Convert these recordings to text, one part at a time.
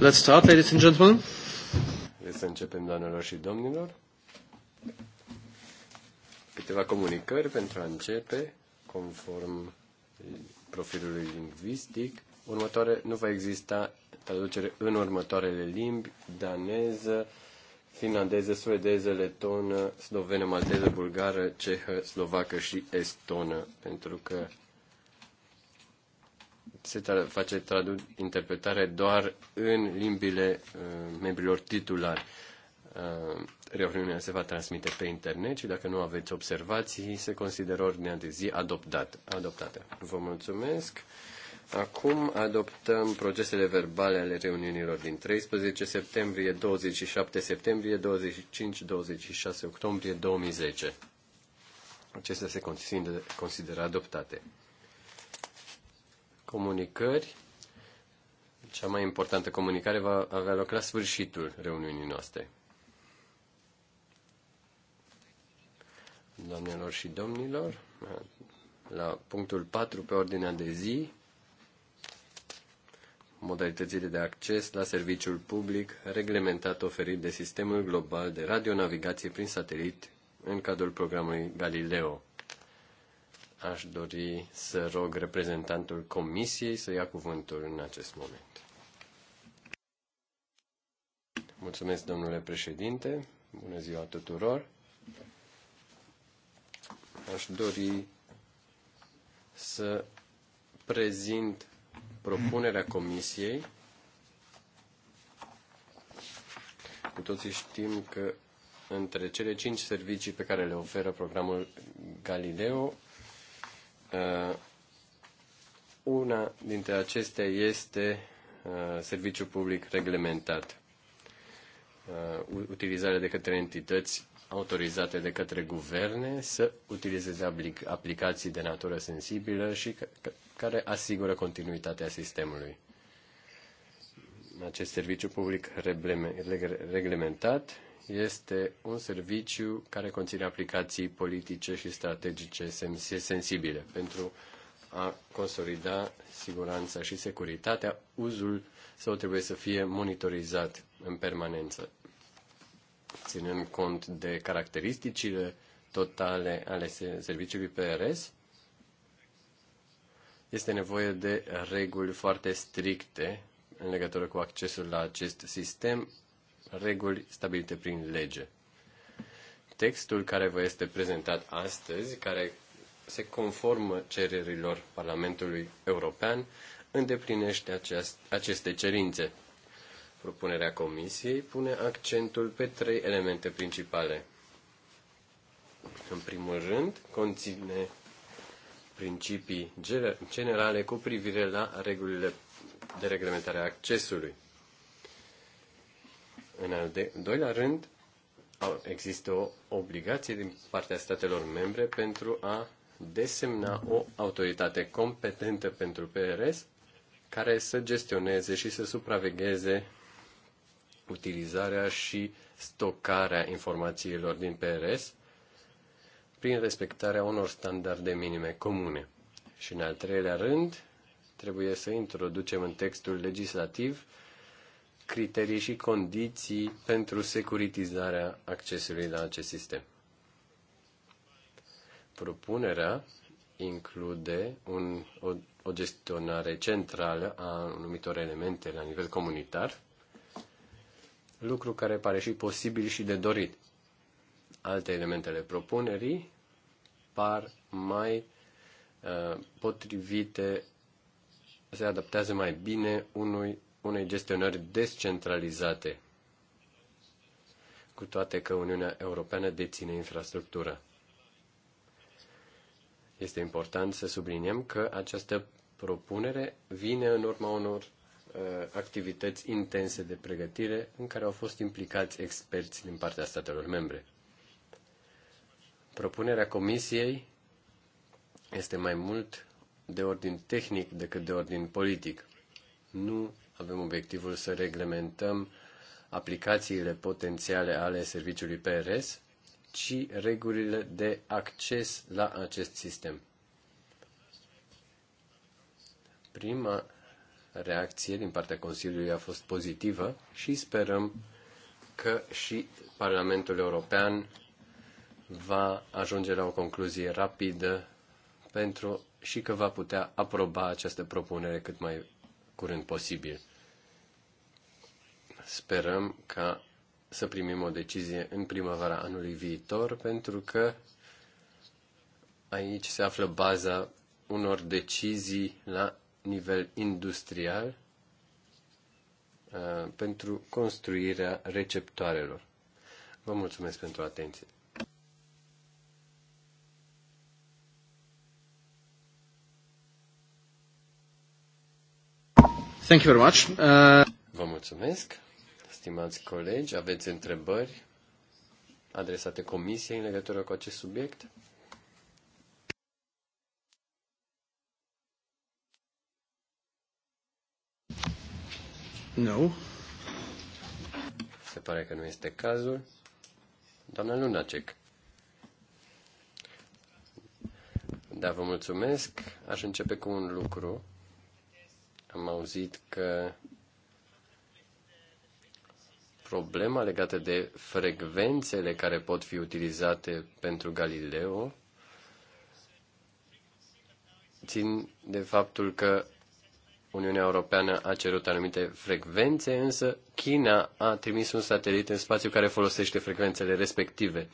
Let's start, ladies and gentlemen. Să începem, doamnelor și domnilor. Câteva comunicări pentru a începe, conform profilului lingvistic. Următoare, nu va exista traducere în următoarele limbi, daneză, finlandeză, suedeză, letonă, slovenă, malteză, bulgară, cehă, slovacă și estonă, pentru că se tra- face tradu- interpretare doar în limbile uh, membrilor titulari. Uh, reuniunea se va transmite pe internet și dacă nu aveți observații, se consideră ordinea de zi adoptat, adoptată. Vă mulțumesc. Acum adoptăm procesele verbale ale reuniunilor din 13 septembrie, 27 septembrie, 25-26 octombrie 2010. Acestea se consideră adoptate comunicări. Cea mai importantă comunicare va avea loc la sfârșitul reuniunii noastre. Doamnelor și domnilor, la punctul 4 pe ordinea de zi, modalitățile de acces la serviciul public reglementat oferit de Sistemul Global de Radionavigație prin Satelit în cadrul programului Galileo aș dori să rog reprezentantul Comisiei să ia cuvântul în acest moment. Mulțumesc, domnule președinte. Bună ziua tuturor. Aș dori să prezint propunerea Comisiei. Cu toții știm că între cele cinci servicii pe care le oferă programul Galileo Uh, una dintre acestea este uh, serviciu public reglementat, uh, utilizarea de către entități autorizate de către guverne să utilizeze aplicații de natură sensibilă și care asigură continuitatea sistemului. Acest serviciu public reglementat este un serviciu care conține aplicații politice și strategice sensibile pentru a consolida siguranța și securitatea, uzul sau trebuie să fie monitorizat în permanență, ținând cont de caracteristicile totale ale serviciului PRS, este nevoie de reguli foarte stricte în legătură cu accesul la acest sistem, reguli stabilite prin lege. Textul care vă este prezentat astăzi, care se conformă cererilor Parlamentului European, îndeplinește aceste cerințe. Propunerea Comisiei pune accentul pe trei elemente principale. În primul rând, conține principii generale cu privire la regulile de reglementare a accesului. În al de, doilea rând, există o obligație din partea statelor membre pentru a desemna o autoritate competentă pentru PRS care să gestioneze și să supravegheze utilizarea și stocarea informațiilor din PRS prin respectarea unor standarde minime comune. Și în al treilea rând, trebuie să introducem în textul legislativ criterii și condiții pentru securitizarea accesului la acest sistem. Propunerea include un, o, o gestionare centrală a anumitor elemente la nivel comunitar, lucru care pare și posibil și de dorit. Alte elementele propunerii par mai uh, potrivite, se adaptează mai bine unui unei gestionări descentralizate, cu toate că Uniunea Europeană deține infrastructură. Este important să subliniem că această propunere vine în urma unor uh, activități intense de pregătire în care au fost implicați experți din partea statelor membre. Propunerea Comisiei este mai mult de ordin tehnic decât de ordin politic. Nu avem obiectivul să reglementăm aplicațiile potențiale ale serviciului PRS, ci regulile de acces la acest sistem. Prima reacție din partea Consiliului a fost pozitivă și sperăm că și Parlamentul European va ajunge la o concluzie rapidă pentru și că va putea aproba această propunere cât mai curând posibil sperăm ca să primim o decizie în primăvara anului viitor, pentru că aici se află baza unor decizii la nivel industrial uh, pentru construirea receptoarelor. Vă mulțumesc pentru atenție. Thank you very much. Uh... Vă mulțumesc stimați colegi, aveți întrebări adresate comisiei în legătură cu acest subiect? Nu. Se pare că nu este cazul. Doamna Lunacek. Da, vă mulțumesc. Aș începe cu un lucru. Am auzit că problema legată de frecvențele care pot fi utilizate pentru Galileo țin de faptul că Uniunea Europeană a cerut anumite frecvențe, însă China a trimis un satelit în spațiu care folosește frecvențele respective.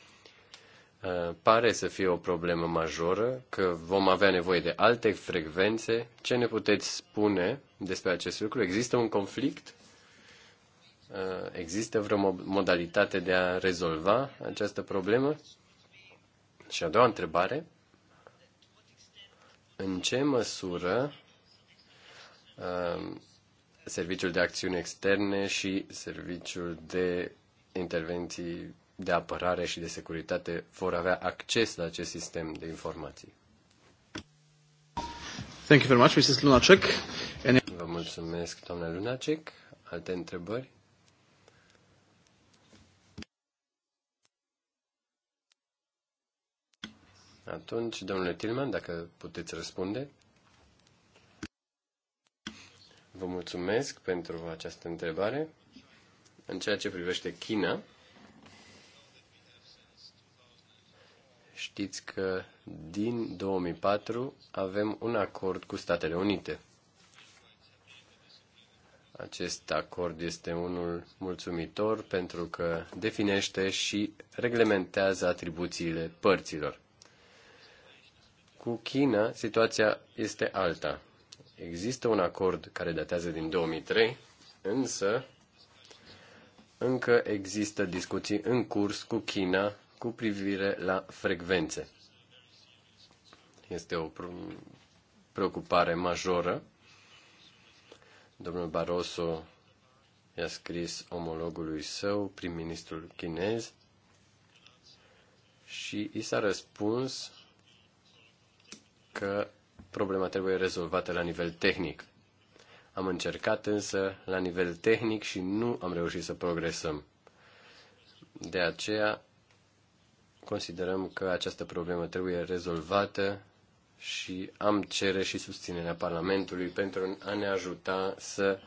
Uh, pare să fie o problemă majoră, că vom avea nevoie de alte frecvențe. Ce ne puteți spune despre acest lucru? Există un conflict Uh, există vreo modalitate de a rezolva această problemă? Și a doua întrebare, în ce măsură uh, Serviciul de Acțiuni Externe și Serviciul de Intervenții de Apărare și de Securitate vor avea acces la acest sistem de informații? Thank you very much, Mrs. Lunacek. Vă mulțumesc, doamna Lunacek. Alte întrebări? Atunci, domnule Tilman, dacă puteți răspunde. Vă mulțumesc pentru această întrebare. În ceea ce privește China, știți că din 2004 avem un acord cu Statele Unite. Acest acord este unul mulțumitor pentru că definește și reglementează atribuțiile părților. Cu China, situația este alta. Există un acord care datează din 2003, însă încă există discuții în curs cu China cu privire la frecvențe. Este o preocupare majoră. Domnul Barroso i-a scris omologului său, prim-ministrul chinez, și i s-a răspuns că problema trebuie rezolvată la nivel tehnic. Am încercat însă la nivel tehnic și nu am reușit să progresăm. De aceea considerăm că această problemă trebuie rezolvată și am cere și susținerea Parlamentului pentru a ne ajuta să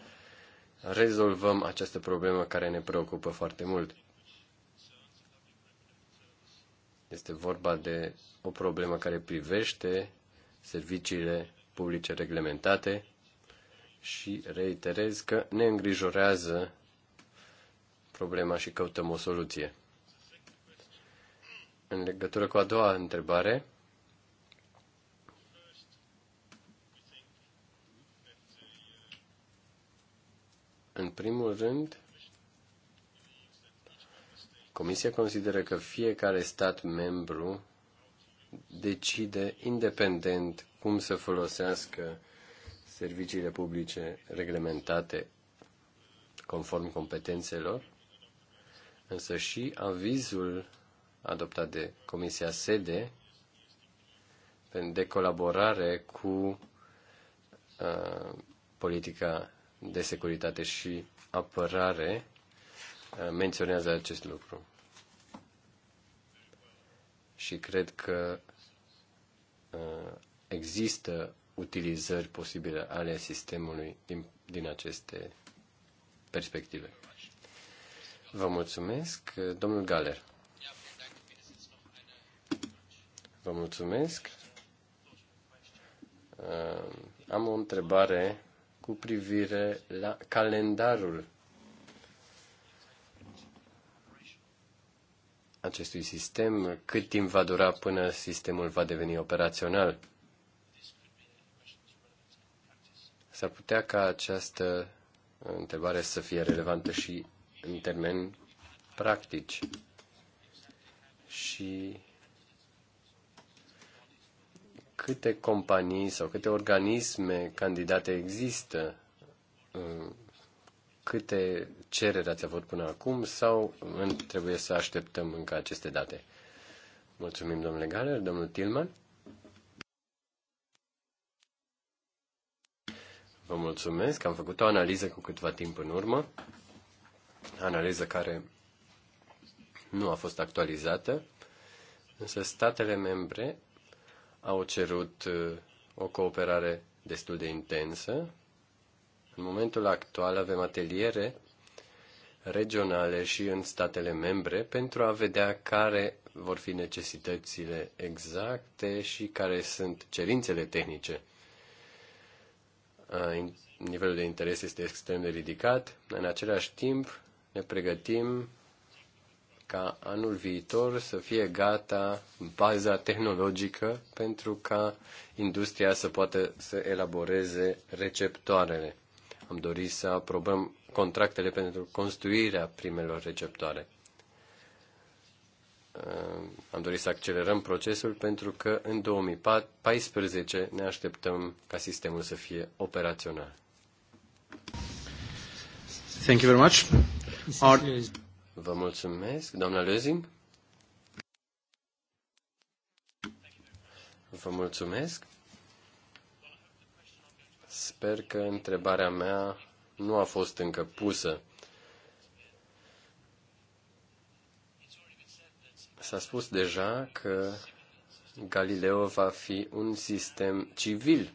rezolvăm această problemă care ne preocupă foarte mult. Este vorba de o problemă care privește serviciile publice reglementate și reiterez că ne îngrijorează problema și căutăm o soluție. În legătură cu a doua întrebare, în primul rând, Comisia consideră că fiecare stat membru decide independent cum să folosească serviciile publice reglementate conform competențelor, însă și avizul adoptat de Comisia Sede de colaborare cu uh, politica de securitate și apărare uh, menționează acest lucru și cred că uh, există utilizări posibile ale sistemului din, din aceste perspective. Vă mulțumesc, domnul Galer. Vă mulțumesc. Uh, am o întrebare cu privire la calendarul acestui sistem, cât timp va dura până sistemul va deveni operațional. S-ar putea ca această întrebare să fie relevantă și în termeni practici. Și câte companii sau câte organisme candidate există uh, câte cereri ați avut până acum sau trebuie să așteptăm încă aceste date? Mulțumim, domnule Galer, domnul Tilman. Vă mulțumesc. Am făcut o analiză cu câtva timp în urmă, analiză care nu a fost actualizată, însă statele membre au cerut uh, o cooperare destul de intensă în momentul actual avem ateliere regionale și în statele membre pentru a vedea care vor fi necesitățile exacte și care sunt cerințele tehnice. Nivelul de interes este extrem de ridicat. În același timp, ne pregătim ca anul viitor să fie gata baza tehnologică pentru ca industria să poată să elaboreze receptoarele. Am dorit să aprobăm contractele pentru construirea primelor receptoare. Uh, am dorit să accelerăm procesul pentru că în 2014 ne așteptăm ca sistemul să fie operațional. Thank you very much. Our... Vă mulțumesc, doamna Lezing. Vă mulțumesc. Sper că întrebarea mea nu a fost încă pusă. S-a spus deja că Galileo va fi un sistem civil,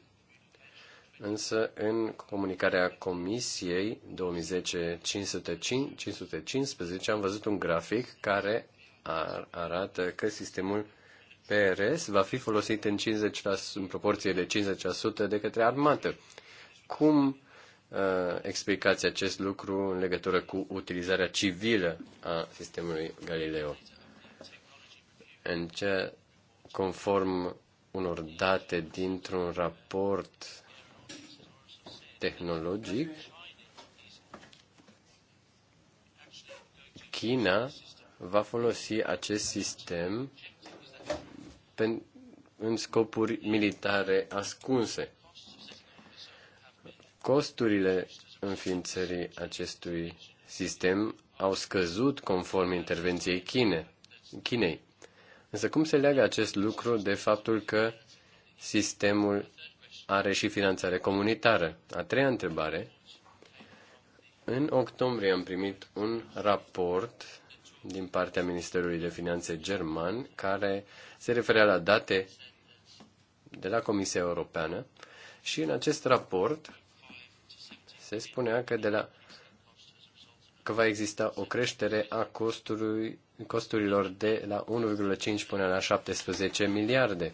însă în comunicarea Comisiei 2010-515 am văzut un grafic care ar, arată că sistemul PRS va fi folosit în, 50%, în proporție de 50% de către armată. Cum uh, explicați acest lucru în legătură cu utilizarea civilă a sistemului Galileo? În ce conform unor date dintr-un raport tehnologic, China va folosi acest sistem în scopuri militare ascunse. Costurile înființării acestui sistem au scăzut conform intervenției Chine, Chinei. Însă cum se leagă acest lucru de faptul că sistemul are și finanțare comunitară? A treia întrebare. În octombrie am primit un raport din partea Ministerului de Finanțe german care se referea la date de la Comisia Europeană și în acest raport se spunea că de la că va exista o creștere a costului, costurilor de la 1,5 până la 17 miliarde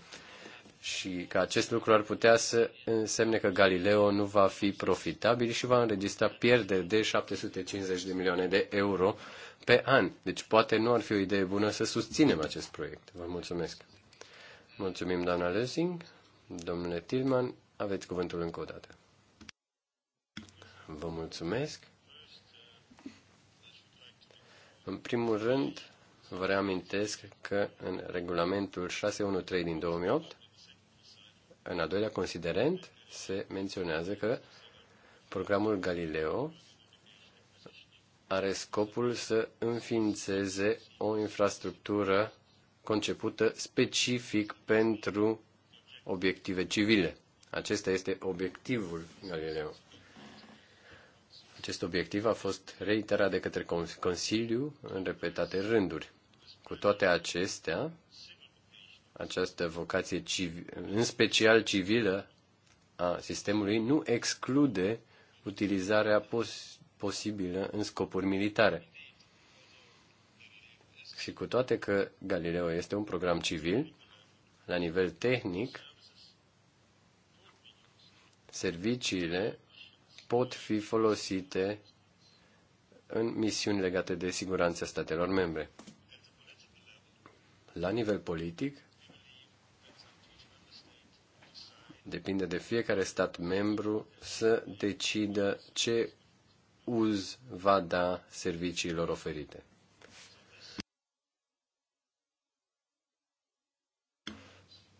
și că acest lucru ar putea să însemne că Galileo nu va fi profitabil și va înregistra pierderi de 750 de milioane de euro pe an. Deci poate nu ar fi o idee bună să susținem acest proiect. Vă mulțumesc. Mulțumim, doamna Lezing. Domnule Tilman, aveți cuvântul încă o dată. Vă mulțumesc. În primul rând, vă reamintesc că în regulamentul 613 din 2008 în al doilea considerent se menționează că programul Galileo are scopul să înființeze o infrastructură concepută specific pentru obiective civile. Acesta este obiectivul Galileo. Acest obiectiv a fost reiterat de către Consiliu în repetate rânduri. Cu toate acestea, această vocație, civ- în special civilă, a sistemului nu exclude utilizarea pos- posibilă în scopuri militare. Și cu toate că Galileo este un program civil, la nivel tehnic, serviciile pot fi folosite în misiuni legate de siguranța statelor membre. La nivel politic, Depinde de fiecare stat membru să decidă ce uz va da serviciilor oferite.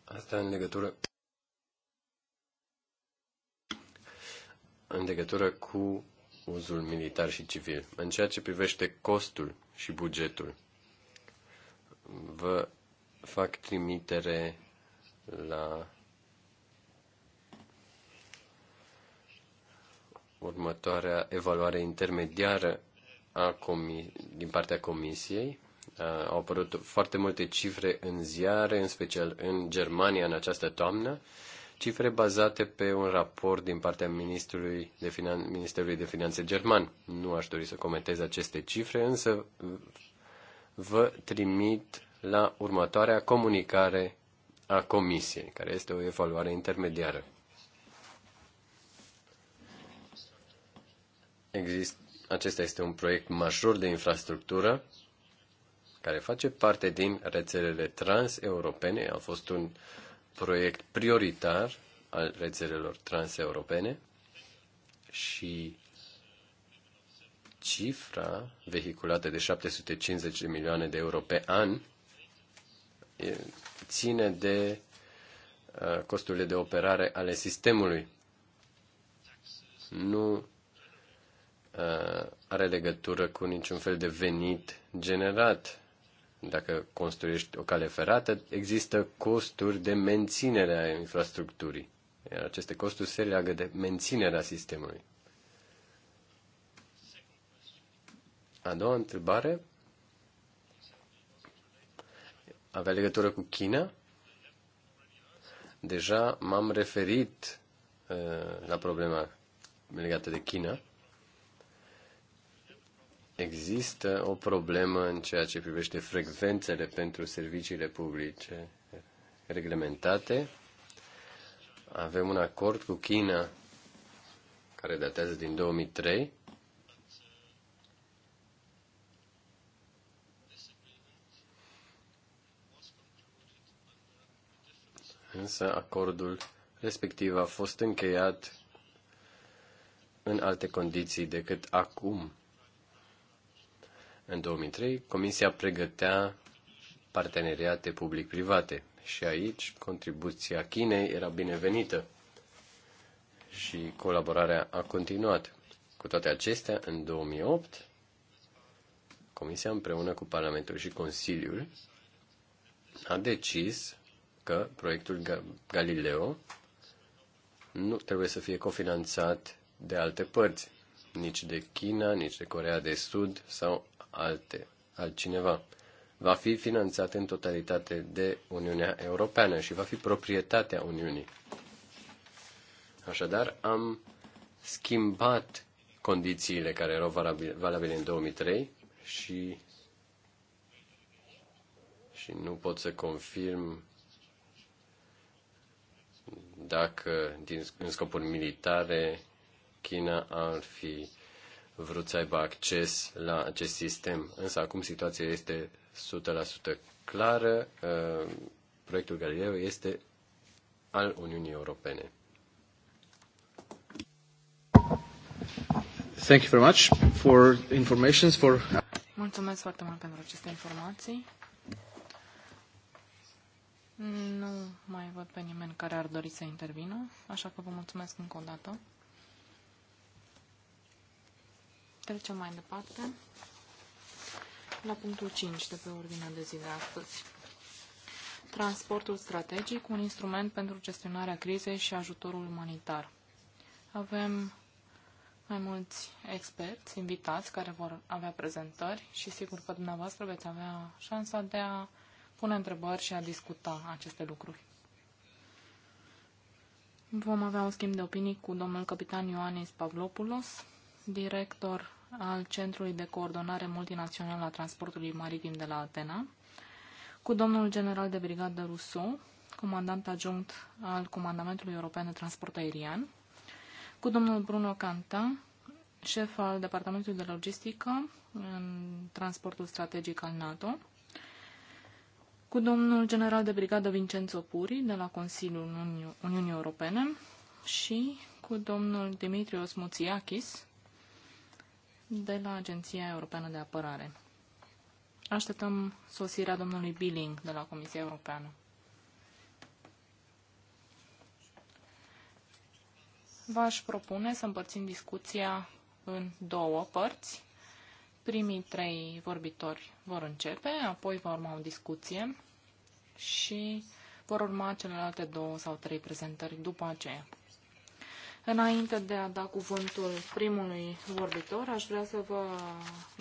Asta în legătură în legătură cu uzul militar și civil. În ceea ce privește costul și bugetul, vă fac trimitere la următoarea evaluare intermediară a comi- din partea Comisiei. Au apărut foarte multe cifre în ziare, în special în Germania în această toamnă, cifre bazate pe un raport din partea Ministrului de, Finan- Ministerului de Finanțe german. Nu aș dori să comentez aceste cifre, însă vă trimit la următoarea comunicare a Comisiei, care este o evaluare intermediară. Exist, acesta este un proiect major de infrastructură care face parte din rețelele transeuropene. A fost un proiect prioritar al rețelelor transeuropene și cifra vehiculată de 750 de milioane de euro pe an ține de uh, costurile de operare ale sistemului. Nu Uh, are legătură cu niciun fel de venit generat. Dacă construiești o cale ferată, există costuri de menținere a infrastructurii. Iar aceste costuri se leagă de menținerea sistemului. A doua întrebare avea legătură cu China. Deja m-am referit uh, la problema legată de China există o problemă în ceea ce privește frecvențele pentru serviciile publice reglementate. Avem un acord cu China care datează din 2003. Însă acordul respectiv a fost încheiat în alte condiții decât acum în 2003, Comisia pregătea parteneriate public-private și aici contribuția Chinei era binevenită și colaborarea a continuat. Cu toate acestea, în 2008, Comisia împreună cu Parlamentul și Consiliul a decis că proiectul Galileo nu trebuie să fie cofinanțat de alte părți, nici de China, nici de Corea de Sud sau alte, altcineva. Va fi finanțat în totalitate de Uniunea Europeană și va fi proprietatea Uniunii. Așadar, am schimbat condițiile care erau valabile în 2003 și, și nu pot să confirm dacă din, în scopuri militare China ar fi vrut să aibă acces la acest sistem. Însă acum situația este 100% clară. Uh, proiectul Galileo este al Uniunii Europene. Thank you very much for informations for Mulțumesc foarte mult pentru aceste informații. Nu mai văd pe nimeni care ar dori să intervină, așa că vă mulțumesc încă o dată. Trecem mai departe la punctul 5 de pe ordinea de zi de astăzi. Transportul strategic, un instrument pentru gestionarea crizei și ajutorul umanitar. Avem mai mulți experți invitați care vor avea prezentări și sigur că dumneavoastră veți avea șansa de a pune întrebări și a discuta aceste lucruri. Vom avea un schimb de opinii cu domnul capitan Ioanis Pavlopoulos, director al Centrului de Coordonare Multinațională a Transportului Maritim de la Atena, cu domnul general de brigadă Rousseau, comandant adjunct al Comandamentului European de Transport Aerian, cu domnul Bruno Canta, șef al Departamentului de Logistică în Transportul Strategic al NATO, cu domnul general de brigadă Vincenzo Puri de la Consiliul Uniunii Europene și cu domnul Dimitrios Muțiachis, de la Agenția Europeană de Apărare. Așteptăm sosirea domnului Billing de la Comisia Europeană. V-aș propune să împărțim discuția în două părți. Primii trei vorbitori vor începe, apoi va urma o discuție și vor urma celelalte două sau trei prezentări după aceea. Înainte de a da cuvântul primului vorbitor, aș vrea să vă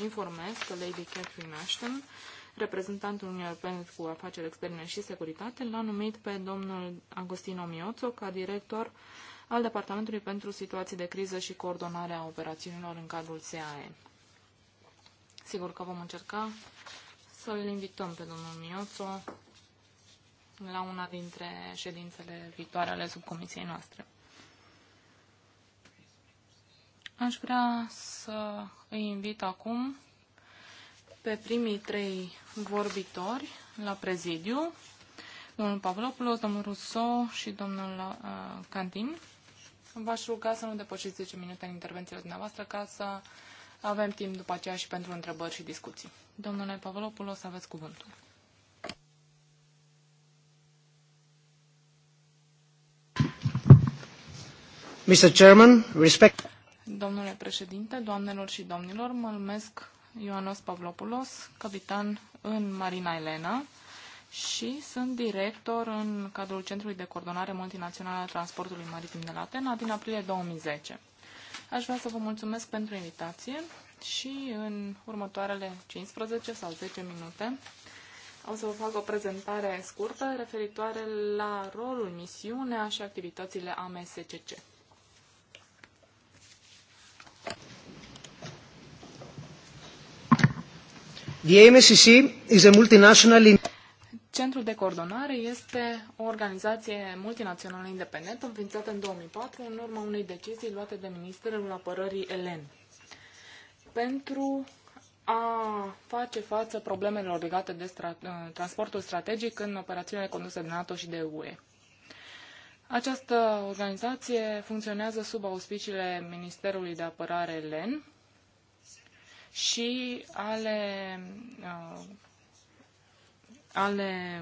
informez că Lady Catherine Ashton, reprezentantul Uniunii Europene cu afaceri externe și securitate, l-a numit pe domnul Agostino Mioțo ca director al Departamentului pentru Situații de Criză și Coordonarea Operațiunilor în cadrul SAE. Sigur că vom încerca să-l invităm pe domnul Mioțo la una dintre ședințele viitoare ale subcomisiei noastre. Aș vrea să îi invit acum pe primii trei vorbitori la prezidiu, domnul Pavlopoulos, domnul Rousseau și domnul uh, Cantin. V-aș ruga să nu depășiți 10 minute în intervențiile dumneavoastră ca să avem timp după aceea și pentru întrebări și discuții. Domnule Pavlopoulos, aveți cuvântul. Mr. Chairman, respect... Domnule președinte, doamnelor și domnilor, mă numesc Ioanos Pavlopoulos, capitan în Marina Elena și sunt director în cadrul Centrului de Coordonare Multinațională a Transportului Maritim de la Atena din aprilie 2010. Aș vrea să vă mulțumesc pentru invitație și în următoarele 15 sau 10 minute o să vă fac o prezentare scurtă referitoare la rolul, misiunea și activitățile AMSCC. The MSCC is a multinational Centrul de coordonare este o organizație multinațională independentă înființată în 2004 în urma unei decizii luate de Ministerul Apărării Elen pentru a face față problemelor legate de stra- transportul strategic în operațiunile conduse de NATO și de UE. Această organizație funcționează sub auspiciile Ministerului de Apărare LEN și ale, uh, ale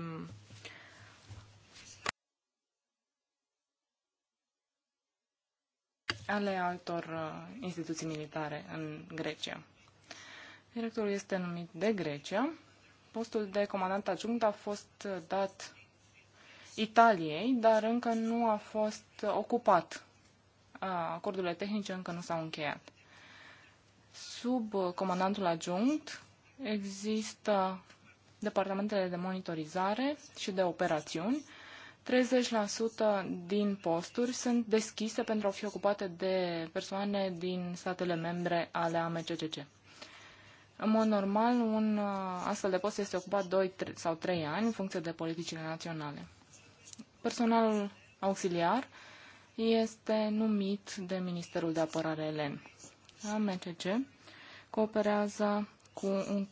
ale altor uh, instituții militare în Grecia. Directorul este numit de Grecia. Postul de comandant adjunct a fost dat Italiei, dar încă nu a fost ocupat. Acordurile tehnice încă nu s-au încheiat. Sub comandantul adjunct există departamentele de monitorizare și de operațiuni. 30% din posturi sunt deschise pentru a fi ocupate de persoane din statele membre ale AMCCC. În mod normal, un uh, astfel de post este ocupat 2 sau 3 ani, în funcție de politicile naționale. Personalul auxiliar este numit de Ministerul de Apărare Elen. AMCC cooperează cu un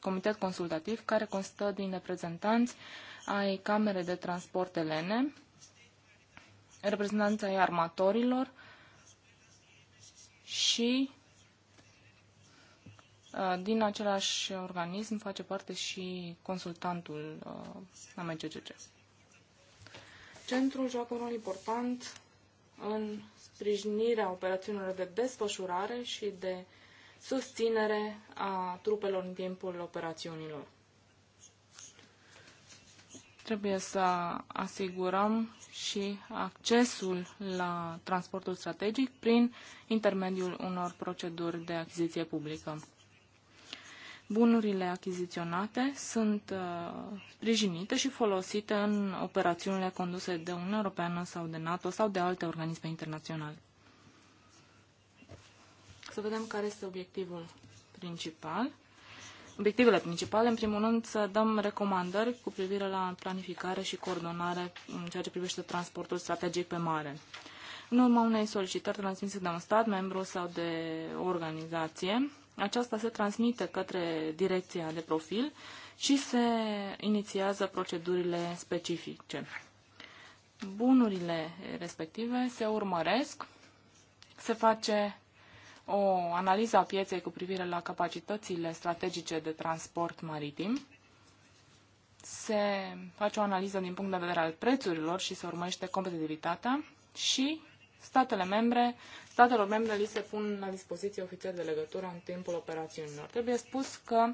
comitet consultativ care constă din reprezentanți ai Camerei de Transport Elene, reprezentanți ai armatorilor și uh, din același organism face parte și consultantul uh, AMCCC. Centrul joacă un rol important în sprijinirea operațiunilor de desfășurare și de susținere a trupelor în timpul operațiunilor. Trebuie să asigurăm și accesul la transportul strategic prin intermediul unor proceduri de achiziție publică bunurile achiziționate sunt uh, sprijinite și folosite în operațiunile conduse de Uniunea Europeană sau de NATO sau de alte organisme internaționale. Să vedem care este obiectivul principal. Obiectivele principale, în primul rând, să dăm recomandări cu privire la planificare și coordonare în ceea ce privește transportul strategic pe mare. În urma unei solicitări transmise de un stat membru sau de o organizație, aceasta se transmite către direcția de profil și se inițiază procedurile specifice. Bunurile respective se urmăresc, se face o analiză a pieței cu privire la capacitățile strategice de transport maritim, se face o analiză din punct de vedere al prețurilor și se urmărește competitivitatea și statele membre statelor membre li se pun la dispoziție ofițeri de legătură în timpul operațiunilor. Trebuie spus că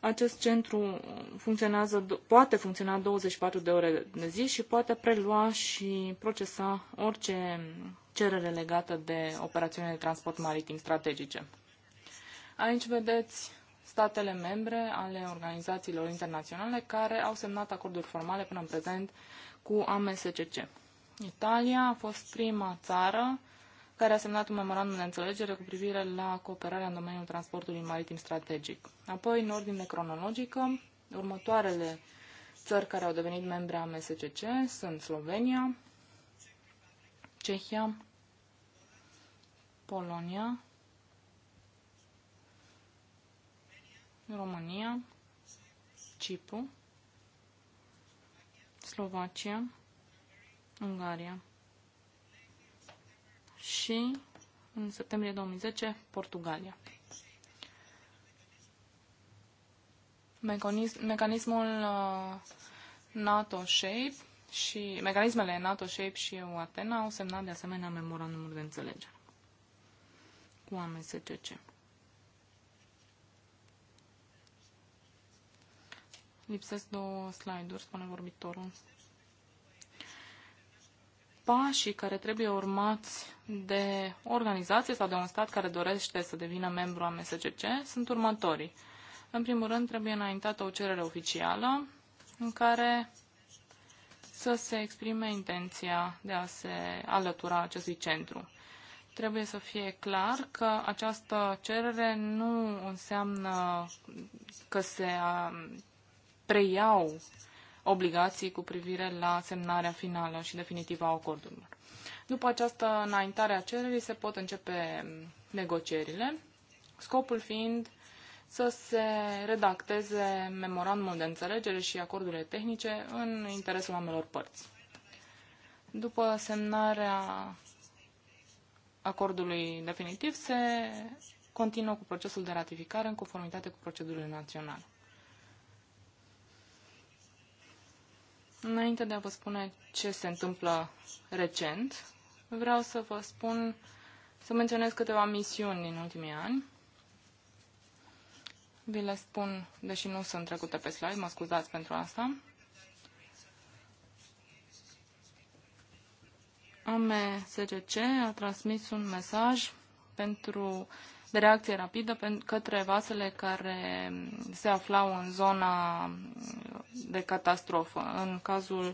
acest centru funcționează, poate funcționa 24 de ore de zi și poate prelua și procesa orice cerere legată de operațiunile de transport maritim strategice. Aici vedeți statele membre ale organizațiilor internaționale care au semnat acorduri formale până în prezent cu AMSCC. Italia a fost prima țară care a semnat un memorandum de înțelegere cu privire la cooperarea în domeniul transportului maritim strategic. Apoi, în ordine cronologică, următoarele țări care au devenit membre a MSCC sunt Slovenia, Cehia, Polonia, România, Cipru, Slovacia, Ungaria și în septembrie 2010 Portugalia. mecanismul uh, NATO-SHAPE și mecanismele NATO-SHAPE și Atena au semnat de asemenea memorandumul de înțelegere cu AMSCC. Lipsesc două slide-uri, spune vorbitorul pașii care trebuie urmați de o organizație sau de un stat care dorește să devină membru a MSCC sunt următorii. În primul rând, trebuie înaintată o cerere oficială în care să se exprime intenția de a se alătura acestui centru. Trebuie să fie clar că această cerere nu înseamnă că se preiau obligații cu privire la semnarea finală și definitivă a acordurilor. După această înaintare a cererii se pot începe negocierile, scopul fiind să se redacteze memorandumul de înțelegere și acordurile tehnice în interesul ambelor părți. După semnarea acordului definitiv, se continuă cu procesul de ratificare în conformitate cu procedurile naționale. Înainte de a vă spune ce se întâmplă recent, vreau să vă spun, să menționez câteva misiuni din ultimii ani. Vi le spun, deși nu sunt trecute pe slide, mă scuzați pentru asta. AMSGC a transmis un mesaj pentru uh, de reacție rapidă către vasele care se aflau în zona de catastrofă. În cazul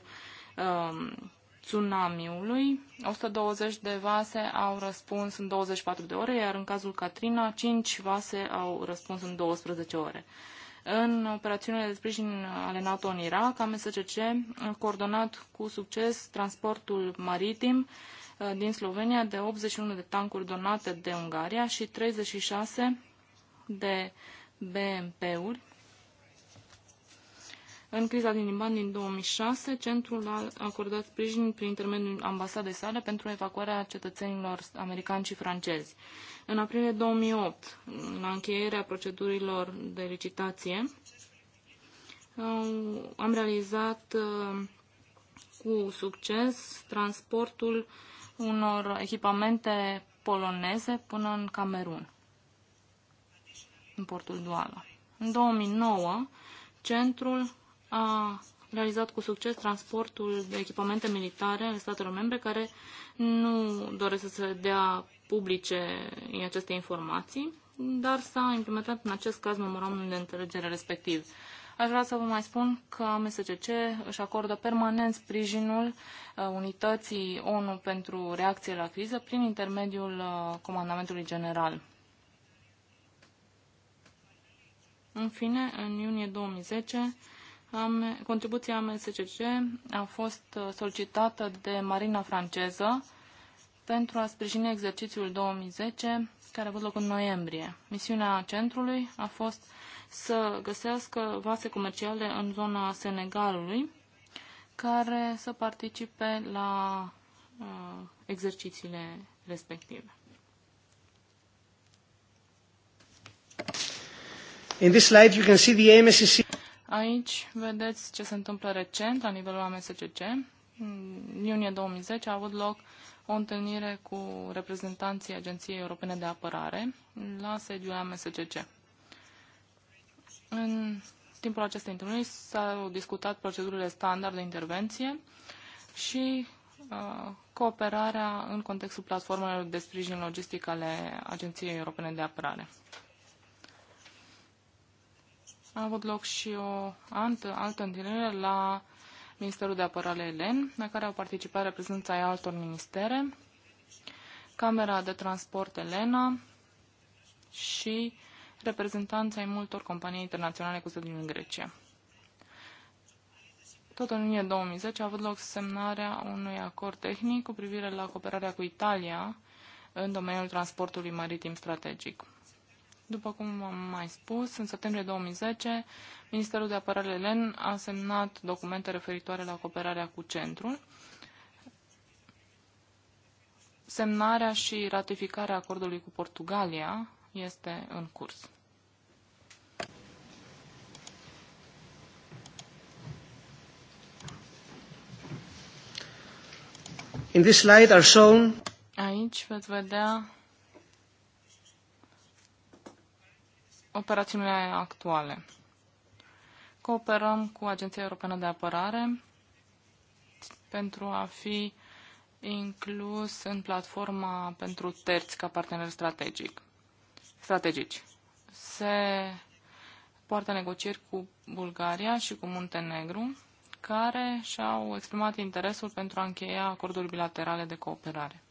um, tsunamiului, 120 de vase au răspuns în 24 de ore, iar în cazul Katrina, 5 vase au răspuns în 12 ore. În operațiunile de sprijin ale NATO în Irak, MSCC a coordonat cu succes transportul maritim, uh, Uh, din Slovenia, de 81 de tancuri donate de Ungaria și 36 de BMP-uri. În criza din Liban din 2006, centrul a acordat sprijin prin intermediul ambasadei sale pentru evacuarea cetățenilor americani și francezi. În aprilie 2008, la încheierea procedurilor de licitație, am realizat uh, cu succes transportul unor echipamente poloneze până în Camerun, în portul Douala. În 2009, centrul a realizat cu succes transportul de echipamente militare ale statelor membre care nu doresc să se dea publice în aceste informații, dar s-a implementat în acest caz memorandumul de înțelegere respectiv. Aș vrea să vă mai spun că MSCC își acordă permanent sprijinul uh, unității ONU pentru reacție la criză prin intermediul uh, Comandamentului General. În fine, în iunie 2010, contribuția MSCC a fost uh, solicitată de Marina franceză pentru a sprijini exercițiul 2010, care a avut loc în noiembrie. Misiunea centrului a fost să găsească vase comerciale în zona Senegalului care să participe la uh, exercițiile respective. In this slide you can see the MSCC. Aici vedeți ce se întâmplă recent la nivelul AMSCC. În iunie 2010 a avut loc o întâlnire cu reprezentanții Agenției Europene de Apărare la sediul AMSCC. În timpul acestei întâlniri s-au discutat procedurile standard de intervenție și uh, cooperarea în contextul platformelor de sprijin logistic ale Agenției Europene de Apărare. A avut loc și o altă, altă întâlnire la Ministerul de Apărare Elen, la care au participat reprezența ai altor ministere, Camera de Transport Elena și reprezentanți ai multor companii internaționale cu sediul în Grecia. Tot în iunie 2010 a avut loc semnarea unui acord tehnic cu privire la cooperarea cu Italia în domeniul transportului maritim strategic. După cum am mai spus, în septembrie 2010, Ministerul de Apărare Len a semnat documente referitoare la cooperarea cu centrul. Semnarea și ratificarea acordului cu Portugalia este în curs. In this slide are shown Aici veți vedea operațiunile actuale. Cooperăm cu Agenția Europeană de Apărare pentru a fi inclus în platforma pentru terți ca partener strategic strategici. Se poartă negocieri cu Bulgaria și cu Muntenegru, care și-au exprimat interesul pentru a încheia acorduri bilaterale de cooperare.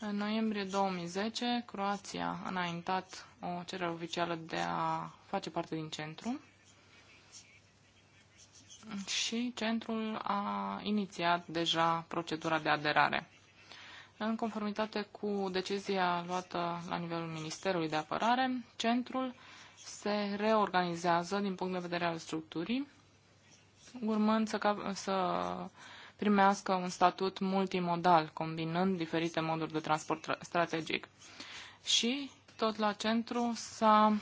În noiembrie 2010, Croația a înaintat o cerere oficială de a face parte din centru și centrul a inițiat deja procedura de aderare. În conformitate cu decizia luată la nivelul Ministerului de Apărare, centrul se reorganizează din punct de vedere al structurii, urmând să, să primească un statut multimodal, combinând diferite moduri de transport strategic. Și tot la centru s au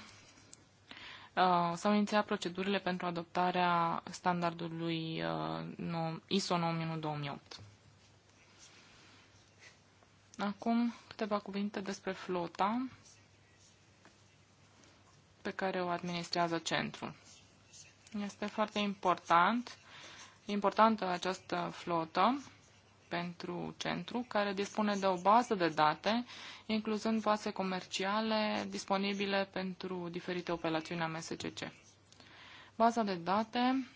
uh, inițiat procedurile pentru adoptarea standardului uh, ISO 9001-2008. Acum câteva cuvinte despre flota pe care o administrează centrul. Este foarte important, importantă această flotă pentru centru, care dispune de o bază de date, incluzând vase comerciale disponibile pentru diferite operațiuni a MSCC. Baza de date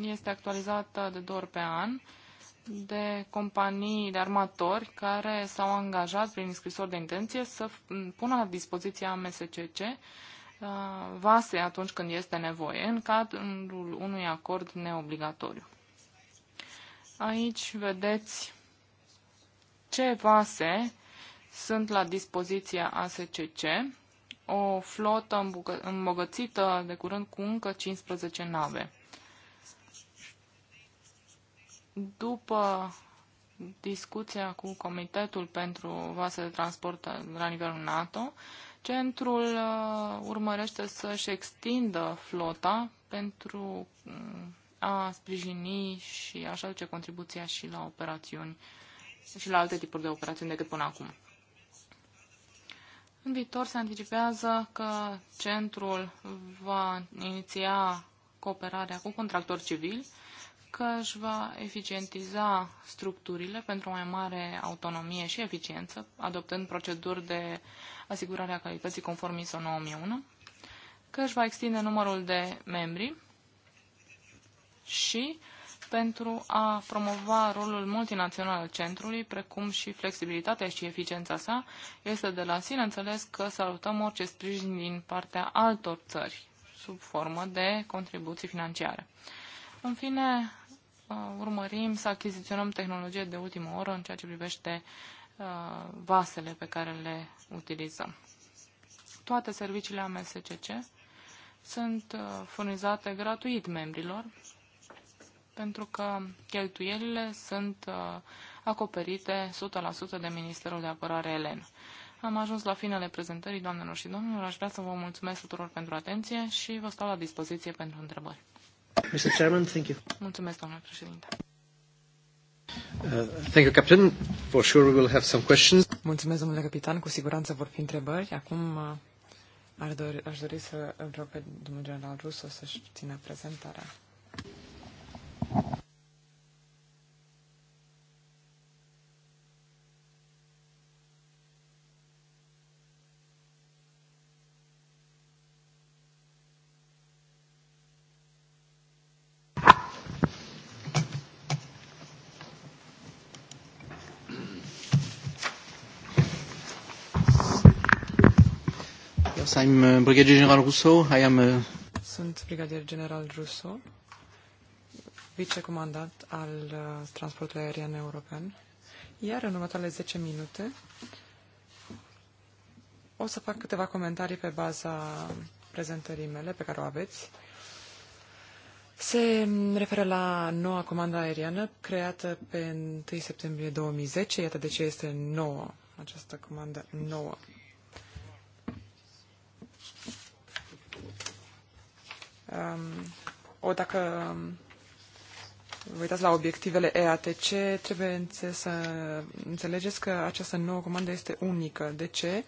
este actualizată de două ori pe an de companii de armatori care s-au angajat prin scrisori de intenție să pună la dispoziția MSCC uh, vase atunci când este nevoie, în cadrul unui acord neobligatoriu. Aici vedeți ce vase sunt la dispoziția ASCC, o flotă îmbogățită de curând cu încă 15 nave. După discuția cu Comitetul pentru Vase de Transport la nivelul NATO, centrul uh, urmărește să-și extindă flota pentru mm, a sprijini și așa duce contribuția și la operațiuni și la alte tipuri de operațiuni decât până acum. În viitor se anticipează că centrul va iniția cooperarea cu contractori civili că își va eficientiza structurile pentru o mai mare autonomie și eficiență, adoptând proceduri de asigurare a calității conform ISO 9001, că își va extinde numărul de membri și pentru a promova rolul multinațional al centrului, precum și flexibilitatea și eficiența sa, este de la sine înțeles că salutăm orice sprijin din partea altor țări sub formă de contribuții financiare. În fine, Uh, urmărim să achiziționăm tehnologie de ultimă oră în ceea ce privește uh, vasele pe care le utilizăm. Toate serviciile AMSCC sunt uh, furnizate gratuit membrilor, pentru că cheltuielile sunt acoperite 100% de Ministerul de Apărare Elen. Am ajuns la finele prezentării, doamnelor și domnilor. Aș vrea să vă mulțumesc tuturor pentru atenție și vă stau la dispoziție pentru întrebări. Mulțumesc, domnule președinte. Uh, thank you, Captain. For sure we will have some questions. Mulțumesc, domnule capitan. Cu siguranță vor fi întrebări. Acum uh, ar dori, aș dori să îl rog pe domnul general Russo să-și țină prezentarea. I'm uh, Brigadier General I am uh, Sunt Brigadier General Rousseau, vicecomandant al uh, transportului aerian european. Iar în următoarele 10 minute o să fac câteva comentarii pe baza prezentării mele pe care o aveți. Se referă la noua comandă aeriană creată pe 1 septembrie 2010. Iată de ce este nouă, această comandă nouă. Um, o, dacă um, vă uitați la obiectivele EATC, trebuie să înțelegeți că această nouă comandă este unică. De ce?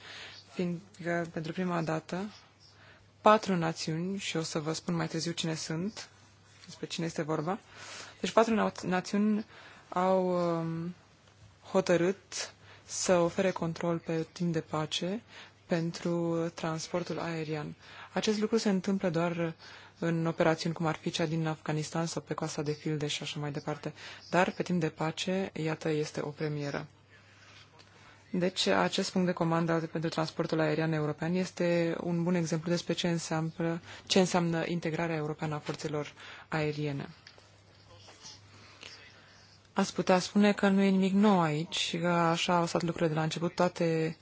Fiindcă pentru prima dată patru națiuni, și o să vă spun mai târziu cine sunt, despre cine este vorba, deci patru națiuni au um, hotărât să ofere control pe timp de pace pentru transportul aerian. Acest lucru se întâmplă doar în operațiuni cum ar fi cea din Afganistan sau pe coasta de Filde și așa mai departe. Dar, pe timp de pace, iată, este o premieră. Deci, acest punct de comandă pentru transportul aerian european este un bun exemplu despre ce înseamnă, ce înseamnă integrarea europeană a forțelor aeriene. Ați putea spune că nu e nimic nou aici, că așa au stat lucrurile de la început, toate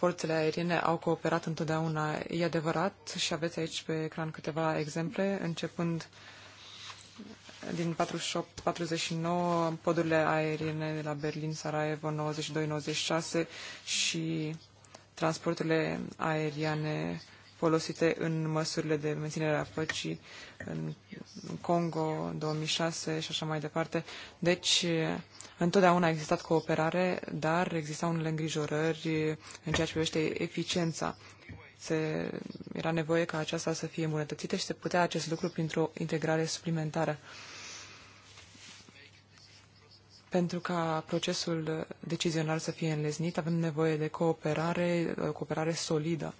forțele aeriene au cooperat întotdeauna. E adevărat și aveți aici pe ecran câteva exemple, începând din 48-49, podurile aeriene de la Berlin, Sarajevo, 92-96 și transporturile aeriene folosite în măsurile de menținere a păcii în Congo în 2006 și așa mai departe. Deci, întotdeauna a existat cooperare, dar existau unele îngrijorări în ceea ce privește eficiența se, era nevoie ca aceasta să fie îmbunătățită și se putea acest lucru printr-o integrare suplimentară. Pentru ca procesul decizional să fie înleznit, avem nevoie de cooperare, cooperare solidă.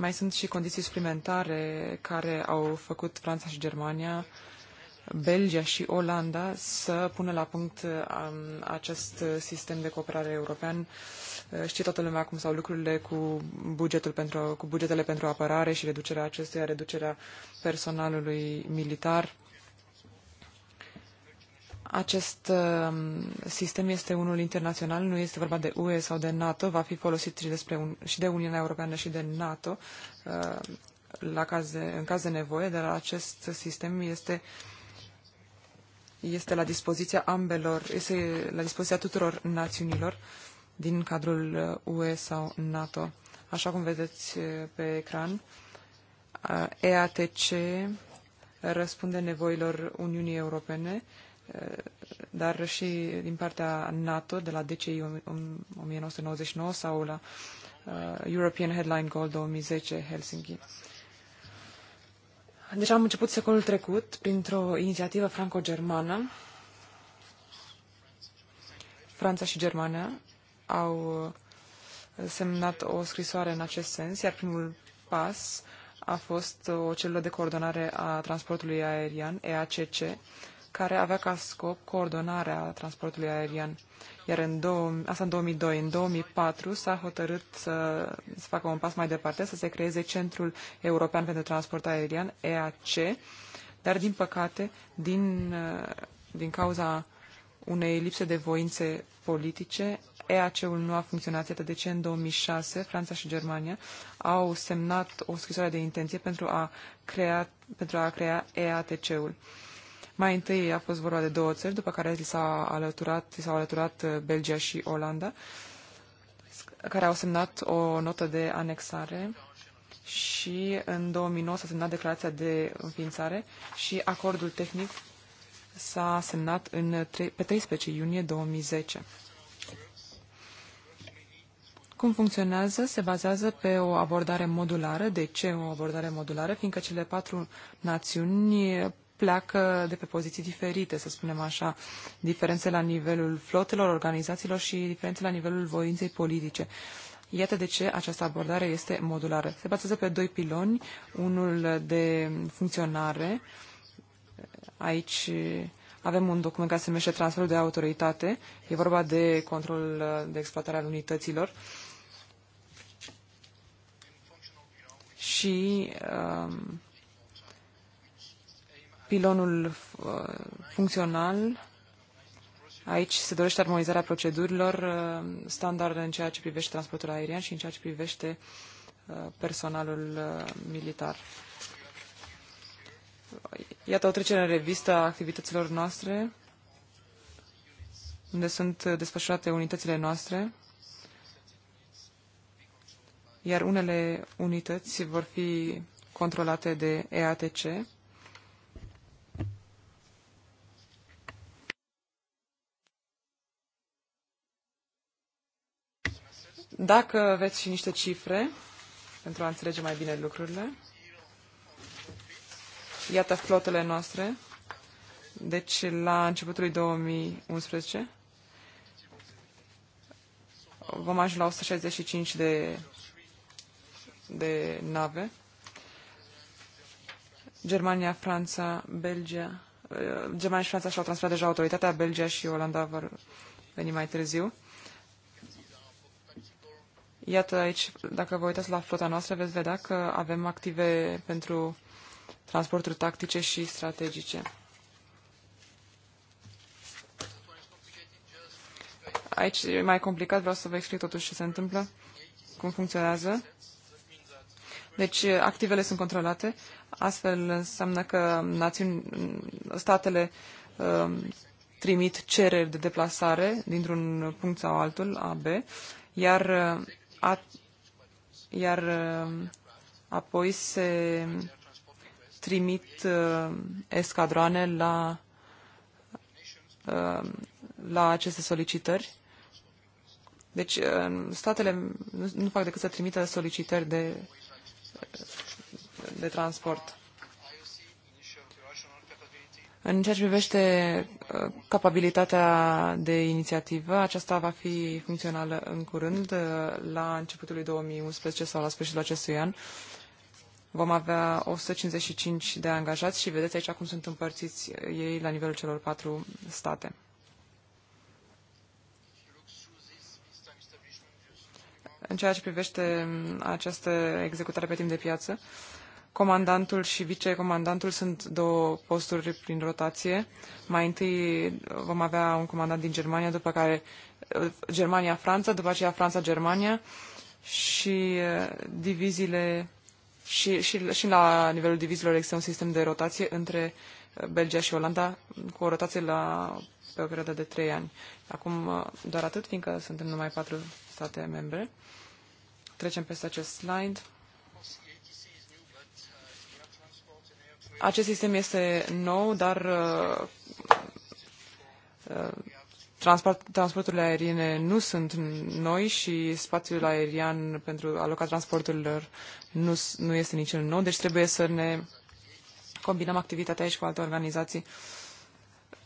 Mai sunt și condiții suplimentare care au făcut Franța și Germania, Belgia și Olanda să pună la punct um, acest sistem de cooperare european. Uh, știe toată lumea cum stau lucrurile cu, bugetul pentru, cu bugetele pentru apărare și reducerea acestuia, reducerea personalului militar acest um, sistem este unul internațional, nu este vorba de UE sau de NATO, va fi folosit și, despre un, și de Uniunea Europeană și de NATO uh, la caz de, în caz de nevoie, dar acest sistem este este la dispoziția ambelor, este la dispoziția tuturor națiunilor din cadrul UE uh, sau NATO. Așa cum vedeți uh, pe ecran, EATC răspunde nevoilor Uniunii Europene dar și din partea NATO, de la DCI 1999 sau la uh, European Headline Goal 2010 Helsinki. Deci am început secolul trecut printr-o inițiativă franco-germană. Franța și Germania au uh, semnat o scrisoare în acest sens, iar primul pas a fost o celulă de coordonare a transportului aerian, EACC, care avea ca scop coordonarea transportului aerian. Iar în două, asta în 2002, în 2004 s-a hotărât să, să facă un pas mai departe, să se creeze Centrul European pentru Transport Aerian, EAC, dar din păcate, din, din cauza unei lipse de voințe politice, EAC-ul nu a funcționat, iată de ce în 2006 Franța și Germania au semnat o scrisoare de intenție pentru a crea, pentru a crea EATC-ul. Mai întâi a fost vorba de două țări, după care li s-a alăturat, s a alăturat uh, Belgia și Olanda, care au semnat o notă de anexare și în 2009 s-a semnat declarația de înființare și acordul tehnic s-a semnat în, pe 13 iunie 2010. Cum funcționează? Se bazează pe o abordare modulară. De ce o abordare modulară? Fiindcă cele patru națiuni pleacă de pe poziții diferite, să spunem așa, diferențe la nivelul flotelor, organizațiilor și diferențe la nivelul voinței politice. Iată de ce această abordare este modulară. Se bazează pe doi piloni, unul de funcționare. Aici avem un document care se numește transferul de autoritate. E vorba de control de exploatare al unităților. Și um, pilonul uh, funcțional. Aici se dorește armonizarea procedurilor, uh, standarde în ceea ce privește transportul aerian și în ceea ce privește uh, personalul militar. Iată o trecere în revistă a activităților noastre, unde sunt desfășurate unitățile noastre, iar unele unități vor fi controlate de EATC, Dacă aveți și niște cifre pentru a înțelege mai bine lucrurile. Iată flotele noastre. Deci, la începutul 2011 vom ajunge la 165 de, de nave. Germania, Franța, Belgia. Eh, Germania și Franța și-au transferat deja autoritatea, Belgia și Olanda vor veni mai târziu. Iată aici, dacă vă uitați la flota noastră, veți vedea că avem active pentru transporturi tactice și strategice. Aici e mai complicat, vreau să vă explic totuși ce se întâmplă, cum funcționează. Deci, activele sunt controlate, astfel înseamnă că națiuni, statele um, trimit cereri de deplasare dintr-un punct sau altul, AB, iar a, iar uh, apoi se trimit uh, escadroane la, uh, la aceste solicitări. Deci statele nu fac decât să trimită solicitări de, de transport. În ceea ce privește uh, capabilitatea de inițiativă, aceasta va fi funcțională în curând, uh, la începutul lui 2011 sau la sfârșitul acestui an. Vom avea 155 de angajați și vedeți aici cum sunt împărțiți uh, ei la nivelul celor patru state. În ceea ce privește um, această executare pe timp de piață, uh, Comandantul și vicecomandantul sunt două posturi prin rotație. Mai întâi uh, vom avea un comandant din Germania, după care uh, Germania-Franța, după aceea Franța-Germania și uh, diviziile și, și, și la nivelul divizilor există un sistem de rotație între Belgia și Olanda cu o rotație la, pe o perioadă de trei ani. Acum doar atât, fiindcă suntem numai patru state membre. Trecem peste acest slide. Acest sistem este nou, dar uh, uh, transporturile aeriene nu sunt noi și spațiul aerian pentru alocat transporturilor nu, nu este niciun nou, deci trebuie să ne combinăm activitatea aici cu alte organizații.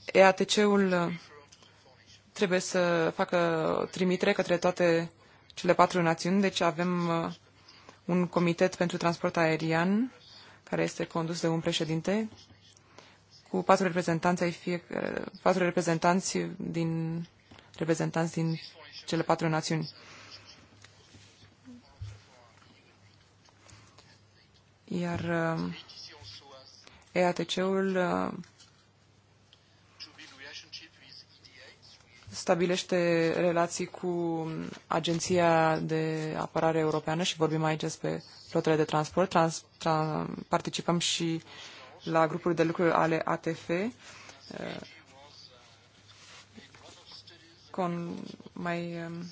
EATC-ul uh, trebuie să facă trimitere către toate cele patru națiuni, deci avem un comitet pentru transport aerian care este condus de un președinte cu patru reprezentanți, ai fie, eh, patru reprezentanți din reprezentanți din cele patru națiuni. Iar EATC-ul eh, eh, stabilește relații cu Agenția de Apărare Europeană și vorbim aici despre flotele de transport. Trans, tra, participăm și la grupuri de lucru ale ATF. Eh, con, mai ehm,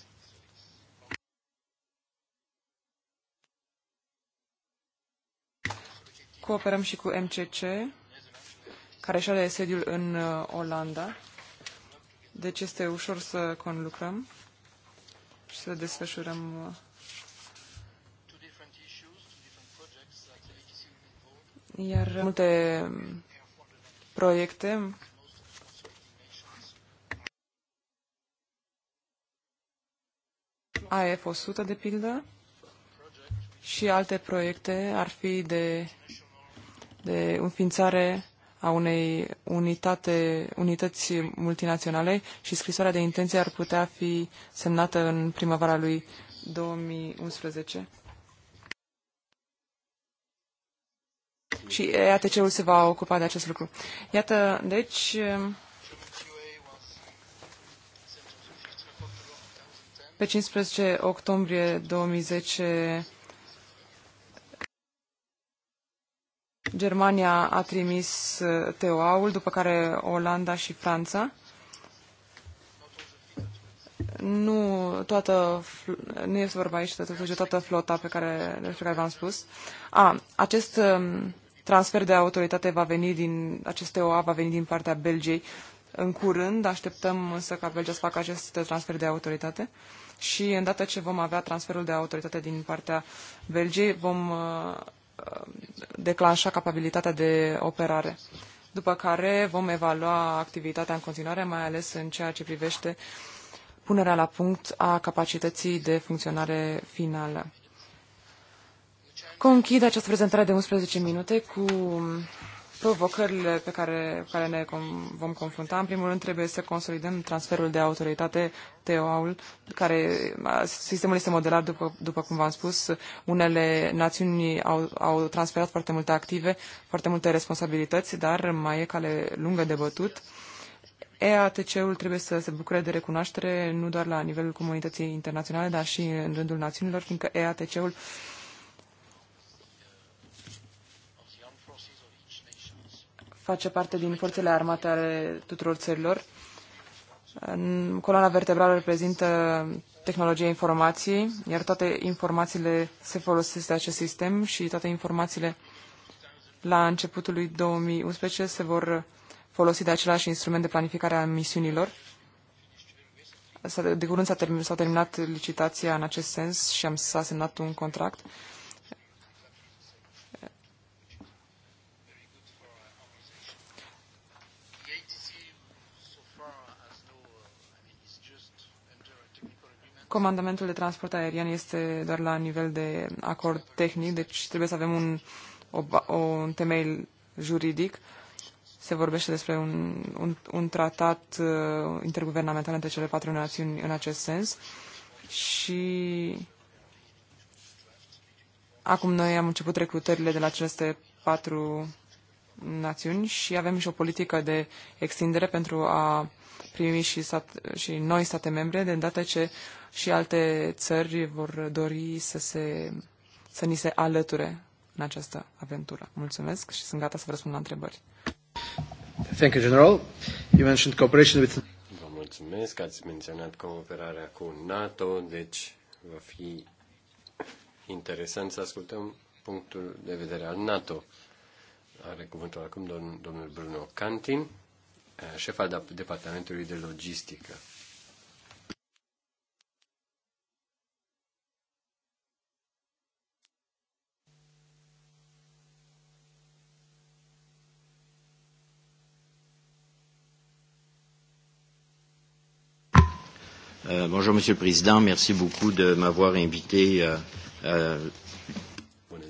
cooperăm și cu MCC, care și are sediul în eh, Olanda. Deci este ușor să conlucrăm și să desfășurăm eh, Iar uh, multe proiecte AF 100 de pildă și alte proiecte ar fi de, de înființare a unei unitate, unități multinaționale și scrisoarea de intenție ar putea fi semnată în primăvara lui 2011. și EATC-ul se va ocupa de acest lucru. Iată, deci, pe 15 octombrie 2010, Germania a trimis uh, TOA-ul, după care Olanda și Franța. Nu, toată, nu este vorba aici de, toată flota pe care, despre care v-am spus. A, acest um, transfer de autoritate va veni din, aceste OA va veni din partea Belgiei în curând. Așteptăm însă ca Belgia să facă acest transfer de autoritate și în data ce vom avea transferul de autoritate din partea Belgiei, vom uh, uh, declanșa capabilitatea de operare. După care vom evalua activitatea în continuare, mai ales în ceea ce privește punerea la punct a capacității de funcționare finală. Conchid această prezentare de 11 minute cu provocările pe care, care ne com, vom confrunta. În primul rând, trebuie să consolidăm transferul de autoritate, toa ul care sistemul este modelat, după, după cum v-am spus. Unele națiuni au, au transferat foarte multe active, foarte multe responsabilități, dar mai e cale lungă de bătut. EATC-ul trebuie să se bucure de recunoaștere nu doar la nivelul comunității internaționale, dar și în rândul națiunilor, fiindcă EATC-ul uh, face parte din forțele armate ale tuturor țărilor. Coloana vertebrală reprezintă tehnologia informației, iar toate informațiile se folosesc de acest sistem și toate informațiile la începutul lui 2011 se vor folosi de același instrument de planificare a misiunilor. De curând s-a terminat licitația în acest sens și am s-a semnat un contract. Comandamentul de transport aerian este doar la nivel de acord tehnic, deci trebuie să avem un, o, un temei juridic. Se vorbește despre un, un, un tratat uh, interguvernamental între cele patru națiuni în acest sens și acum noi am început recrutările de la aceste patru națiuni și avem și o politică de extindere pentru a primi și, stat, și noi state membre, de îndată ce și alte țări vor dori să, se, să ni se alăture în această aventură. Mulțumesc și sunt gata să vă răspund la întrebări. Thank you, General. You mentioned cooperation with... Vă mulțumesc că ați menționat cooperarea cu NATO, deci va fi interesant să ascultăm punctul de vedere al NATO. Are cuvântul acum domn, domnul Bruno Cantin, șef al Departamentului de Logistică. Euh, bonjour Monsieur le Président, merci beaucoup de m'avoir invité euh, euh,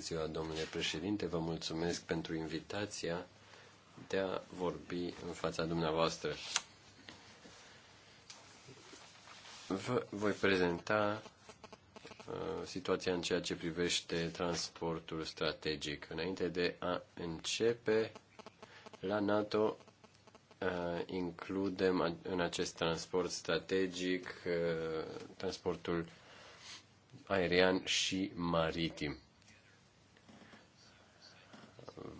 ziua, domnule președinte. Vă mulțumesc pentru invitația de a vorbi în fața dumneavoastră. Vă voi prezenta uh, situația în ceea ce privește transportul strategic. Înainte de a începe, la NATO uh, includem în acest transport strategic uh, transportul aerian și maritim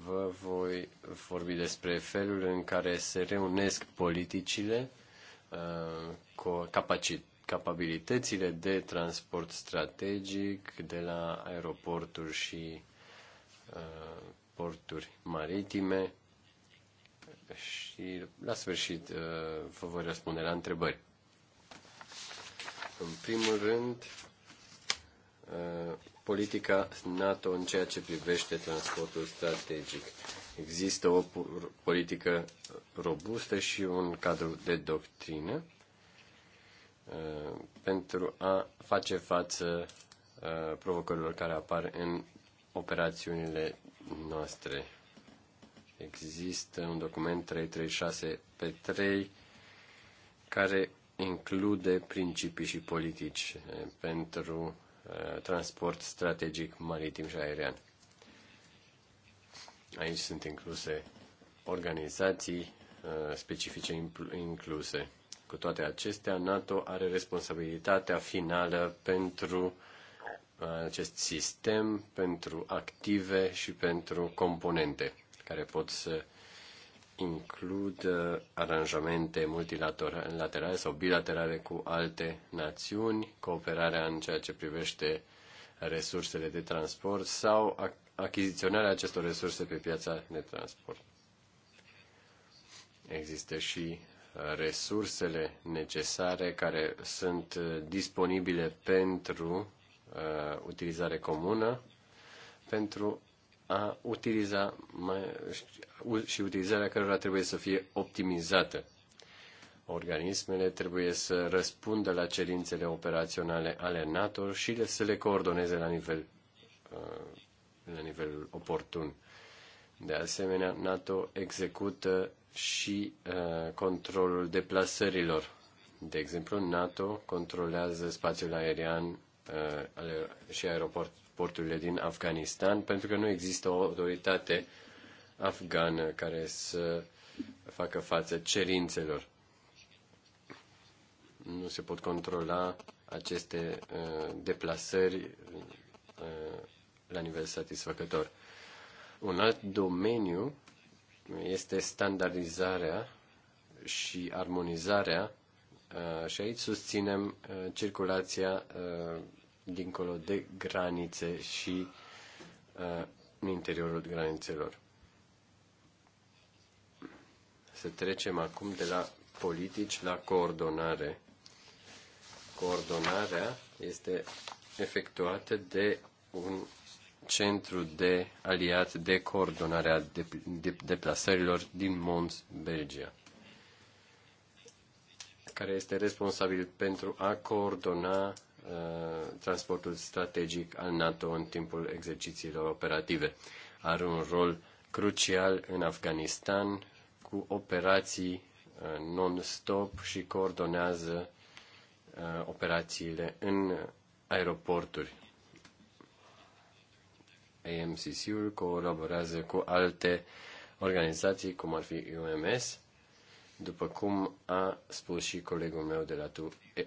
vă voi vorbi despre felul în care se reunesc politicile uh, cu capacit- capabilitățile de transport strategic de la aeroporturi și uh, porturi maritime și la sfârșit uh, vă voi răspunde la întrebări. În primul rând, Uh, politica NATO în ceea ce privește transportul strategic. Există o politică robustă și un cadru de doctrină uh, pentru a face față uh, provocărilor care apar în operațiunile noastre. Există un document 336 pe 3 care include principii și politici pentru Uh, transport strategic maritim și aerian. Aici sunt incluse organizații uh, specifice incluse. Cu toate acestea, NATO are responsabilitatea finală pentru uh, acest sistem, pentru active și pentru componente care pot să includ uh, aranjamente multilaterale sau bilaterale cu alte națiuni, cooperarea în ceea ce privește resursele de transport sau achiziționarea acestor resurse pe piața de transport. Există și uh, resursele necesare care sunt uh, disponibile pentru uh, utilizare comună pentru a utiliza mai, și utilizarea cărora trebuie să fie optimizată. Organismele trebuie să răspundă la cerințele operaționale ale NATO și să le coordoneze la nivel, uh, la nivel oportun. De asemenea, NATO execută și uh, controlul deplasărilor. De exemplu, NATO controlează spațiul aerian uh, și aeroport, porturile din Afganistan, pentru că nu există o autoritate afgană care să facă față cerințelor. Nu se pot controla aceste uh, deplasări uh, la nivel satisfăcător. Un alt domeniu este standardizarea și armonizarea uh, și aici susținem uh, circulația uh, dincolo de granițe și uh, în interiorul granițelor. Să trecem acum de la politici la coordonare. Coordonarea este efectuată de un centru de aliat de coordonare a deplasărilor din Mons, Belgia, care este responsabil pentru a coordona Uh, transportul strategic al NATO în timpul exercițiilor operative. Are un rol crucial în Afganistan cu operații uh, non-stop și coordonează uh, operațiile în aeroporturi. AMCC-ul colaborează cu alte organizații, cum ar fi UMS, după cum a spus și colegul meu de la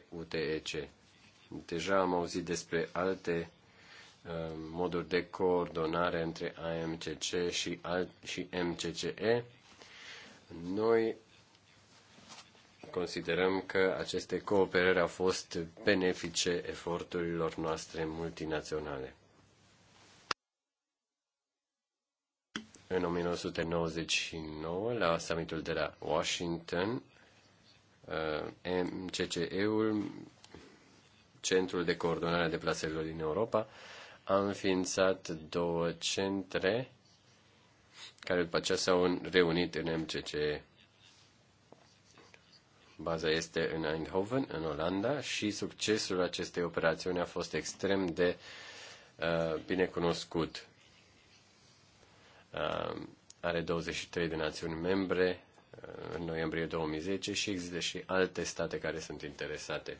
UTEC. Deja am auzit despre alte uh, moduri de coordonare între AMCC și, alt, și MCCE. Noi considerăm că aceste cooperări au fost benefice eforturilor noastre multinaționale. În 1999, la summitul de la Washington, uh, MCCE-ul Centrul de Coordonare a Deplaselor din Europa, a înființat două centre care după aceea s-au reunit în MCC. Baza este în Eindhoven, în Olanda, și succesul acestei operațiuni a fost extrem de uh, bine cunoscut. Uh, are 23 de națiuni membre uh, în noiembrie 2010 și există și alte state care sunt interesate.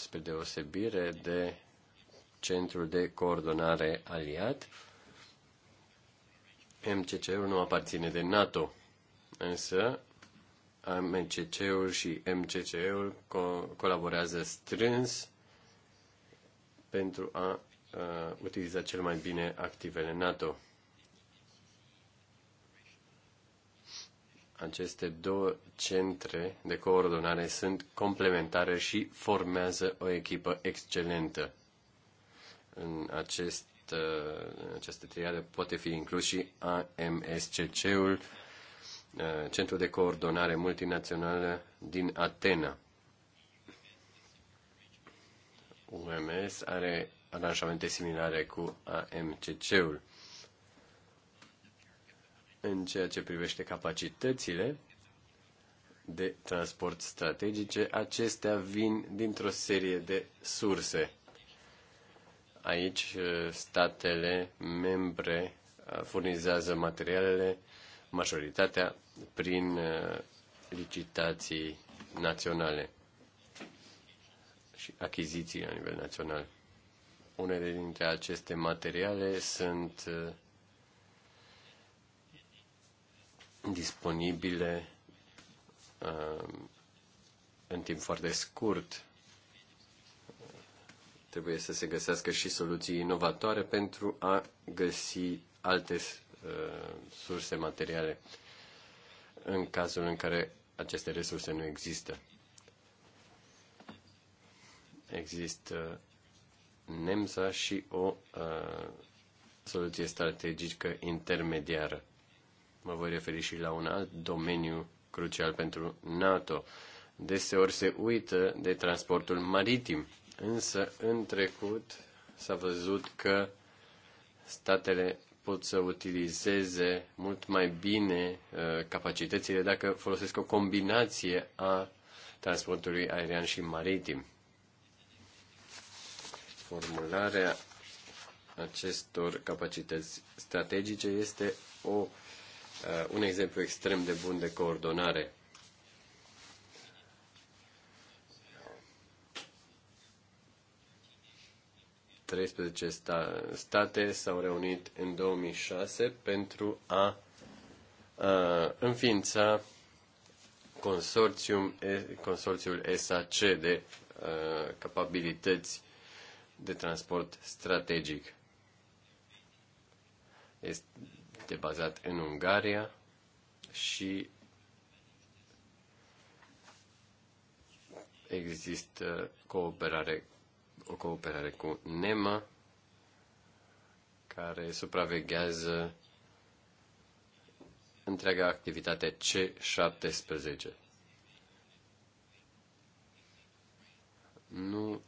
spre deosebire de Centrul de Coordonare Aliat, MCC-ul nu aparține de NATO, însă MCC-ul și MCC-ul co- colaborează strâns pentru a, a utiliza cel mai bine activele NATO. aceste două centre de coordonare sunt complementare și formează o echipă excelentă. În acest, uh, în această triadă poate fi inclus și AMSCC-ul, uh, Centrul de Coordonare Multinațională din Atena. UMS are aranjamente similare cu AMCC-ul în ceea ce privește capacitățile de transport strategice, acestea vin dintr-o serie de surse. Aici uh, statele membre uh, furnizează materialele, majoritatea prin uh, licitații naționale și achiziții la nivel național. Unele dintre aceste materiale sunt disponibile uh, în timp foarte scurt. Trebuie să se găsească și soluții inovatoare pentru a găsi alte uh, surse materiale în cazul în care aceste resurse nu există. Există NEMSA și o uh, soluție strategică intermediară. Mă voi referi și la un alt domeniu crucial pentru NATO. Deseori se uită de transportul maritim, însă în trecut s-a văzut că statele pot să utilizeze mult mai bine uh, capacitățile dacă folosesc o combinație a transportului aerian și maritim. Formularea acestor capacități strategice este o Uh, un exemplu extrem de bun de coordonare. Treisprezece state s-au reunit în 2006 pentru a, a uh, înființa consorțium, consorțiul SAC de a, uh, capabilități de transport strategic. Este, este bazat în Ungaria și există cooperare, o cooperare cu NEMA care supraveghează întreaga activitate C17. Nu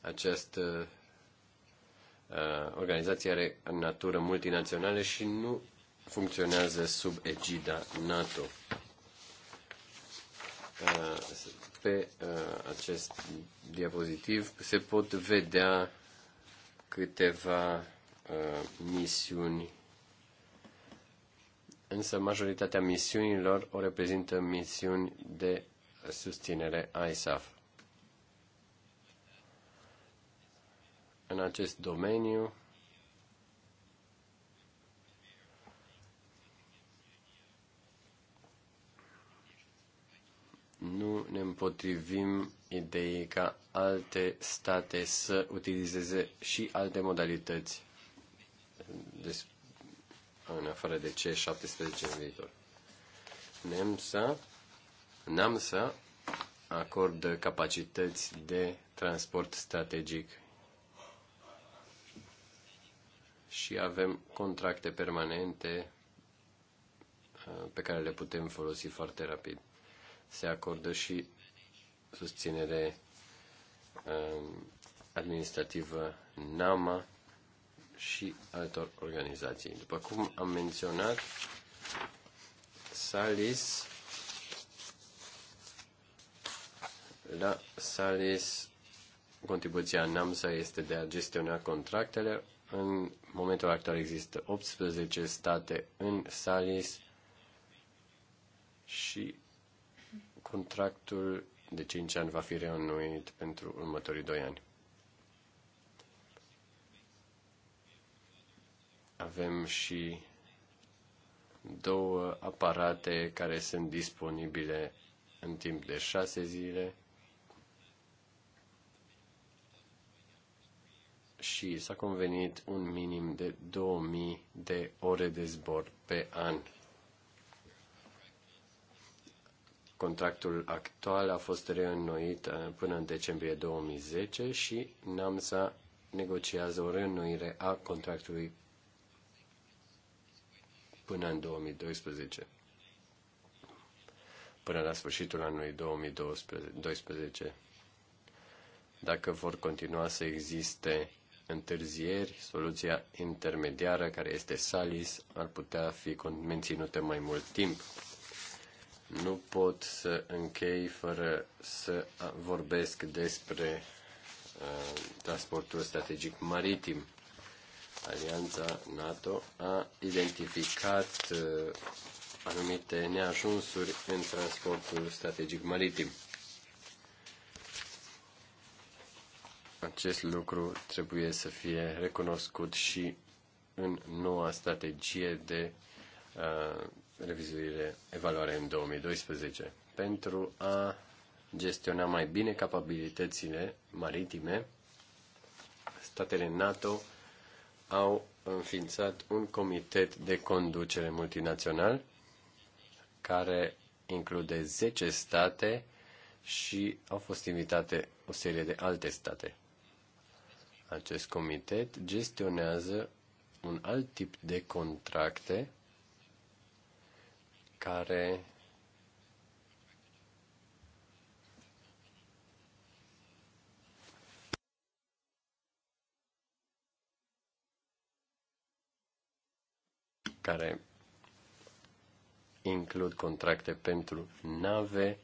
această Uh, organizația are natură multinațională și nu funcționează sub egida NATO. Uh, pe uh, acest diapozitiv se pot vedea câteva misiuni, însă majoritatea misiunilor o reprezintă misiuni de susținere ISAF. în acest domeniu. Nu ne împotrivim ideii ca alte state să utilizeze și alte modalități în afară de C17 în viitor. NEMSA, NAMSA acordă capacități de transport strategic și avem contracte permanente uh, pe care le putem folosi foarte rapid. Se acordă și susținere um, administrativă NAMA și altor organizații. După cum am menționat, Salis la Salis contribuția NAMSA este de a gestiona contractele în momentul actual există 18 state în Salis și contractul de 5 ani va fi reanuit pentru următorii 2 ani. Avem și două aparate care sunt disponibile în timp de 6 zile și s-a convenit un minim de 2000 de ore de zbor pe an. Contractul actual a fost reînnoit uh, până în decembrie 2010 și NAMSA negociază o reînnoire a contractului până în 2012. Până la sfârșitul anului 2012. Dacă vor continua să existe întârzieri, soluția intermediară, care este Salis, ar putea fi menținută mai mult timp. Nu pot să închei fără să vorbesc despre uh, transportul strategic maritim. Alianța NATO a identificat uh, anumite neajunsuri în transportul strategic maritim. Acest lucru trebuie să fie recunoscut și în noua strategie de uh, revizuire, evaluare în 2012, pentru a gestiona mai bine capabilitățile maritime, statele NATO au înființat un comitet de conducere multinațional care include 10 state și au fost invitate o serie de alte state. Acest comitet gestionează un alt tip de contracte care care includ contracte pentru nave,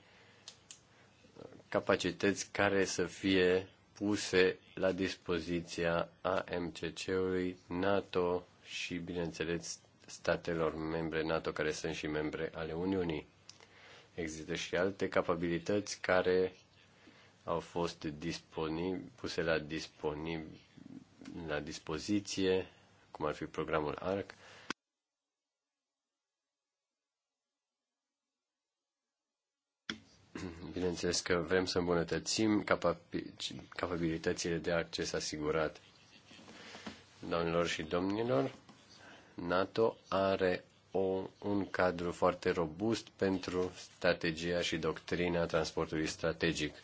capacități care să fie puse la dispoziția AMCC-ului, NATO și, bineînțeles, statelor membre NATO care sunt și membre ale Uniunii. Există și alte capabilități care au fost puse la, disponib- la dispoziție, cum ar fi programul ARC, Bineînțeles că vrem să îmbunătățim capabilitățile de acces asigurat. Doamnelor și domnilor, NATO are o, un cadru foarte robust pentru strategia și doctrina transportului strategic.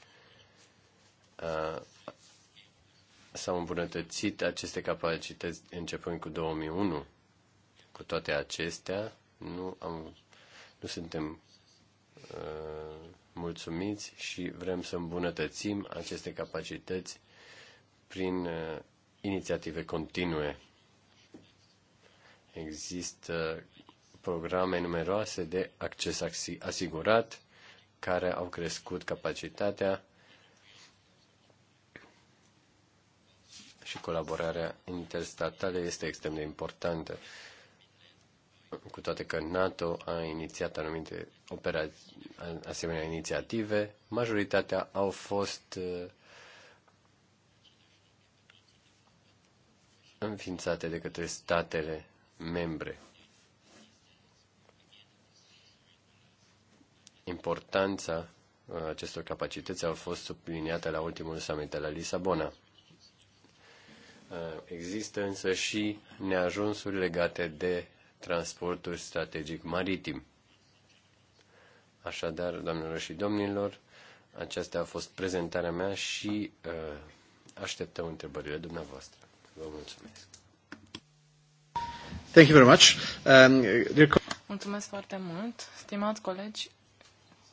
S-au îmbunătățit aceste capacități începând cu 2001. Cu toate acestea, nu, am, nu suntem mulțumiți și vrem să îmbunătățim aceste capacități prin uh, inițiative continue. Există programe numeroase de acces asigurat care au crescut capacitatea și colaborarea interstatală este extrem de importantă cu toate că NATO a inițiat anumite opera- asemenea inițiative, majoritatea au fost uh, înființate de către statele membre. Importanța uh, acestor capacități au fost subliniate la ultimul summit de la Lisabona. Uh, există însă și neajunsuri legate de transportul strategic maritim. Așadar, doamnelor și domnilor, aceasta a fost prezentarea mea și uh, așteptăm întrebările dumneavoastră. Vă mulțumesc. Thank you very much. Um, Mulțumesc foarte mult, stimați colegi.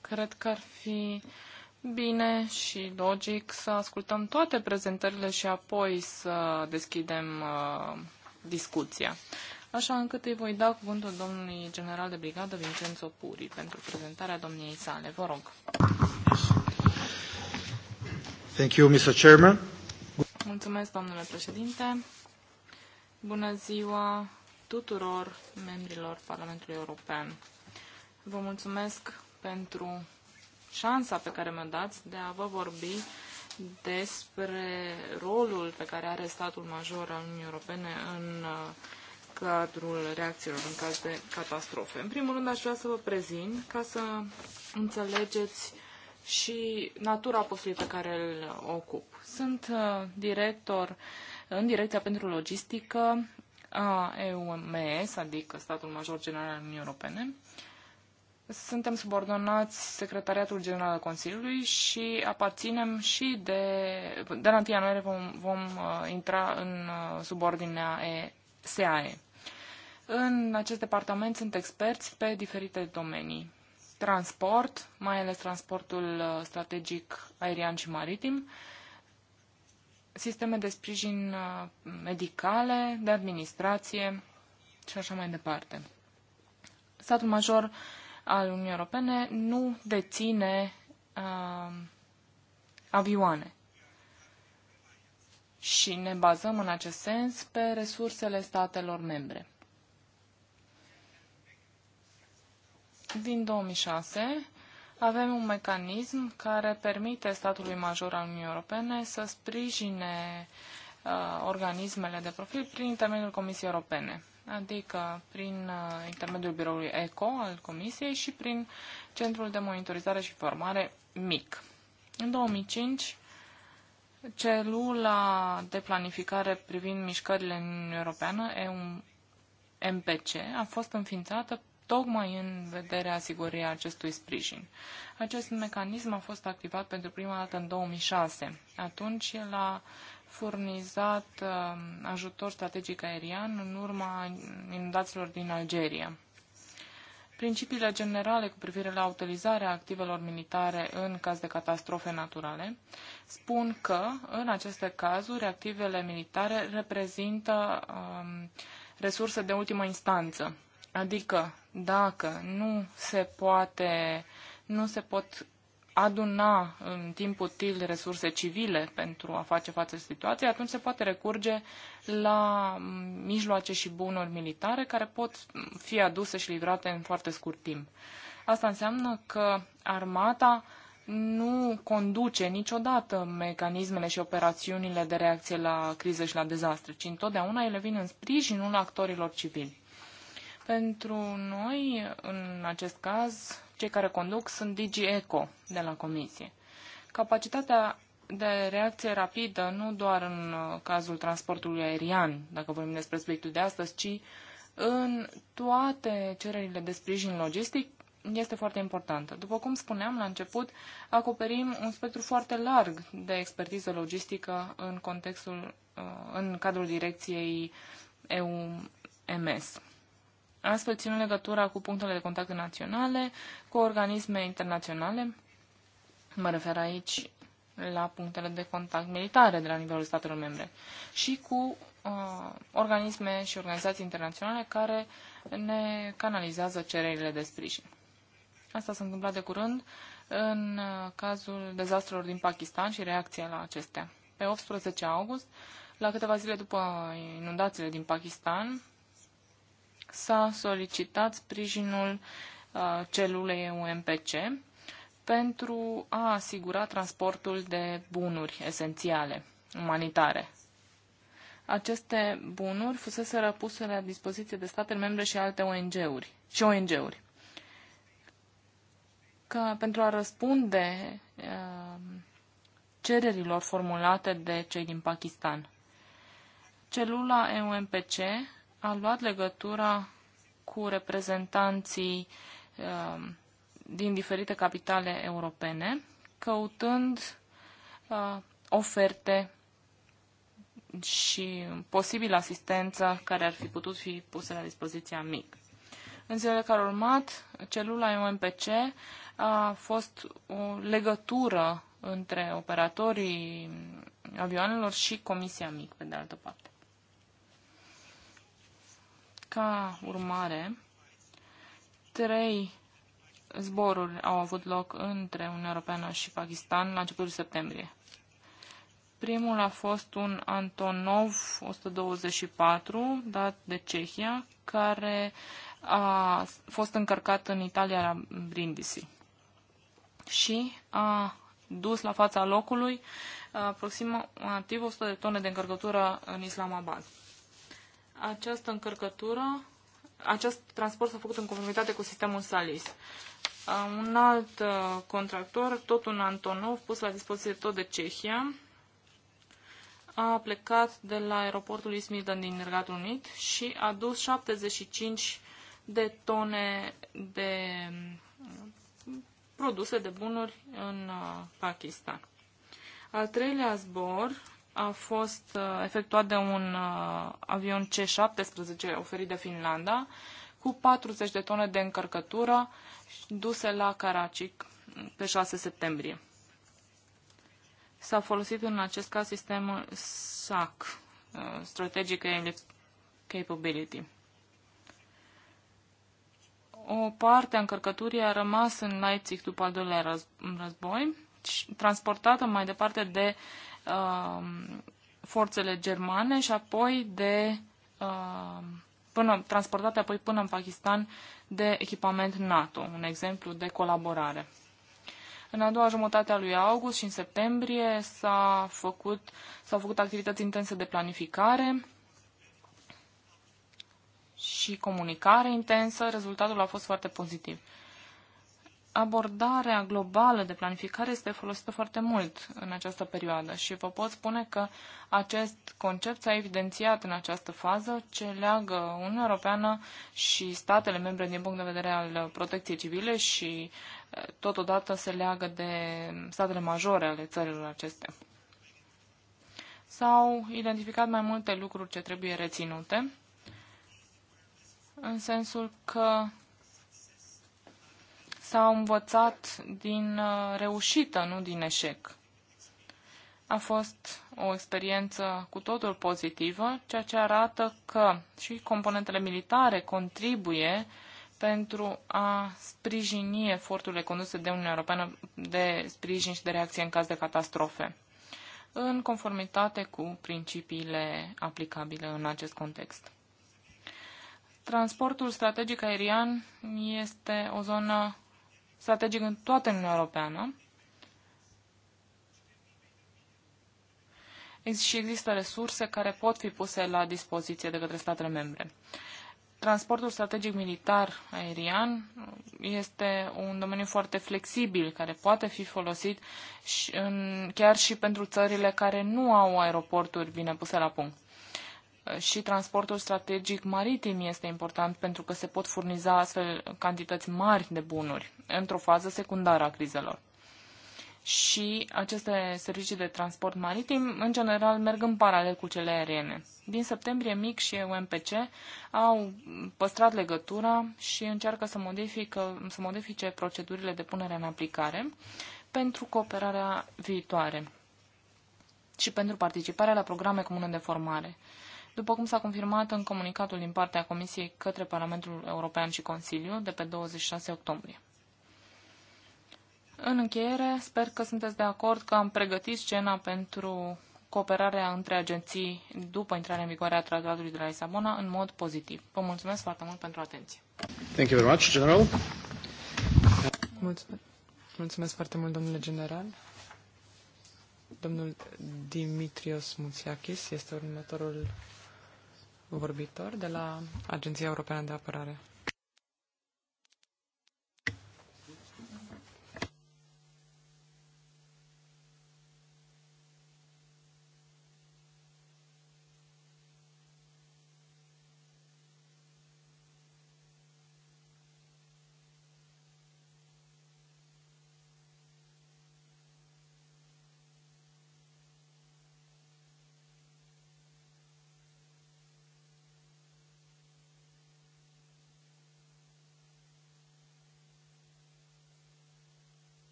Cred că ar fi bine și logic să ascultăm toate prezentările și apoi să deschidem uh, discuția așa încât îi voi da cuvântul domnului general de brigadă Vincenzo Puri pentru prezentarea domniei sale. Vă rog. Thank you, Mr. Chairman. Mulțumesc, domnule președinte. Bună ziua tuturor membrilor Parlamentului European. Vă mulțumesc pentru șansa pe care mă dați de a vă vorbi despre rolul pe care are statul major al Uniunii Europene în uh, cadrul reacțiilor în caz de catastrofe. În primul rând, aș vrea să vă prezint ca să înțelegeți și natura postului pe care îl ocup. Sunt uh, director în Direcția pentru Logistică a EUMS, adică Statul Major General al Uniunii Europene. Suntem subordonați Secretariatul General al Consiliului și aparținem și de... De la 1 ianuarie vom, vom uh, intra în uh, subordinea e SAE. În acest departament sunt experți pe diferite domenii. Transport, mai ales transportul uh, strategic aerian și maritim, sisteme de sprijin uh, medicale, de administrație și așa mai departe. Statul major al Uniunii Europene nu deține uh, avioane și ne bazăm în acest sens pe resursele statelor membre. din 2006 avem un mecanism care permite statului major al Uniunii Europene să sprijine uh, organismele de profil prin intermediul Comisiei Europene, adică prin uh, intermediul biroului ECO al Comisiei și prin Centrul de Monitorizare și Formare MIC. În 2005, celula de planificare privind mișcările în Uniunea Europeană, MPC, a fost înființată tocmai în vederea asigurării acestui sprijin. Acest mecanism a fost activat pentru prima dată în 2006. Atunci el a furnizat um, ajutor strategic aerian în urma inundațiilor din Algeria. Principiile generale cu privire la utilizarea activelor militare în caz de catastrofe naturale spun că, în aceste cazuri, activele militare reprezintă um, resurse de ultimă instanță Adică, dacă nu se poate, nu se pot aduna în timp util resurse civile pentru a face față situației, atunci se poate recurge la mijloace și bunuri militare care pot fi aduse și livrate în foarte scurt timp. Asta înseamnă că armata nu conduce niciodată mecanismele și operațiunile de reacție la criză și la dezastre, ci întotdeauna ele vin în sprijinul actorilor civili. Pentru noi, în acest caz, cei care conduc sunt Eco de la Comisie. Capacitatea de reacție rapidă, nu doar în uh, cazul transportului aerian, dacă vorbim despre subiectul de astăzi, ci în toate cererile de sprijin logistic, este foarte importantă. După cum spuneam la început, acoperim un spectru foarte larg de expertiză logistică în contextul, uh, în cadrul direcției EUMS astfel ținând legătura cu punctele de contact naționale, cu organisme internaționale. Mă refer aici la punctele de contact militare de la nivelul statelor membre și cu uh, organisme și organizații internaționale care ne canalizează cererile de sprijin. Asta s-a întâmplat de curând în uh, cazul dezastrelor din Pakistan și reacția la acestea. Pe 18 august, la câteva zile după inundațiile din Pakistan, s-a solicitat sprijinul uh, celulei UMPC pentru a asigura transportul de bunuri esențiale, umanitare. Aceste bunuri fusese răpuse la dispoziție de statele membre și alte ONG-uri și ONG-uri. Ca, pentru a răspunde uh, cererilor formulate de cei din Pakistan. Celula EUMPC a luat legătura cu reprezentanții um, din diferite capitale europene, căutând uh, oferte și posibilă asistență care ar fi putut fi pusă la dispoziția mig. În zilele care au urmat, celula MMPC a fost o legătură între operatorii avioanelor și Comisia mig pe de altă parte. Ca urmare, trei zboruri au avut loc între Uniunea Europeană și Pakistan la începutul septembrie. Primul a fost un Antonov 124 dat de Cehia, care a fost încărcat în Italia la Brindisi și a dus la fața locului aproximativ 100 de tone de încărcătură în Islamabad. Această încărcătură, acest transport s-a făcut în conformitate cu sistemul SALIS. Uh, un alt uh, contractor, tot un Antonov, pus la dispoziție tot de Cehia, a plecat de la aeroportul Ismildan din Regatul Unit și a dus 75 de tone de um, produse de bunuri în uh, Pakistan. Al treilea zbor a fost uh, efectuat de un uh, avion C-17 oferit de Finlanda cu 40 de tone de încărcătură duse la Karachik pe 6 septembrie. S-a folosit în acest caz sistemul SAC, uh, Strategic Capability. O parte a încărcăturii a rămas în Leipzig după al doilea război, transportată mai departe de uh, Um, forțele germane și apoi de um, până, transportate apoi până în Pakistan de echipament NATO, un exemplu de colaborare. În a doua jumătate a lui august și în septembrie s-a făcut, s-au făcut activități intense de planificare și comunicare intensă. Rezultatul a fost foarte pozitiv abordarea globală de planificare este folosită foarte mult în această perioadă și vă pot spune că acest concept s-a evidențiat în această fază ce leagă Uniunea Europeană și statele membre din punct de vedere al protecției civile și eh, totodată se leagă de statele majore ale țărilor acestea. S-au identificat mai multe lucruri ce trebuie reținute, în sensul că s-a învățat din uh, reușită, nu din eșec. A fost o experiență cu totul pozitivă, ceea ce arată că și componentele militare contribuie pentru a sprijini eforturile conduse de Uniunea Europeană de sprijin și de reacție în caz de catastrofe, în conformitate cu principiile aplicabile în acest context. Transportul strategic aerian este o zonă strategic în toată Uniunea Europeană. și există resurse care pot fi puse la dispoziție de către statele membre. Transportul strategic militar aerian este un domeniu foarte flexibil care poate fi folosit și în, chiar și pentru țările care nu au aeroporturi bine puse la punct și transportul strategic maritim este important pentru că se pot furniza astfel cantități mari de bunuri într-o fază secundară a crizelor. Și aceste servicii de transport maritim, în general, merg în paralel cu cele aeriene. Din septembrie, MIC și UMPC au păstrat legătura și încearcă să, modifică, să modifice procedurile de punere în aplicare pentru cooperarea viitoare și pentru participarea la programe comune de formare. După cum s-a confirmat în comunicatul din partea Comisiei către Parlamentul European și Consiliu de pe 26 octombrie. În încheiere, sper că sunteți de acord că am pregătit scena pentru cooperarea între agenții după intrarea în vigoare a tratatului de la Lisabona în mod pozitiv. Vă mulțumesc foarte mult pentru atenție. Thank you very much, General. Mulțumesc, mulțumesc foarte mult, domnule general. Domnul Dimitrios Muțiakis este următorul vorbitor de la Agenția Europeană de Apărare.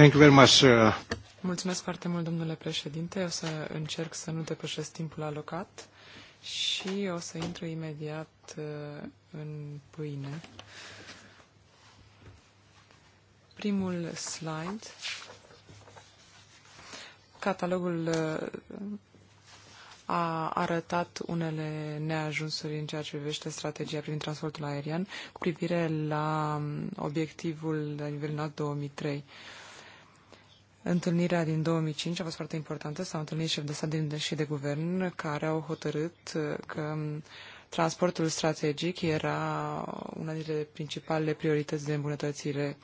Thank you very much. Mulțumesc foarte mult, domnule președinte. O să încerc să nu depășesc timpul alocat și o să intru imediat uh, în pâine. Primul slide, catalogul uh, a arătat unele neajunsuri în ceea ce privește strategia privind transportul aerian cu privire la um, obiectivul la nivel înalt 2003. Întâlnirea din 2005 a fost foarte importantă. S-au întâlnit șefi de stat și de guvern care au hotărât uh, că um, transportul strategic era una dintre principalele priorități de îmbunătățire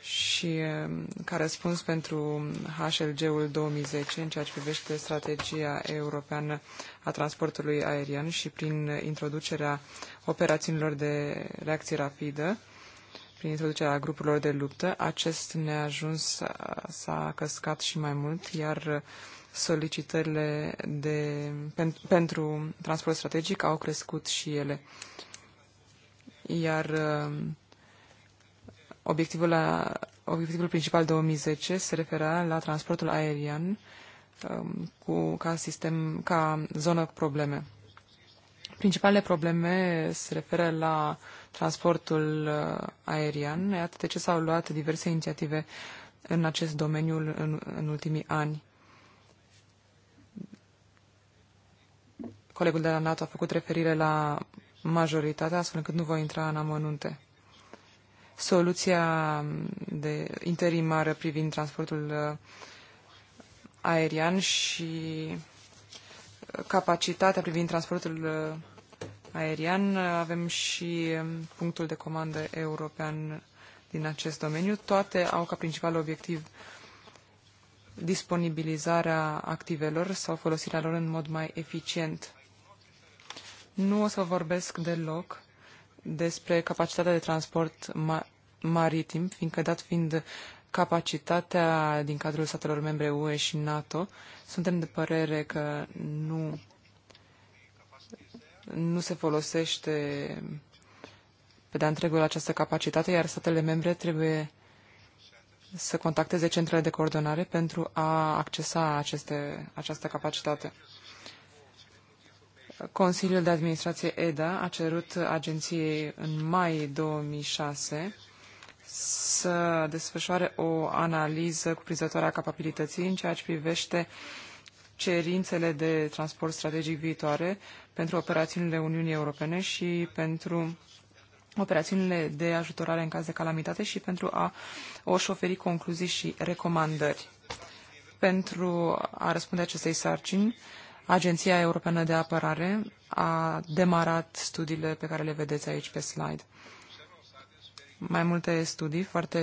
și um, ca răspuns pentru um, HLG-ul 2010 în ceea ce privește strategia europeană a transportului aerian și prin introducerea operațiunilor de reacție rapidă, prin introducerea grupurilor de luptă, acest neajuns s-a căscat și mai mult, iar solicitările de, pen, pentru transport strategic au crescut și ele. Iar uh, obiectivul, la, obiectivul principal 2010 se refera la transportul aerian um, cu, ca, sistem, ca zonă probleme. Principalele probleme se referă la transportul uh, aerian. Iată de ce s-au luat diverse inițiative în acest domeniu în, în ultimii ani. Colegul de la NATO a făcut referire la majoritatea, astfel încât nu voi intra în amănunte. Soluția de interimară privind transportul uh, aerian și capacitatea privind transportul uh, aerian, avem și um, punctul de comandă european din acest domeniu. Toate au ca principal obiectiv disponibilizarea activelor sau folosirea lor în mod mai eficient. Nu o să vorbesc deloc despre capacitatea de transport ma- maritim, fiindcă dat fiind capacitatea din cadrul statelor membre UE și NATO, suntem de părere că nu nu se folosește pe de-a întregul această capacitate, iar statele membre trebuie să contacteze centrele de coordonare pentru a accesa aceste, această capacitate. Consiliul de Administrație EDA a cerut agenției în mai 2006 să desfășoare o analiză cuprinzătoare a capabilității în ceea ce privește uh, cerințele de transport strategic viitoare pentru operațiunile Uniunii Europene și pentru operațiunile de ajutorare în caz de calamitate și pentru a o oferi concluzii și recomandări. Pentru a răspunde acestei sarcini, Agenția Europeană de Apărare a demarat studiile pe care le vedeți aici pe slide. Mai multe studii foarte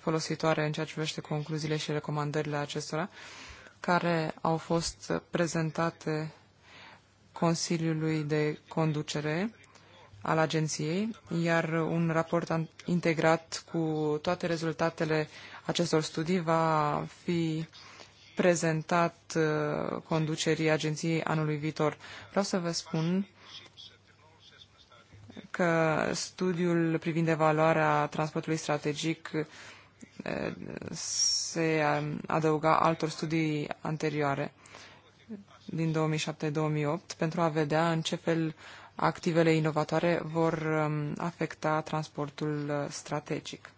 folositoare în ceea ce privește concluziile și recomandările acestora care au fost prezentate Consiliului de Conducere al agenției, iar un raport integrat cu toate rezultatele acestor studii va fi prezentat uh, conducerii agenției anului viitor. Vreau să vă spun că studiul privind evaluarea transportului strategic se adăuga altor studii anterioare din 2007-2008 pentru a vedea în ce fel activele inovatoare vor um, afecta transportul uh, strategic.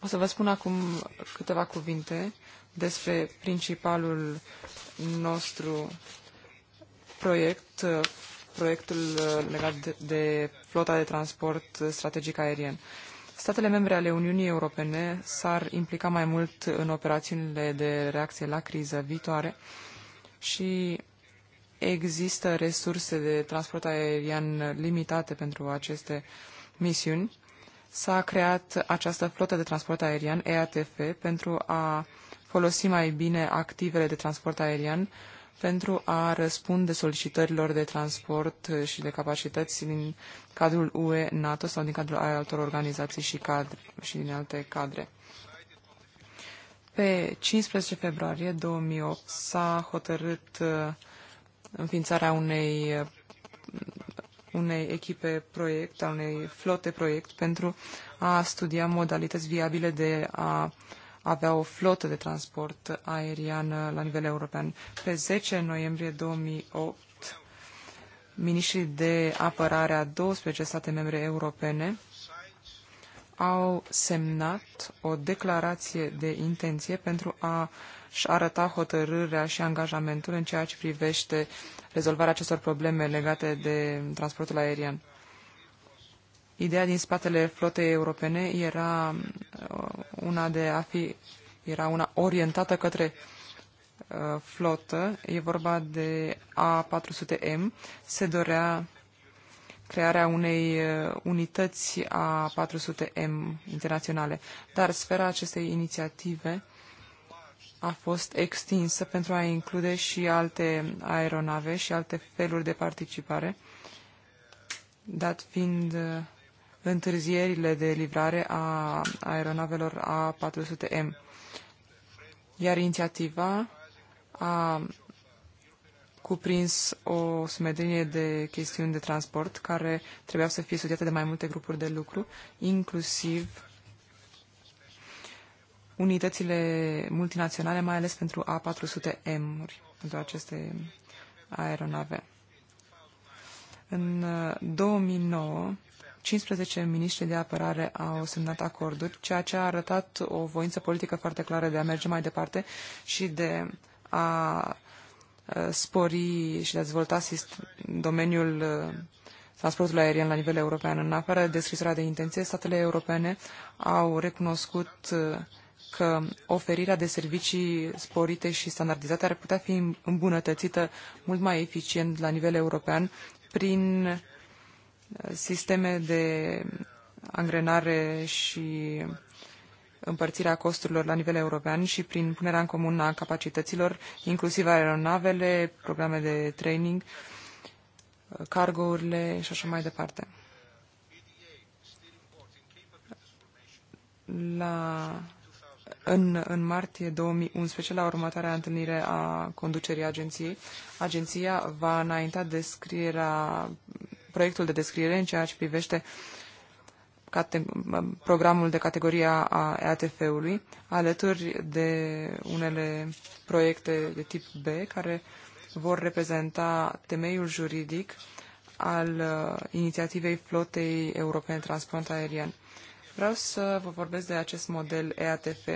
O să vă spun acum câteva cuvinte despre principalul nostru proiect, uh, proiectul uh, legat de flota de transport strategic aerien. Statele membre ale Uniunii Europene s-ar implica mai mult în operațiunile de reacție la criză viitoare și există resurse de transport aerian limitate pentru aceste misiuni. S-a creat această flotă de transport aerian, EATF, pentru a folosi mai bine activele de transport aerian pentru a răspunde solicitărilor de transport și de capacități din cadrul UE, NATO sau din cadrul altor organizații și, cadre, și din alte cadre. Pe 15 februarie 2008 s-a hotărât uh, înființarea unei, uh, unei echipe proiect, a unei flote proiect pentru a studia modalități viabile de a uh, avea o flotă de transport aerian la nivel european. Pe 10 noiembrie 2008, miniștrii de apărare a 12 state membre europene au semnat o declarație de intenție pentru a și arăta hotărârea și angajamentul în ceea ce privește rezolvarea acestor probleme legate de transportul aerian. Ideea din spatele flotei europene era uh, una de a fi, era una orientată către uh, flotă, e vorba de A400M, se dorea crearea unei uh, unități a 400M internaționale. Dar sfera acestei inițiative a fost extinsă pentru a include și alte aeronave și alte feluri de participare, dat fiind întârzierile de livrare a aeronavelor A400M. Iar inițiativa a cuprins o sumedenie de chestiuni de transport care trebuiau să fie studiate de mai multe grupuri de lucru, inclusiv unitățile multinaționale, mai ales pentru A400M-uri, pentru aceste aeronave. În 2009, uh, 15 miniștri de apărare au semnat acorduri, ceea ce a arătat o voință politică foarte clară de a merge mai departe și de a uh, spori și de a dezvolta domeniul uh, transportul aerian la nivel european. În afară de scrisoarea de intenție, statele europene au recunoscut uh, că oferirea de servicii sporite și standardizate ar putea fi îmbunătățită mult mai eficient la nivel european prin sisteme de angrenare și împărțirea costurilor la nivel european și prin punerea în comun a capacităților, inclusiv aeronavele, programe de training, cargourile și așa mai departe. La, în, în martie 2011, la următoarea întâlnire a conducerii agenției, agenția va înainta descrierea proiectul de descriere în ceea ce privește programul de categoria a EATF-ului, alături de unele proiecte de tip B, care vor reprezenta temeiul juridic al uh, inițiativei flotei europene transport aerian. Vreau să vă vorbesc de acest model EATF.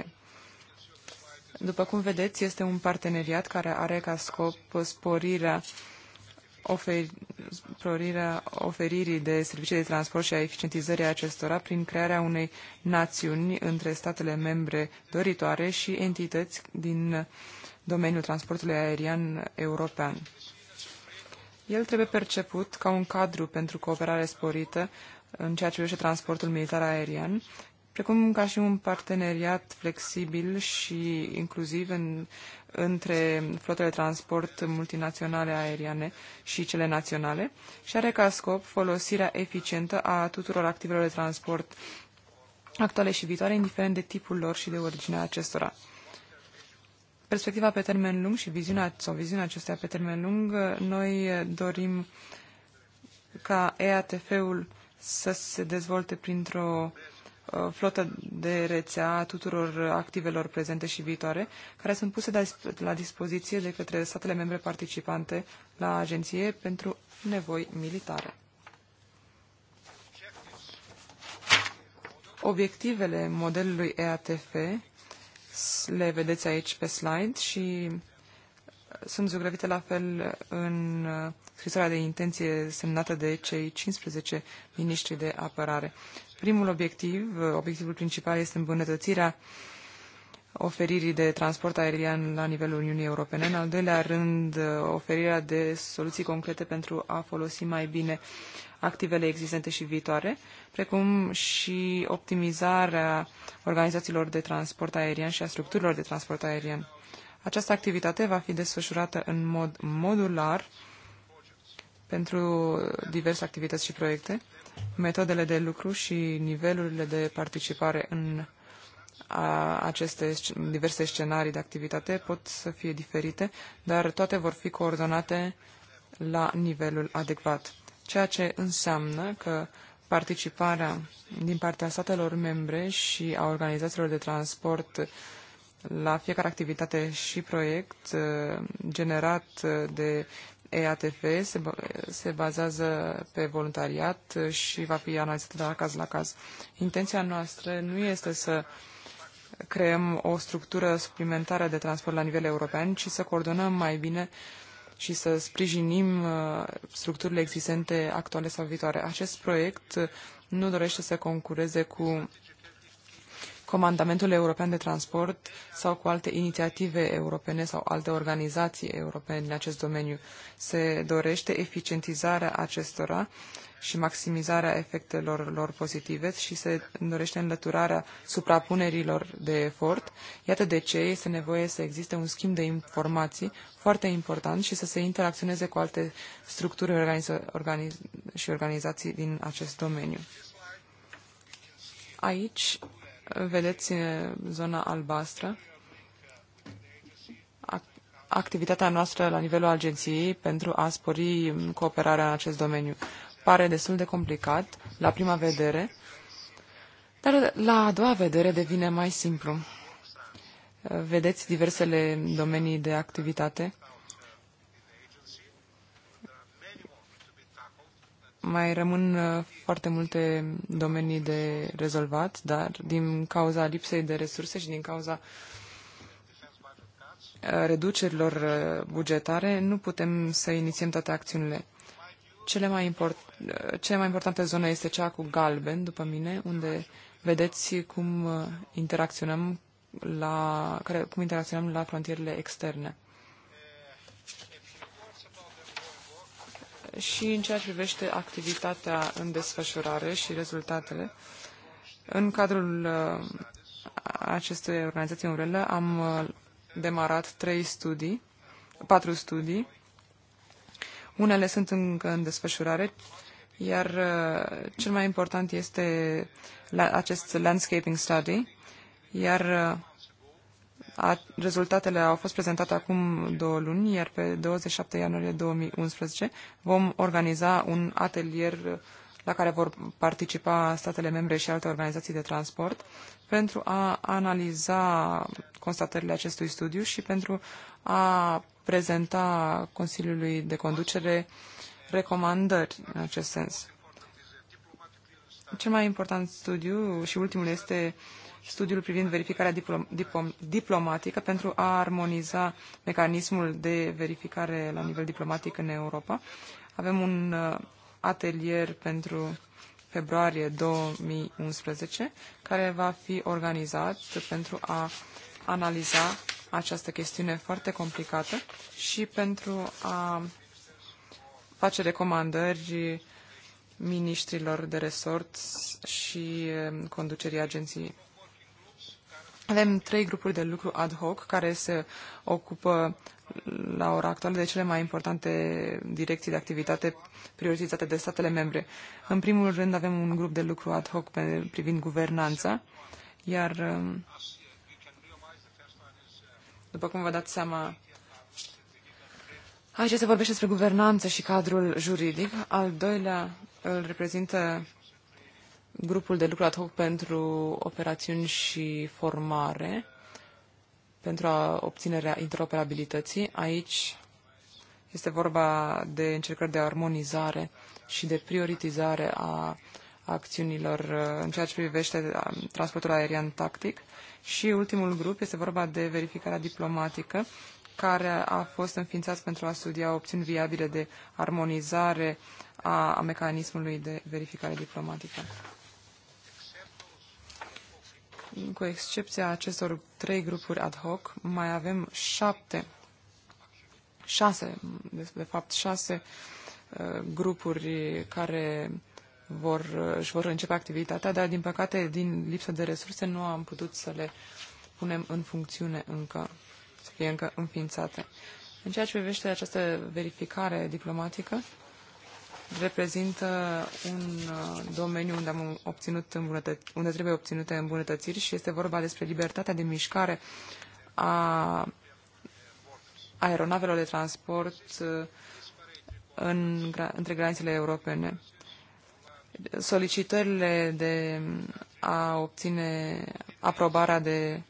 După cum vedeți, este un parteneriat care are ca scop sporirea oferi, oferirii de servicii de transport și a eficientizării acestora prin crearea unei națiuni între statele membre doritoare și entități din domeniul transportului aerian european. El trebuie perceput ca un cadru pentru cooperare sporită în ceea ce privește transportul militar aerian, precum ca și un parteneriat flexibil și inclusiv în, între flotele de transport multinaționale aeriane și cele naționale și are ca scop folosirea eficientă a tuturor activelor de transport actuale și viitoare, indiferent de tipul lor și de originea acestora. Perspectiva pe termen lung și viziunea sau viziunea acestea pe termen lung, noi dorim ca EATF-ul să se dezvolte printr-o uh, Uh, flotă de rețea tuturor activelor prezente și viitoare, care sunt puse la dispoziție de către statele membre participante la agenție pentru nevoi militare. Obiectivele modelului EATF le vedeți aici pe slide și uh, sunt zugrăvite la fel în uh, scrisoarea de intenție semnată de cei 15 miniștri de apărare. Primul obiectiv, uh, obiectivul principal este îmbunătățirea oferirii de transport aerian la nivelul Uniunii Europene. În al doilea rând, uh, oferirea de soluții concrete pentru a folosi mai bine activele existente și viitoare, precum și optimizarea organizațiilor de transport aerian și a structurilor de transport aerian. Această activitate va fi desfășurată în mod modular pentru diverse activități și proiecte metodele de lucru și nivelurile de participare în aceste diverse scenarii de activitate pot să fie diferite, dar toate vor fi coordonate la nivelul adecvat. Ceea ce înseamnă că participarea din partea statelor membre și a organizațiilor de transport la fiecare activitate și proiect uh, generat de EATF se, se bazează pe voluntariat și va fi analizată de la caz la caz. Intenția noastră nu este să creăm o structură suplimentară de transport la nivel european, ci să coordonăm mai bine și să sprijinim uh, structurile existente actuale sau viitoare. Acest proiect nu dorește să concureze cu Comandamentul European de Transport sau cu alte inițiative europene sau alte organizații europene din acest domeniu. Se dorește eficientizarea acestora și maximizarea efectelor lor pozitive și se dorește înlăturarea suprapunerilor de efort. Iată de ce este nevoie să existe un schimb de informații foarte important și să se interacționeze cu alte structuri organiza- organiz- și organizații din acest domeniu. Aici vedeți zona albastră. Activitatea noastră la nivelul agenției pentru a spori cooperarea în acest domeniu pare destul de complicat la prima vedere, dar la a doua vedere devine mai simplu. Vedeți diversele domenii de activitate mai rămân uh, foarte multe domenii de rezolvat, dar din cauza lipsei de resurse și din cauza uh, reducerilor uh, bugetare nu putem să inițiem toate acțiunile. Cele mai, import, cea mai importantă zonă este cea cu galben, după mine, unde vedeți cum interacționăm la, cum interacționăm la frontierele externe. și în ceea ce privește activitatea în desfășurare și rezultatele. În cadrul uh, acestei organizații umbrelă am uh, demarat trei studii, patru studii. Unele sunt încă în desfășurare, iar uh, cel mai important este acest landscaping study, iar a, rezultatele au fost prezentate acum două luni, iar pe 27 ianuarie 2011 vom organiza un atelier la care vor participa statele membre și alte organizații de transport pentru a analiza constatările acestui studiu și pentru a prezenta Consiliului de Conducere recomandări în acest sens. Cel mai important studiu și ultimul este studiul privind verificarea diplom, diplom, diplomatică pentru a armoniza mecanismul de verificare la nivel diplomatic în Europa. Avem un uh, atelier pentru februarie 2011 care va fi organizat pentru a analiza această chestiune foarte complicată și pentru a face recomandări ministrilor de resort și um, conducerii agenției. Avem trei grupuri de lucru ad hoc care se ocupă la ora actuală de cele mai importante direcții de activitate prioritizate de statele membre. În primul rând avem un grup de lucru ad hoc privind guvernanța, iar um, după cum vă dați seama, Aici se vorbește despre guvernanță și cadrul juridic. Al doilea îl reprezintă grupul de lucru ad hoc pentru operațiuni și formare, pentru a obținerea interoperabilității. Aici este vorba de încercări de armonizare și de prioritizare a acțiunilor uh, în ceea ce privește uh, transportul aerian tactic. Și ultimul grup este vorba de verificarea diplomatică care a fost înființat pentru a studia opțiuni viabile de armonizare a, a mecanismului de verificare diplomatică. Cu excepția acestor trei grupuri ad hoc, mai avem șapte, șase, de fapt șase uh, grupuri care vor, își vor începe activitatea, dar din păcate din lipsă de resurse nu am putut să le punem în funcțiune încă fie încă înființate. În ceea ce privește această verificare diplomatică, reprezintă un uh, domeniu unde, am obținut unde trebuie obținute îmbunătățiri și este vorba despre libertatea de mișcare a aeronavelor de transport uh, în, între granițele europene. Solicitările de a obține aprobarea de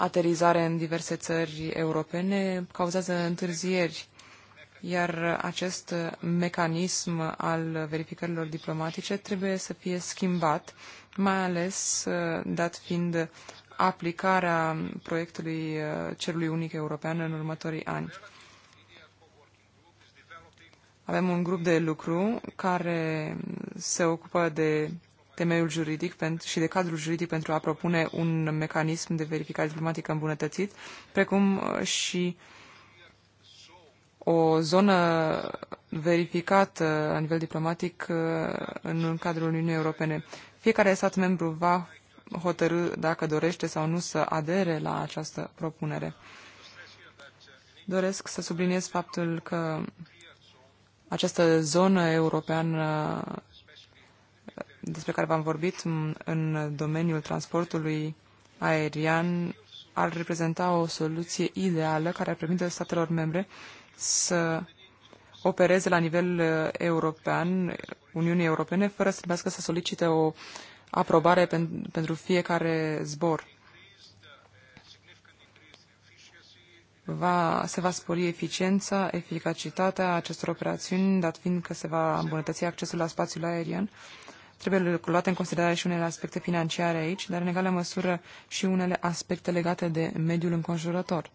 aterizare în diverse țări europene cauzează întârzieri, iar acest mecanism al verificărilor diplomatice trebuie să fie schimbat, mai ales uh, dat fiind aplicarea proiectului uh, Cerului Unic European în următorii ani. Avem un grup de lucru care se ocupă de temeiul juridic și de cadrul juridic pentru a propune un mecanism de verificare diplomatică îmbunătățit, precum uh, și o zonă verificată uh, la nivel diplomatic uh, în cadrul Uniunii Europene. Fiecare stat membru va hotărâ dacă dorește sau nu să adere la această propunere. Doresc să subliniez faptul că această zonă europeană despre care v-am vorbit în domeniul transportului aerian ar reprezenta o soluție ideală care ar permite statelor membre să opereze la nivel uh, european, Uniunii Europene, fără să trebuiască să solicite o aprobare pen, pentru fiecare zbor. Va, se va spori eficiența, eficacitatea acestor operațiuni, dat fiind că se va îmbunătăți accesul la spațiul aerian Trebuie luate în considerare și unele aspecte financiare aici, dar în egală măsură și unele aspecte legate de mediul înconjurător.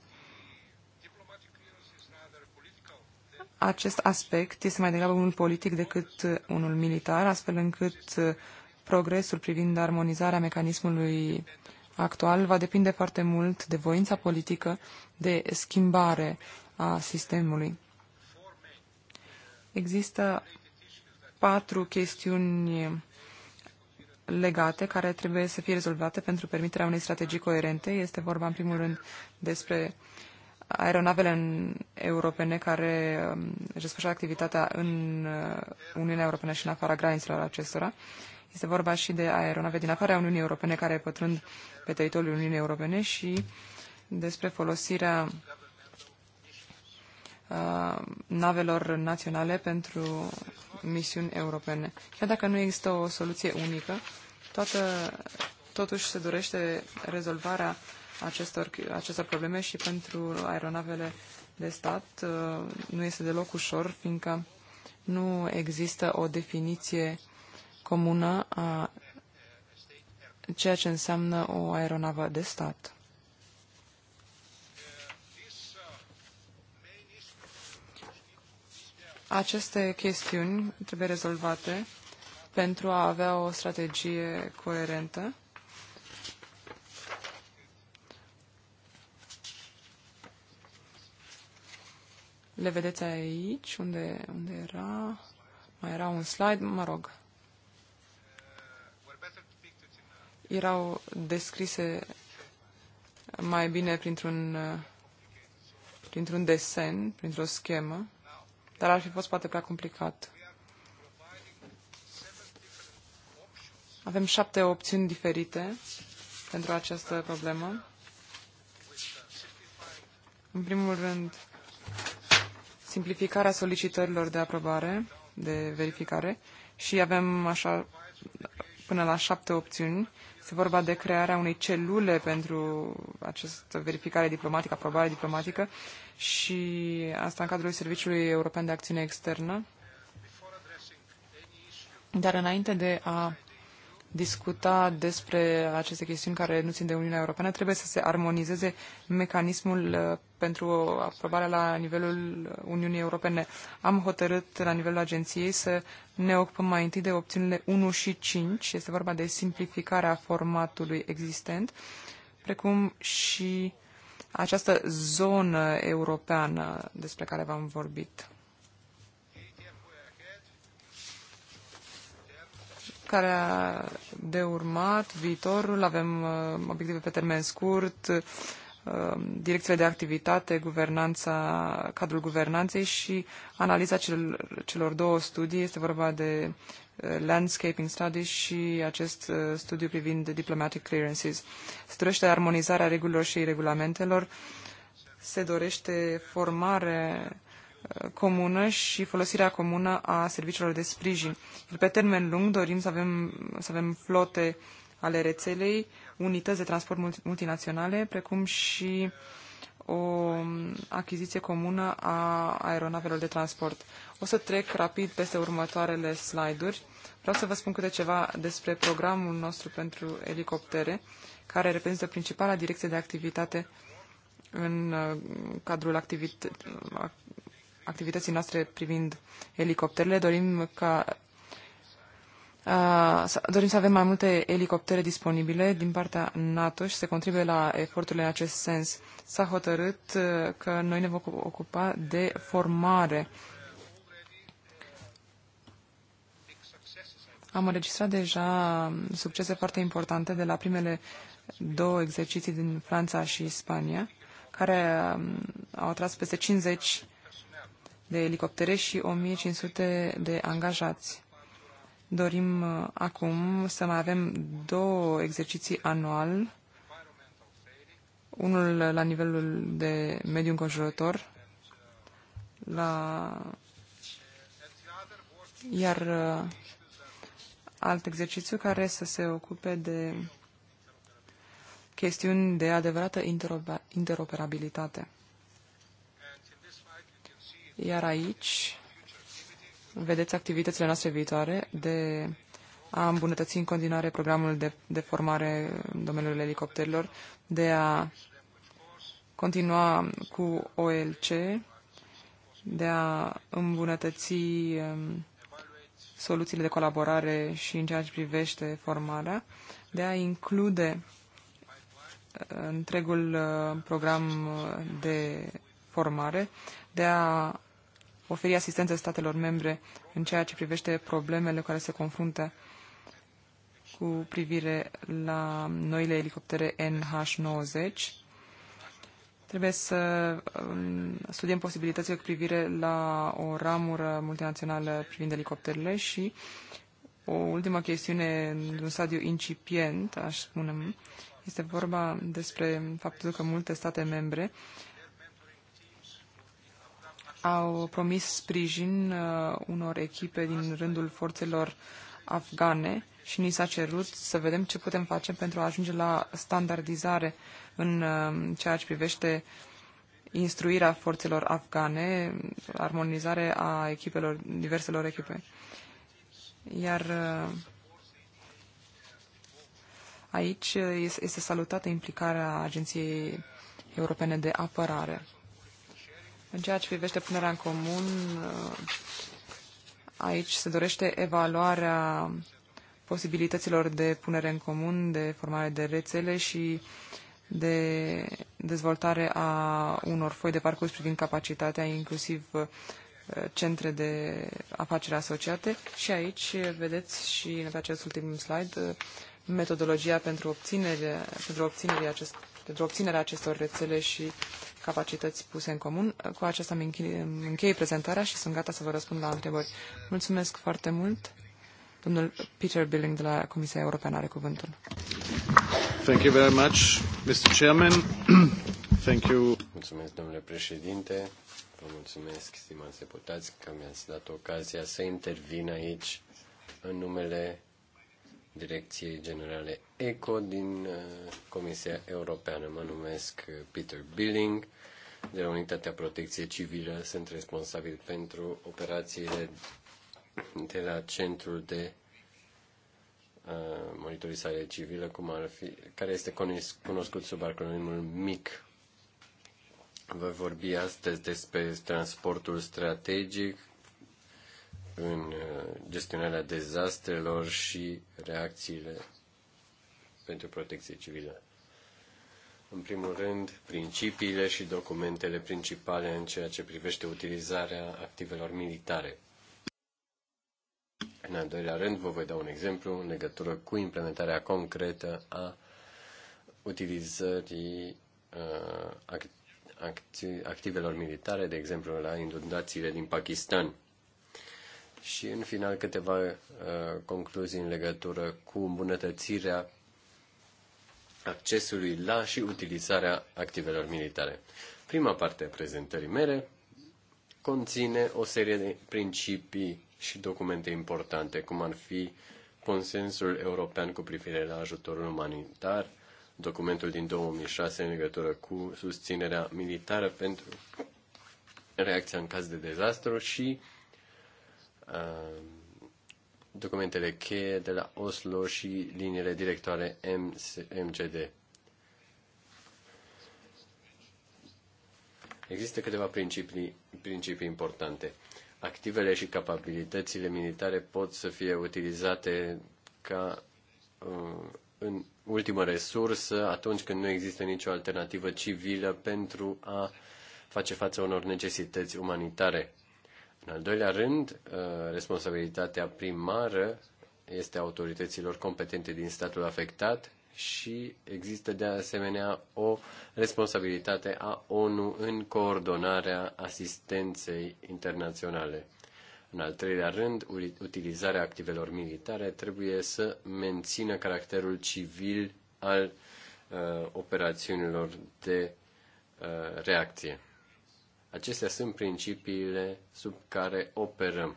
Acest aspect este mai degrabă unul politic decât unul militar, astfel încât uh, progresul privind armonizarea mecanismului actual va depinde foarte mult de voința politică de schimbare a sistemului. Există patru chestiuni legate care trebuie să fie rezolvate pentru permiterea unei strategii coerente. Este vorba, în primul rând, despre aeronavele în europene care um, își desfășoară activitatea în uh, Uniunea Europeană și în afara granițelor acestora. Este vorba și de aeronave din afara Uniunii Europene care pătrund pe teritoriul Uniunii Europene și despre folosirea uh, navelor naționale pentru misiuni europene. Chiar dacă nu există o soluție unică, toată, totuși se dorește rezolvarea acestor, acestor probleme și pentru aeronavele de stat uh, nu este deloc ușor, fiindcă nu există o definiție comună a ceea ce înseamnă o aeronavă de stat. Aceste chestiuni trebuie rezolvate pentru a avea o strategie coerentă. Le vedeți aici, unde, unde era, mai era un slide, mă rog. Erau descrise mai bine printr-un printr-un desen, printr-o schemă dar ar fi fost poate prea complicat. Avem șapte opțiuni diferite pentru această problemă. În primul rând, simplificarea solicitărilor de aprobare, de verificare și avem așa până la șapte opțiuni este vorba de crearea unei celule pentru această verificare diplomatică, aprobare diplomatică și asta în cadrul Serviciului European de Acțiune Externă. Dar înainte de a discuta despre aceste chestiuni care nu țin de Uniunea Europeană, trebuie să se armonizeze mecanismul uh, pentru aprobarea la nivelul Uniunii Europene. Am hotărât la nivelul agenției să ne ocupăm mai întâi de opțiunile 1 și 5, este vorba de simplificarea formatului existent, precum și această zonă europeană despre care v-am vorbit. care de urmat, viitorul, avem uh, obiective pe termen scurt, uh, direcțiile de activitate, guvernanța, cadrul guvernanței și analiza celor, celor două studii. Este vorba de uh, Landscaping Study și acest studiu privind diplomatic clearances. Se dorește armonizarea regulilor și regulamentelor, se dorește formare comună și folosirea comună a serviciilor de sprijin. Pe termen lung dorim să avem, să avem flote ale rețelei, unități de transport multinaționale, precum și o achiziție comună a aeronavelor de transport. O să trec rapid peste următoarele slide-uri. Vreau să vă spun câte ceva despre programul nostru pentru elicoptere, care reprezintă principala direcție de activitate în uh, cadrul activit- activității noastre privind elicopterele. Dorim ca uh, dorim să avem mai multe elicoptere disponibile din partea NATO și să contribuie la eforturile în acest sens. S-a hotărât uh, că noi ne vom ocupa de formare. Am înregistrat deja succese foarte importante de la primele două exerciții din Franța și Spania, care um, au atras peste 50 de elicoptere și 1500 de angajați. Dorim uh, acum să mai avem două exerciții anual, unul la nivelul de mediu înconjurător, la... iar uh, alt exercițiu care să se ocupe de chestiuni de adevărată interoperabilitate. Iar aici vedeți activitățile noastre viitoare de a îmbunătăți în continuare programul de, de formare în domeniul elicopterilor, de a continua cu OLC, de a îmbunătăți um, soluțiile de colaborare și în ceea ce privește formarea, de a include uh, întregul uh, program uh, de formare, de a oferi asistență statelor membre în ceea ce privește problemele care se confruntă cu privire la noile elicoptere NH90. Trebuie să um, studiem posibilitățile cu privire la o ramură multinațională privind elicopterele și o ultimă chestiune într-un stadiu incipient, aș spune, este vorba despre faptul că multe state membre au promis sprijin uh, unor echipe din rândul forțelor afgane și ni s-a cerut să vedem ce putem face pentru a ajunge la standardizare în uh, ceea ce privește instruirea forțelor afgane, armonizare a echipelor, diverselor echipe. Iar uh, aici este salutată implicarea Agenției Europene de Apărare. În ceea ce privește punerea în comun, uh, aici se dorește evaluarea posibilităților de punere în comun, de formare de rețele și de dezvoltare a unor foi de parcurs privind capacitatea, inclusiv uh, centre de afaceri asociate. Și aici vedeți și pe acest ultim slide uh, metodologia pentru obținerea, pentru obținerea, acest, pentru obținerea acestor rețele și uh, capacități puse în comun. Cu aceasta îmi închei prezentarea și sunt gata să vă răspund la întrebări. Mulțumesc foarte mult. Domnul Peter Billing de la Comisia Europeană are cuvântul. Thank you very much, Mr. Chairman. Thank you. Mulțumesc, domnule președinte. Vă mulțumesc, stimați deputați, că mi-ați dat ocazia să intervin aici în numele Direcției Generale ECO din uh, Comisia Europeană. Mă numesc uh, Peter Billing de la Unitatea Protecție Civilă. Sunt responsabil pentru operațiile de la Centrul de uh, monitorizare civilă, cum ar fi, care este cunoscut sub acronimul MIC. Voi vorbi astăzi despre transportul strategic, în uh, gestionarea dezastrelor și reacțiile pentru protecție civilă. În primul rând, principiile și documentele principale în ceea ce privește utilizarea activelor militare. În al doilea rând, vă voi da un exemplu în legătură cu implementarea concretă a utilizării uh, activelor militare, de exemplu la inundațiile din Pakistan și în final câteva uh, concluzii în legătură cu îmbunătățirea accesului la și utilizarea activelor militare. Prima parte a prezentării mele conține o serie de principii și documente importante, cum ar fi consensul european cu privire la ajutorul umanitar, documentul din 2006 în legătură cu susținerea militară pentru reacția în caz de dezastru și uh, Uh, documentele cheie de la Oslo și liniile directoare MCD. Există câteva principii, principii importante. Activele și capabilitățile militare pot să fie utilizate ca uh, în ultimă resursă atunci când nu există nicio alternativă civilă pentru a face față unor necesități umanitare în al doilea rând, uh, responsabilitatea primară este autorităților competente din statul afectat și există de asemenea o responsabilitate a ONU în coordonarea asistenței internaționale. În al treilea rând, utilizarea activelor militare trebuie să mențină caracterul civil al uh, operațiunilor de uh, reacție. Acestea sunt principiile sub care operăm.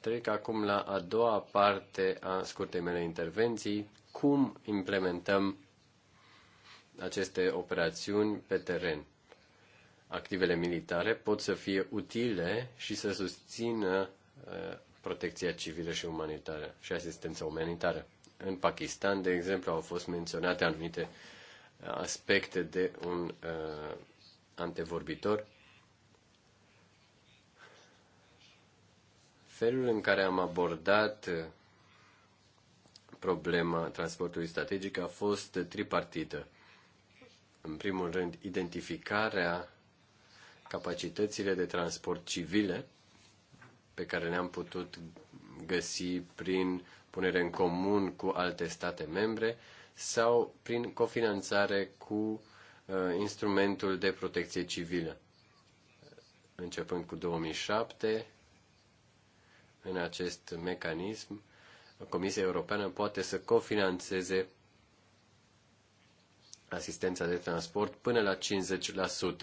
Trec acum la a doua parte a scurtei mele intervenții, cum implementăm aceste operațiuni pe teren. Activele militare pot să fie utile și să susțină uh, protecția civilă și umanitară și asistența umanitară. În Pakistan, de exemplu, au fost menționate anumite uh, aspecte de un uh, antevorbitor. Felul în care am abordat uh, problema transportului strategic a fost tripartită. În primul rând, identificarea capacitățile de transport civile pe care le-am putut găsi prin punere în comun cu alte state membre, sau prin cofinanțare cu uh, instrumentul de protecție civilă. Începând cu 2007, în acest mecanism, Comisia Europeană poate să cofinanțeze asistența de transport până la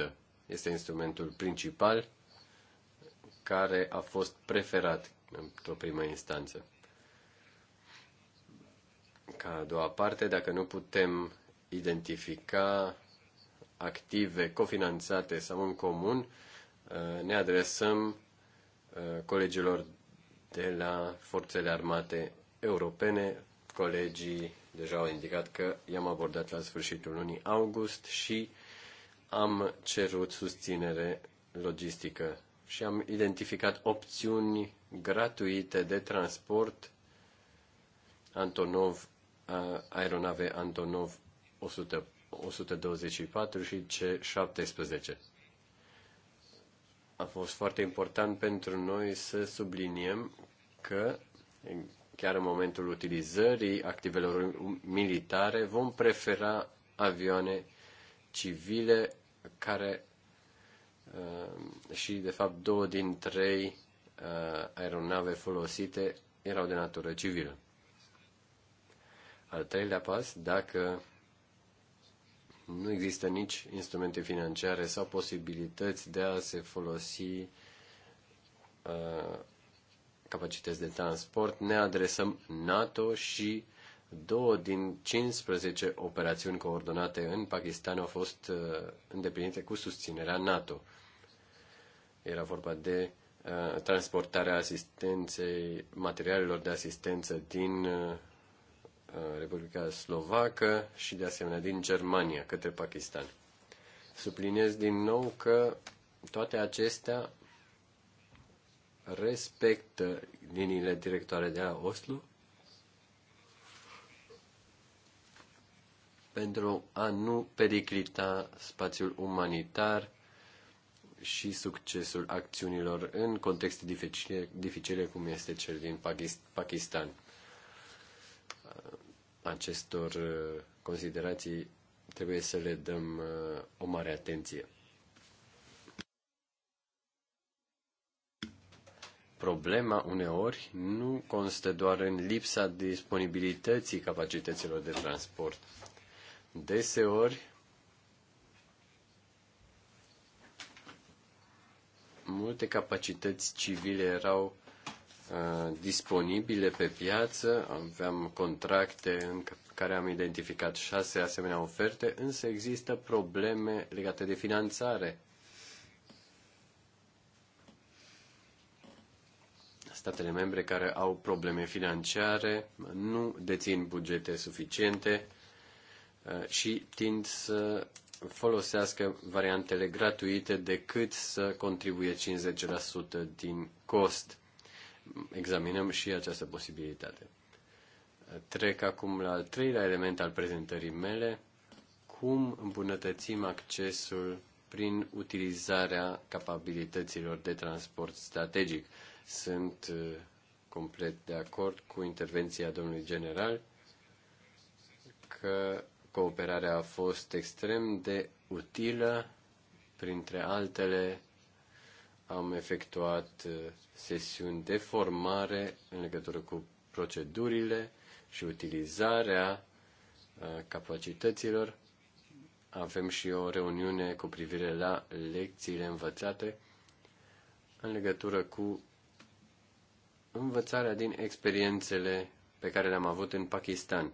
50%. Este instrumentul principal care a fost preferat într-o primă instanță. Ca a doua parte, dacă nu putem identifica active cofinanțate sau în comun, uh, ne adresăm uh, colegilor de la Forțele Armate Europene. Colegii deja au indicat că i-am abordat la sfârșitul lunii august și am cerut susținere logistică și am identificat opțiuni gratuite de transport Antonov aeronave Antonov 100, 124 și C-17. A fost foarte important pentru noi să subliniem că chiar în momentul utilizării activelor militare vom prefera avioane civile care uh, și de fapt două din trei uh, aeronave folosite erau de natură civilă. Al treilea pas, dacă nu există nici instrumente financiare sau posibilități de a se folosi uh, capacități de transport, ne adresăm NATO și două din 15 operațiuni coordonate în Pakistan au fost uh, îndeplinite cu susținerea NATO. Era vorba de uh, transportarea asistenței, materialelor de asistență din uh, Uh, Republica Slovacă și de asemenea din Germania către Pakistan. Subliniez din nou că toate acestea respectă liniile directoare de la Oslo pentru a nu periclita spațiul umanitar și succesul acțiunilor în contexte dificile, dificile cum este cel din Pakistan acestor considerații trebuie să le dăm o mare atenție. Problema uneori nu constă doar în lipsa disponibilității capacităților de transport. Deseori, multe capacități civile erau Uh, disponibile pe piață, aveam contracte în care am identificat șase asemenea oferte, însă există probleme legate de finanțare. Statele membre care au probleme financiare nu dețin bugete suficiente uh, și tind să folosească variantele gratuite decât să contribuie 50% din cost examinăm și această posibilitate. Trec acum la al treilea element al prezentării mele, cum îmbunătățim accesul prin utilizarea capabilităților de transport strategic. Sunt uh, complet de acord cu intervenția domnului general că cooperarea a fost extrem de utilă, printre altele, am efectuat uh, sesiuni de formare în legătură cu procedurile și utilizarea uh, capacităților. Avem și o reuniune cu privire la lecțiile învățate în legătură cu învățarea din experiențele pe care le-am avut în Pakistan.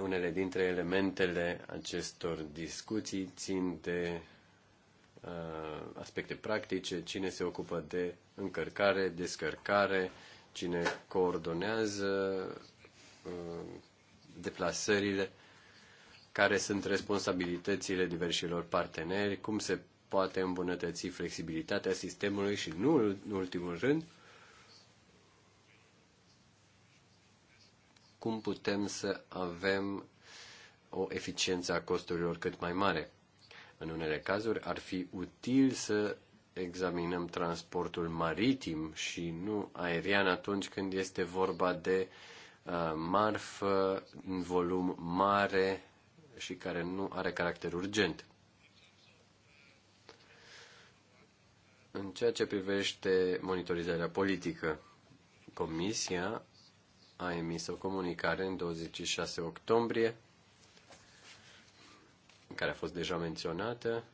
Unele dintre elementele acestor discuții țin de Uh, aspecte practice, cine se ocupă de încărcare, descărcare, cine coordonează uh, deplasările, care sunt responsabilitățile diversilor parteneri, cum se poate îmbunătăți flexibilitatea sistemului și, nu în ultimul rând, cum putem să avem o eficiență a costurilor cât mai mare. În unele cazuri ar fi util să examinăm transportul maritim și nu aerian atunci când este vorba de uh, marfă în volum mare și care nu are caracter urgent. În ceea ce privește monitorizarea politică, Comisia a emis o comunicare în 26 octombrie care a fost deja menționată,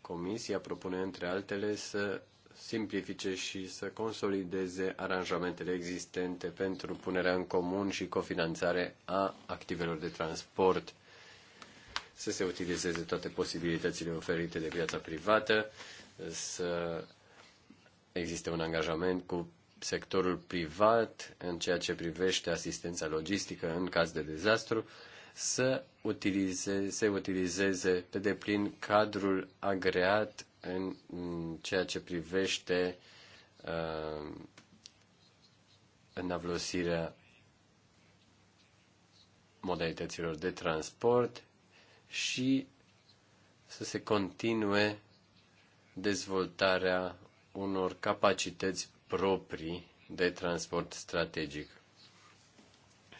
Comisia propune, între altele, să simplifice și să consolideze aranjamentele existente pentru punerea în comun și cofinanțare a activelor de transport, să se utilizeze toate posibilitățile oferite de piața privată, să existe un angajament cu sectorul privat în ceea ce privește asistența logistică în caz de dezastru, să utilizeze, se utilizeze pe deplin cadrul agreat în, în ceea ce privește uh, înavlosirea modalităților de transport și să se continue dezvoltarea unor capacități proprii de transport strategic.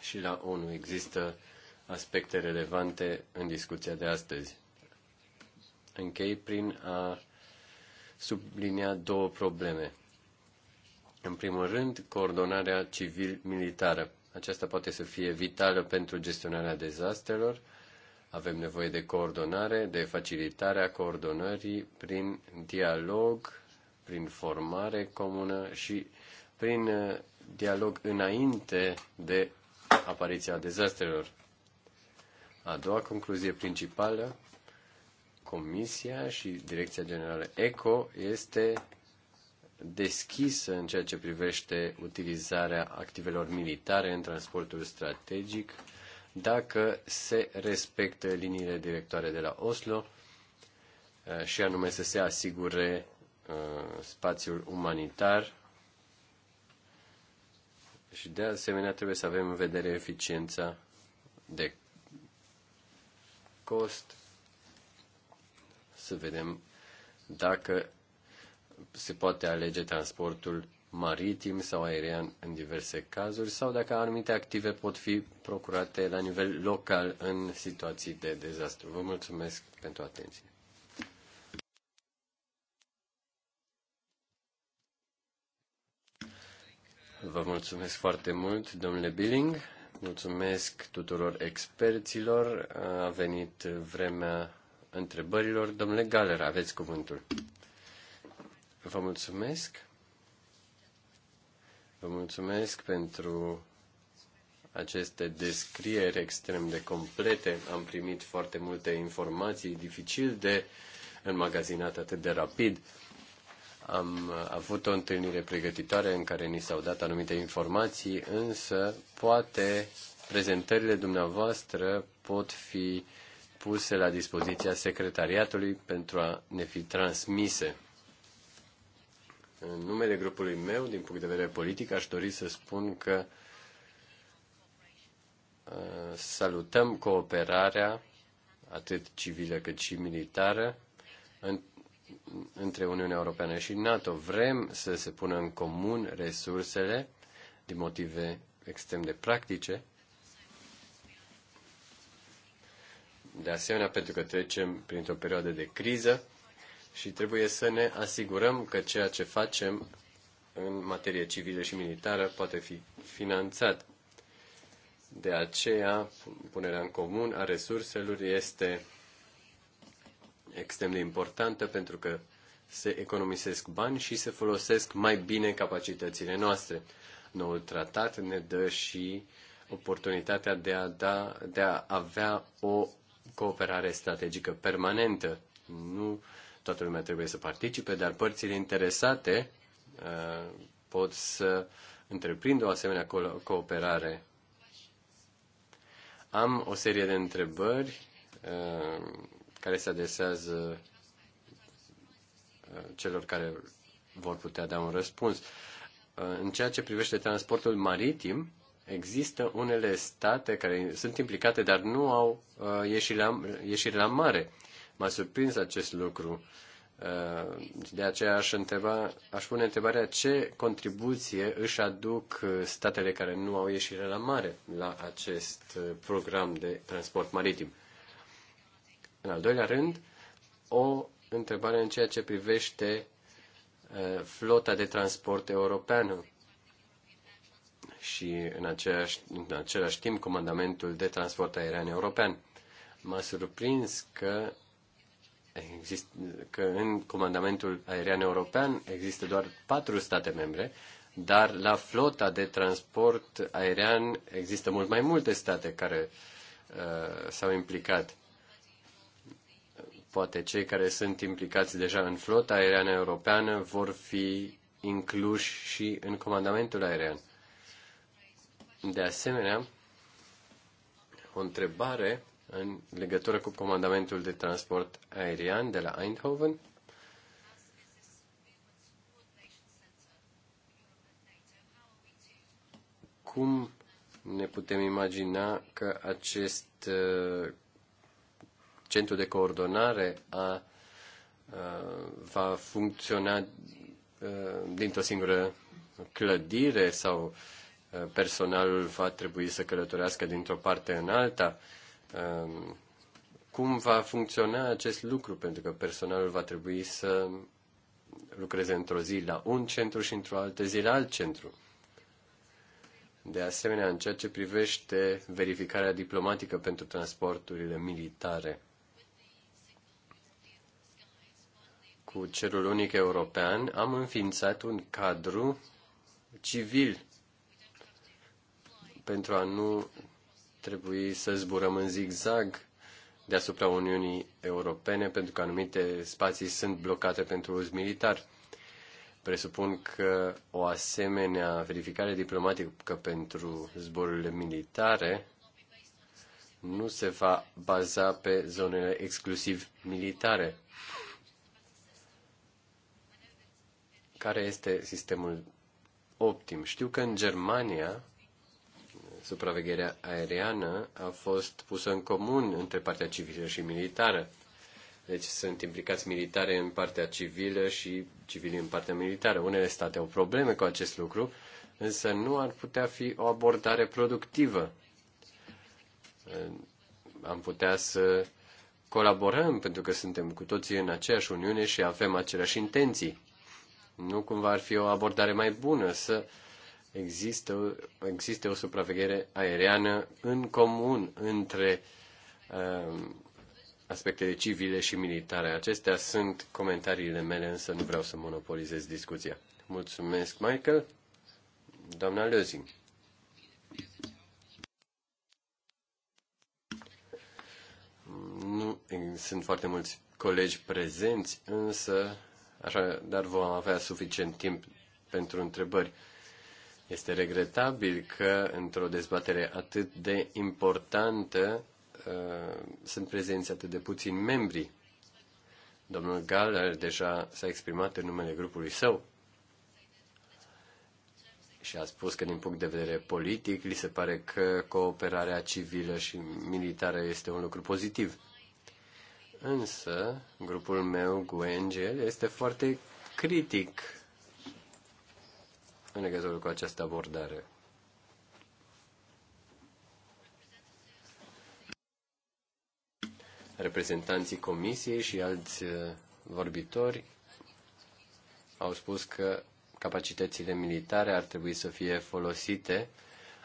Și la ONU există uh, aspecte relevante în discuția de astăzi. Închei prin a sublinia două probleme. În primul rând, coordonarea civil-militară. Aceasta poate să fie vitală pentru gestionarea dezastrelor. Avem nevoie de coordonare, de facilitarea coordonării prin dialog, prin formare comună și prin uh, dialog înainte de apariția dezastrelor. A doua concluzie principală, Comisia și Direcția Generală ECO este deschisă în ceea ce privește utilizarea activelor militare în transportul strategic dacă se respectă liniile directoare de la Oslo uh, și anume să se asigure uh, spațiul umanitar și de asemenea trebuie să avem în vedere eficiența de cost, să vedem dacă se poate alege transportul maritim sau aerian în diverse cazuri sau dacă anumite active pot fi procurate la nivel local în situații de dezastru. Vă mulțumesc pentru atenție. Vă mulțumesc foarte mult, domnule Billing. Mulțumesc tuturor experților. A venit vremea întrebărilor. Domnule Galer, aveți cuvântul. Vă mulțumesc. Vă mulțumesc pentru aceste descrieri extrem de complete. Am primit foarte multe informații dificil de înmagazinat atât de rapid. Am avut o întâlnire pregătitoare în care ni s-au dat anumite informații, însă poate prezentările dumneavoastră pot fi puse la dispoziția secretariatului pentru a ne fi transmise. În numele grupului meu, din punct de vedere politic, aș dori să spun că uh, salutăm cooperarea, atât civilă cât și militară, în între Uniunea Europeană și NATO. Vrem să se pună în comun resursele din motive extrem de practice. De asemenea, pentru că trecem printr-o perioadă de criză și trebuie să ne asigurăm că ceea ce facem în materie civilă și militară poate fi finanțat. De aceea, punerea în comun a resurselor este extrem de importantă pentru că se economisesc bani și se folosesc mai bine capacitățile noastre. Noul tratat ne dă și oportunitatea de a, da, de a avea o cooperare strategică permanentă. Nu toată lumea trebuie să participe, dar părțile interesate uh, pot să întreprindă o asemenea co- cooperare. Am o serie de întrebări uh, care se adresează uh, celor care vor putea da un răspuns. Uh, în ceea ce privește transportul maritim, există unele state care sunt implicate, dar nu au uh, ieșire la, ieșire la mare. M-a surprins acest lucru. De aceea aș, întreba, aș pune întrebarea ce contribuție își aduc statele care nu au ieșire la mare la acest program de transport maritim. În al doilea rând, o întrebare în ceea ce privește flota de transport europeană și în, aceeași, în același timp comandamentul de transport aerian european. M-a surprins că, exist, că în comandamentul aerian european există doar patru state membre, dar la flota de transport aerian există mult mai multe state care uh, s-au implicat. Poate cei care sunt implicați deja în flota aeriană europeană vor fi incluși și în comandamentul aerian. De asemenea, o întrebare în legătură cu comandamentul de transport aerian de la Eindhoven. Cum ne putem imagina că acest Centru de coordonare a, va funcționa dintr-o singură clădire sau personalul va trebui să călătorească dintr-o parte în alta. Cum va funcționa acest lucru? Pentru că personalul va trebui să lucreze într-o zi la un centru și într-o altă zi la alt centru. De asemenea, în ceea ce privește verificarea diplomatică pentru transporturile militare, cu Cerul Unic European, am înființat un cadru civil pentru a nu trebui să zburăm în zigzag deasupra Uniunii Europene, pentru că anumite spații sunt blocate pentru uz militar. Presupun că o asemenea verificare diplomatică pentru zborurile militare nu se va baza pe zonele exclusiv militare. care este sistemul optim. Știu că în Germania supravegherea aeriană a fost pusă în comun între partea civilă și militară. Deci sunt implicați militare în partea civilă și civilii în partea militară. Unele state au probleme cu acest lucru, însă nu ar putea fi o abordare productivă. Am putea să colaborăm pentru că suntem cu toții în aceeași Uniune și avem aceleași intenții. Nu cumva ar fi o abordare mai bună să există, există o supraveghere aeriană în comun între uh, aspectele civile și militare. Acestea sunt comentariile mele, însă nu vreau să monopolizez discuția. Mulțumesc, Michael. Doamna Lözing. Nu sunt foarte mulți colegi prezenți, însă așa, dar vom avea suficient timp pentru întrebări. Este regretabil că într-o dezbatere atât de importantă uh, sunt prezenți atât de puțini membri. Domnul Galler deja s-a exprimat în numele grupului său și a spus că din punct de vedere politic li se pare că cooperarea civilă și militară este un lucru pozitiv. Însă, grupul meu, Guengel, este foarte critic în legătură cu această abordare. Reprezentanții comisiei și alți uh, vorbitori au spus că capacitățile militare ar trebui să fie folosite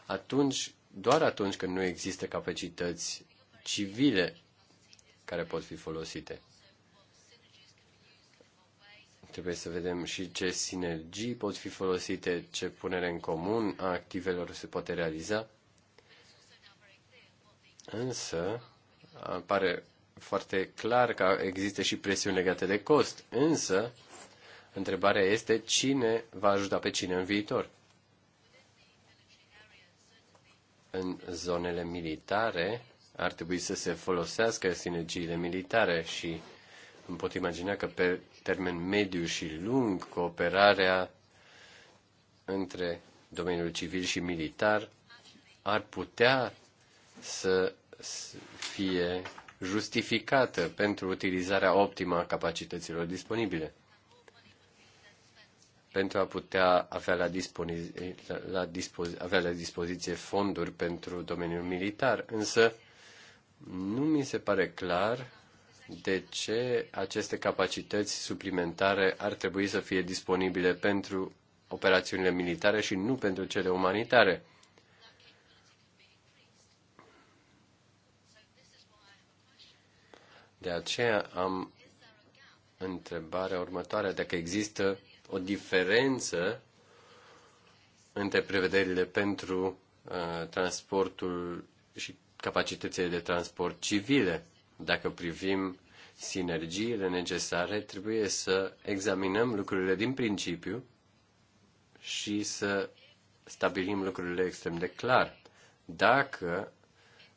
atunci, doar atunci când nu există capacități civile care pot fi folosite. Trebuie să vedem și ce sinergii pot fi folosite, ce punere în comun a activelor se poate realiza. Însă, apare foarte clar că există și presiuni legate de cost. Însă, întrebarea este cine va ajuta pe cine în viitor. În zonele militare, ar trebui să se folosească sinergiile militare și îmi pot imagina că pe termen mediu și lung cooperarea între domeniul civil și militar ar putea să fie justificată pentru utilizarea optimă a capacităților disponibile. Pentru a putea avea la, dispozi- la, dispozi- avea la dispoziție fonduri pentru domeniul militar, însă nu mi se pare clar de ce aceste capacități suplimentare ar trebui să fie disponibile pentru operațiunile militare și nu pentru cele umanitare. De aceea am întrebarea următoare, dacă există o diferență între prevederile pentru uh, transportul și capacitățile de transport civile. Dacă privim sinergiile necesare, trebuie să examinăm lucrurile din principiu și să stabilim lucrurile extrem de clar. Dacă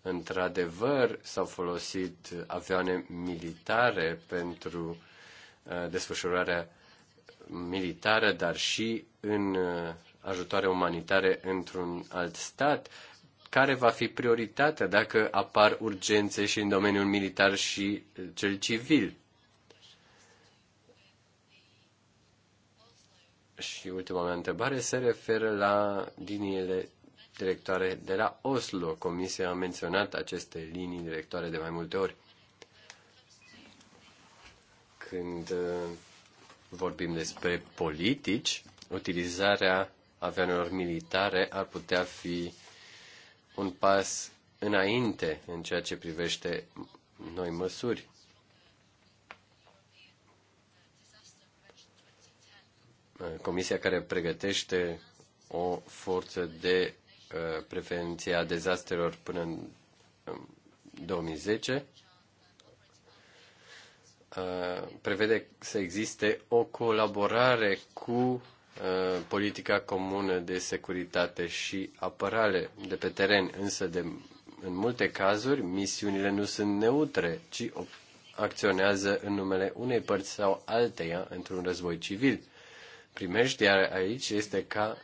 într-adevăr s-au folosit avioane militare pentru uh, desfășurarea militară, dar și în uh, ajutoare umanitare într-un alt stat, care va fi prioritatea dacă apar urgențe și în domeniul militar și uh, cel civil. Și ultima mea întrebare se referă la liniile directoare de la Oslo. Comisia a menționat aceste linii directoare de mai multe ori. Când uh, vorbim despre politici, utilizarea avioanelor militare ar putea fi un pas înainte în ceea ce privește noi măsuri. Comisia care pregătește o forță de uh, prevenție a dezastrelor până în 2010 uh, prevede să existe o colaborare cu Uh, politica comună de securitate și apărare de pe teren, însă de, în multe cazuri misiunile nu sunt neutre, ci acționează în numele unei părți sau alteia într-un război civil. iar aici este, ca,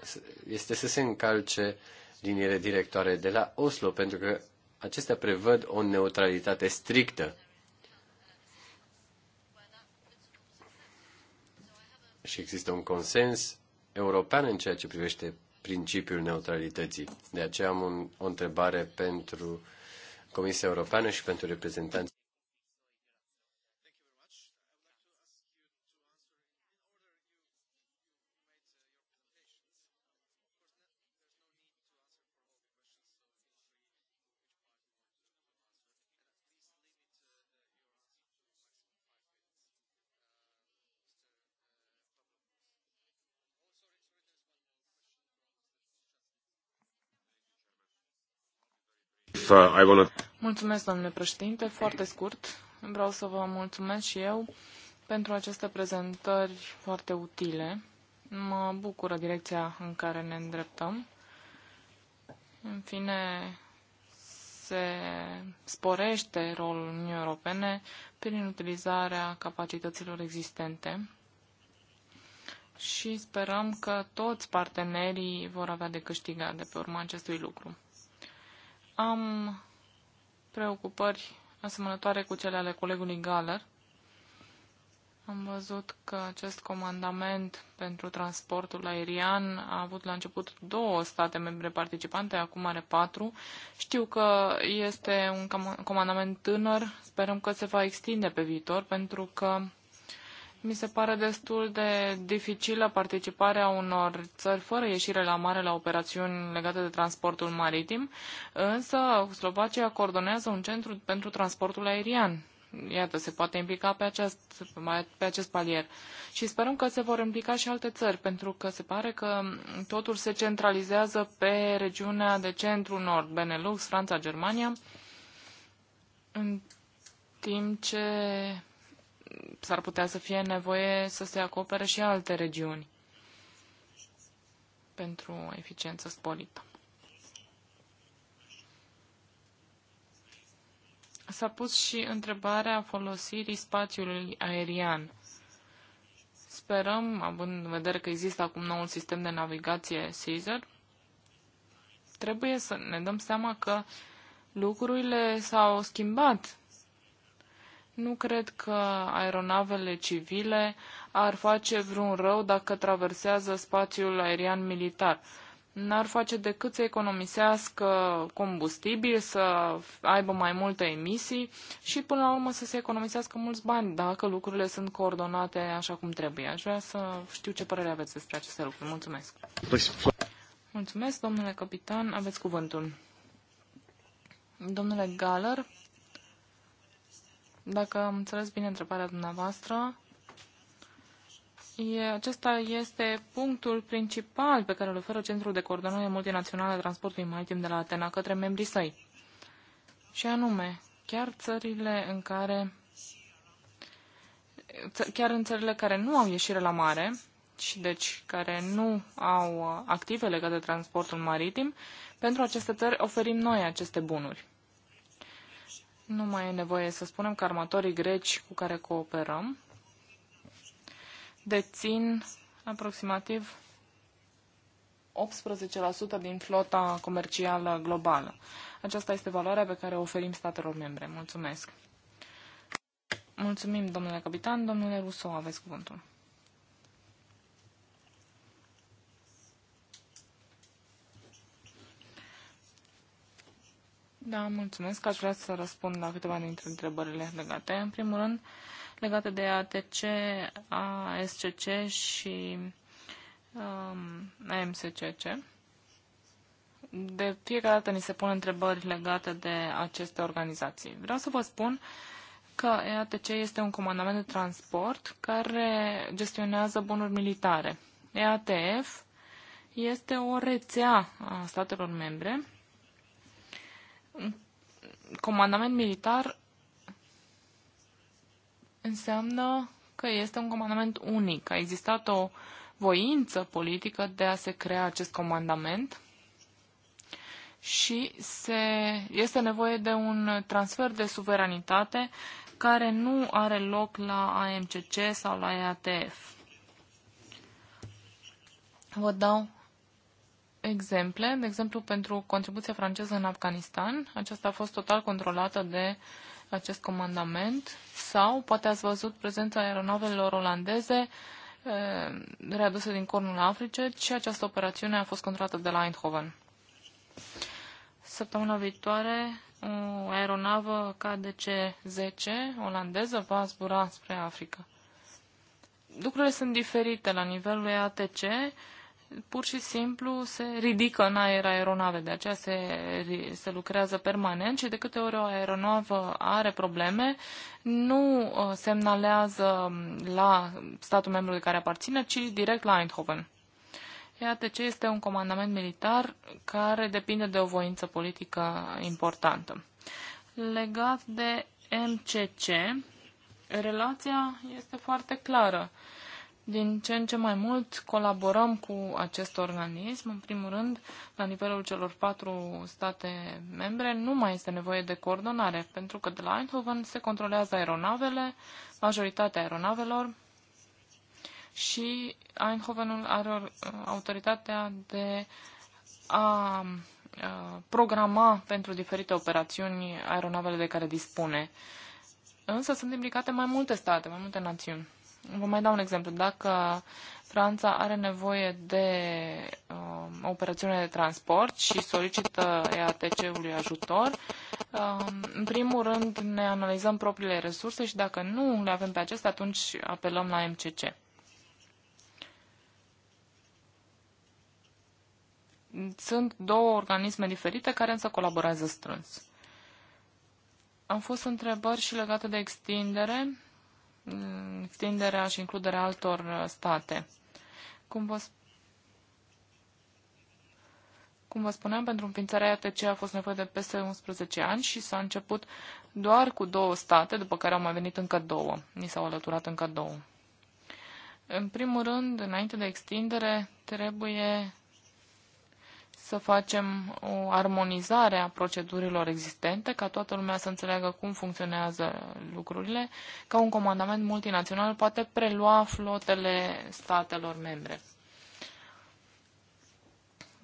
este să se încalce liniile directoare de la Oslo, pentru că acestea prevăd o neutralitate strictă. și există un consens european în ceea ce privește principiul neutralității. De aceea am un, o întrebare pentru Comisia Europeană și pentru reprezentanții Uh, mulțumesc, domnule președinte. Foarte scurt, vreau să vă mulțumesc și eu pentru aceste prezentări foarte utile. Mă bucură direcția în care ne îndreptăm. În fine, se sporește rolul Uniunii Europene prin utilizarea capacităților existente și sperăm că toți partenerii vor avea de câștigat de pe urma acestui lucru. Am preocupări asemănătoare cu cele ale colegului Galer. Am văzut că acest comandament pentru transportul aerian a avut la început două state membre participante, acum are patru. Știu că este un comandament tânăr, sperăm că se va extinde pe viitor, pentru că mi se pare destul de dificilă participarea unor țări fără ieșire la mare la operațiuni legate de transportul maritim, însă Slovacia coordonează un centru pentru transportul aerian. Iată, se poate implica pe acest, pe acest palier. Și sperăm că se vor implica și alte țări, pentru că se pare că totul se centralizează pe regiunea de centru-nord, Benelux, Franța, Germania, în timp ce s-ar putea să fie nevoie să se acopere și alte regiuni pentru eficiență sporită. S-a pus și întrebarea folosirii spațiului aerian. Sperăm, având în vedere că există acum noul sistem de navigație Caesar, trebuie să ne dăm seama că lucrurile s-au schimbat nu cred că aeronavele civile ar face vreun rău dacă traversează spațiul aerian militar. N-ar face decât să economisească combustibil, să aibă mai multe emisii și până la urmă să se economisească mulți bani dacă lucrurile sunt coordonate așa cum trebuie. Aș vrea să știu ce părere aveți despre aceste lucruri. Mulțumesc! Mulțumesc, domnule capitan, aveți cuvântul. Domnule Galer, dacă am înțeles bine întrebarea dumneavoastră, e, acesta este punctul principal pe care îl oferă Centrul de Coordonare Multinațională a Transportului Maritim de la Atena către membrii săi. Și anume, chiar țările în care chiar în țările care nu au ieșire la mare și deci care nu au active legate de transportul maritim, pentru aceste țări oferim noi aceste bunuri. Nu mai e nevoie să spunem că armatorii greci cu care cooperăm dețin aproximativ 18% din flota comercială globală. Aceasta este valoarea pe care o oferim statelor membre. Mulțumesc! Mulțumim, domnule capitan. Domnule Ruso, aveți cuvântul. Da, mulțumesc. Aș vrea să răspund la câteva dintre întrebările legate. În primul rând, legate de ATC, ASCC și um, AMSCC. De fiecare dată ni se pun întrebări legate de aceste organizații. Vreau să vă spun că EATC este un comandament de transport care gestionează bunuri militare. EATF este o rețea a statelor membre comandament militar înseamnă că este un comandament unic. A existat o voință politică de a se crea acest comandament și se, este nevoie de un transfer de suveranitate care nu are loc la AMCC sau la EATF. Vă dau exemple, de exemplu pentru contribuția franceză în Afganistan, aceasta a fost total controlată de acest comandament, sau poate ați văzut prezența aeronavelor olandeze eh, readuse din cornul Africe și această operațiune a fost controlată de la Eindhoven. Săptămâna viitoare, o aeronavă KDC-10 olandeză va zbura spre Africa. Lucrurile sunt diferite la nivelul EATC, pur și simplu se ridică în aer aeronave, de aceea se, se lucrează permanent și de câte ori o aeronavă are probleme, nu uh, semnalează um, la statul membru de care aparține, ci direct la Eindhoven. Iată ce este un comandament militar care depinde de o voință politică importantă. Legat de MCC, relația este foarte clară. Uh, din ce în ce mai mult colaborăm cu acest organism. În primul rând, la nivelul celor patru state membre, nu mai este nevoie de coordonare, pentru că de la Eindhoven se controlează aeronavele, majoritatea aeronavelor, și Eindhovenul are uh, autoritatea de a uh, programa pentru diferite operațiuni aeronavele de care dispune. Însă sunt implicate mai multe state, mai multe națiuni. Vă mai dau un exemplu. Dacă Franța are nevoie de uh, operațiune de transport și solicită EATC-ului ajutor, uh, în primul rând ne analizăm propriile resurse și dacă nu le avem pe acestea, atunci apelăm la MCC. Sunt două organisme diferite care însă colaborează strâns. Am fost întrebări și legate de extindere Mm, extinderea și includerea altor uh, state. Cum vă, cum vă spuneam, pentru înființarea IATC a fost nevoie de peste 11 ani și s-a început doar cu două state, după care au mai venit încă două. Ni s-au alăturat încă două. În primul rând, înainte de extindere, trebuie să facem o armonizare a procedurilor existente, ca toată lumea să înțeleagă cum funcționează lucrurile, ca un comandament multinațional poate prelua flotele statelor membre.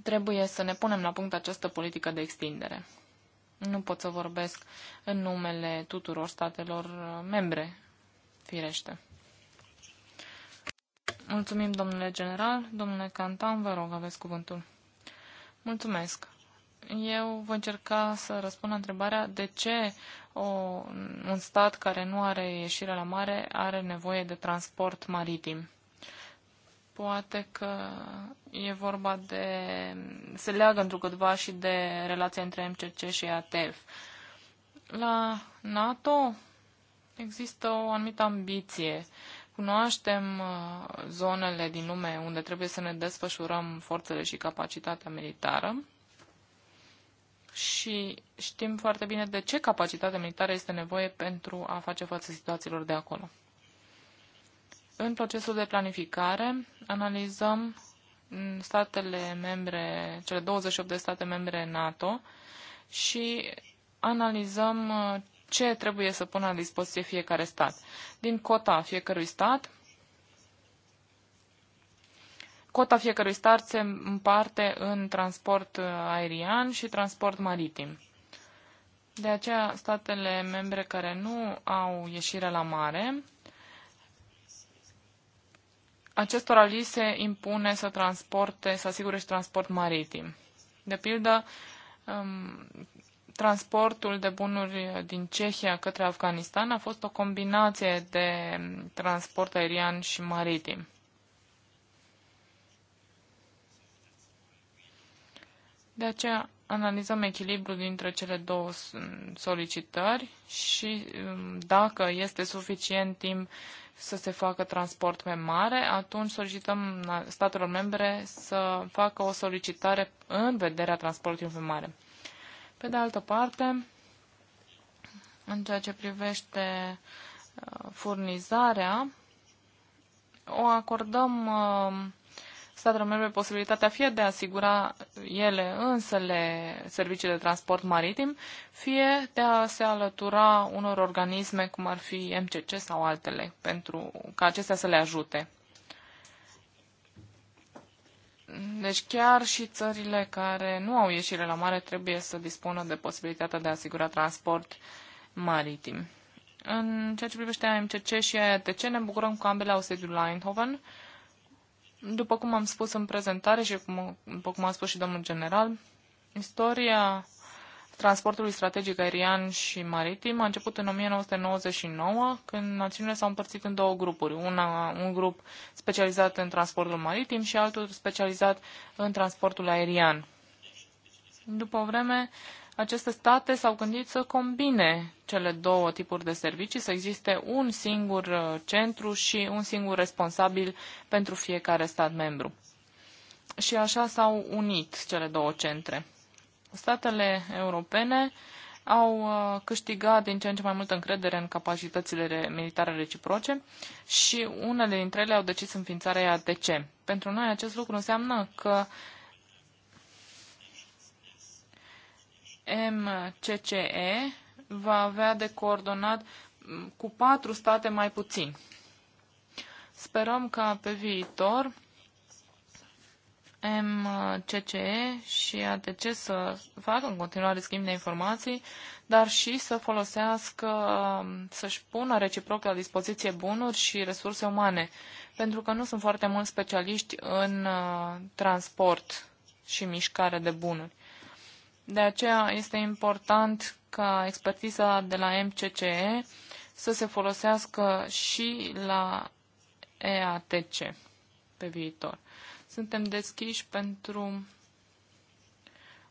Trebuie să ne punem la punct această politică de extindere. Nu pot să vorbesc în numele tuturor statelor membre, firește. Mulțumim, domnule general. Domnule Cantan, vă rog, aveți cuvântul. Mulțumesc. Eu voi încerca să răspund la întrebarea de ce o, un stat care nu are ieșire la mare are nevoie de transport maritim. Poate că e vorba de... se leagă întrucâtva și de relația între MCC și ATF. La NATO există o anumită ambiție Cunoaștem uh, zonele din lume unde trebuie să ne desfășurăm forțele și capacitatea militară și știm foarte bine de ce capacitate militară este nevoie pentru a face față situațiilor de acolo. În procesul de planificare analizăm statele membre, cele 28 de state membre NATO și analizăm uh, ce trebuie să pună la dispoziție fiecare stat. Din cota fiecărui stat, cota fiecărui stat se împarte în transport uh, aerian și transport maritim. De aceea, statele membre care nu au ieșire la mare, acestora li se impune să transporte, să asigure și transport maritim. De pildă, um, transportul de bunuri din Cehia către Afganistan a fost o combinație de transport aerian și maritim. De aceea analizăm echilibrul dintre cele două solicitări și um, dacă este suficient timp să se facă transport pe mare, atunci solicităm statelor membre să facă o solicitare în vederea transportului pe mare. Pe de altă parte, în ceea ce privește uh, furnizarea, o acordăm uh, statelor membre posibilitatea fie de a asigura ele însele servicii de transport maritim, fie de a se alătura unor organisme cum ar fi MCC sau altele, pentru ca acestea să le ajute. Deci chiar și țările care nu au ieșire la mare trebuie să dispună de posibilitatea de a asigura transport maritim. În ceea ce privește AMCC și AETC, ne bucurăm că ambele au sediul la Eindhoven. După cum am spus în prezentare și cum, după cum a spus și domnul general, istoria transportului strategic aerian și maritim a început în 1999, când națiunile s-au împărțit în două grupuri. Una, un grup specializat în transportul maritim și altul specializat în transportul aerian. După o vreme, aceste state s-au gândit să combine cele două tipuri de servicii, să existe un singur uh, centru și un singur responsabil pentru fiecare stat membru. Și așa s-au unit cele două centre. Statele europene au uh, câștigat din ce în ce mai multă încredere în capacitățile militare reciproce și unele dintre ele au decis înființarea EATC. Pentru noi acest lucru înseamnă că MCCE va avea de coordonat mm, cu patru state mai puțin. Sperăm ca pe viitor MCCE și ATC să facă în continuare schimb de informații, dar și să folosească, să-și pună reciproc la dispoziție bunuri și resurse umane, pentru că nu sunt foarte mulți specialiști în uh, transport și mișcare de bunuri. De aceea este important ca expertiza de la MCCE să se folosească și la EATC pe viitor. Suntem deschiși pentru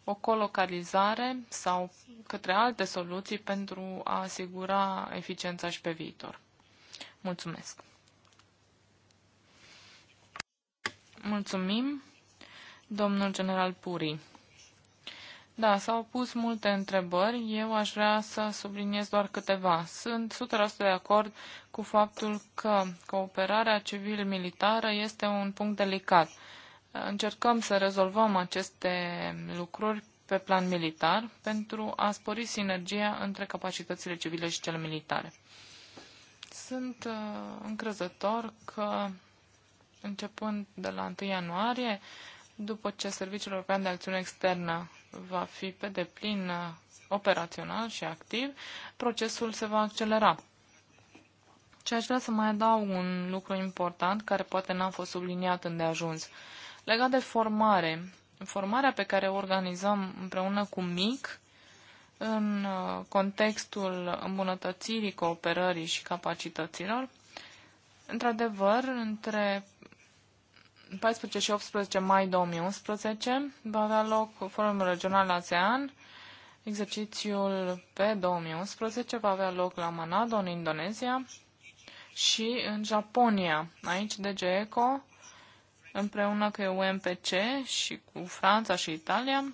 o colocalizare sau către alte soluții pentru a asigura eficiența și pe viitor. Mulțumesc! Mulțumim, domnul general Puri. Da, s-au pus multe întrebări. Eu aș vrea să subliniez doar câteva. Sunt 100% de acord cu faptul că cooperarea civil-militară este un punct delicat. Încercăm să rezolvăm aceste lucruri pe plan militar pentru a spori sinergia între capacitățile civile și cele militare. Sunt uh, încrezător că începând de la 1 ianuarie, după ce Serviciul European de Acțiune Externă va fi pe deplin uh, operațional și activ, procesul se va accelera. Ce aș vrea să mai dau un lucru important care poate n-a fost subliniat îndeajuns. Legat de formare, formarea pe care o organizăm împreună cu MIC, în uh, contextul îmbunătățirii cooperării și capacităților, într-adevăr, între 14 și 18 mai 2011 va avea loc Forumul Regional ASEAN. Exercițiul pe 2011 va avea loc la Manado, în Indonezia și în Japonia. Aici ECO, împreună cu UMPC și cu Franța și Italia,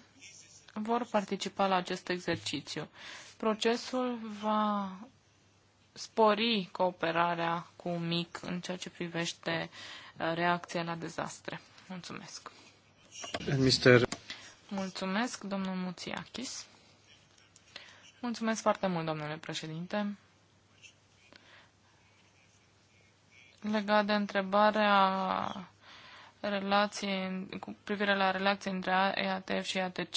vor participa la acest exercițiu. Procesul va spori cooperarea cu MIC în ceea ce privește reacție la dezastre. Mulțumesc. Mister... Mulțumesc, domnul Muțiachis. Mulțumesc foarte mult, domnule președinte. Legat de întrebarea relației, cu privire la relații între EATF și ATC,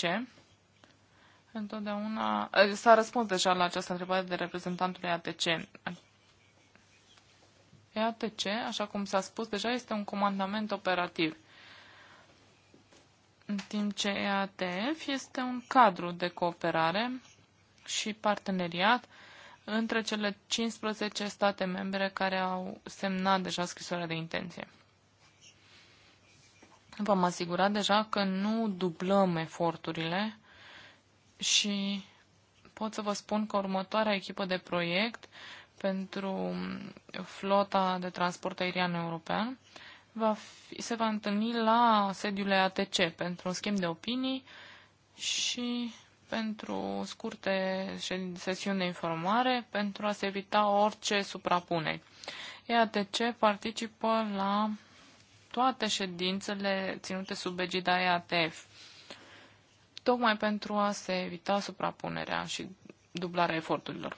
Întotdeauna s-a răspuns deja la această întrebare de reprezentantul EATC. Iată ce, așa cum s-a spus deja, este un comandament operativ. În timp ce EATF este un cadru de cooperare și parteneriat între cele 15 state membre care au semnat deja scrisoarea de intenție. V-am asigurat deja că nu dublăm eforturile și pot să vă spun că următoarea echipă de proiect pentru flota de transport aerian european va fi, se va întâlni la sediul ATC pentru un schimb de opinii și pentru scurte sesiuni de informare pentru a se evita orice suprapuneri. EATC participă la toate ședințele ținute sub egida EATF, tocmai pentru a se evita suprapunerea și dublarea eforturilor.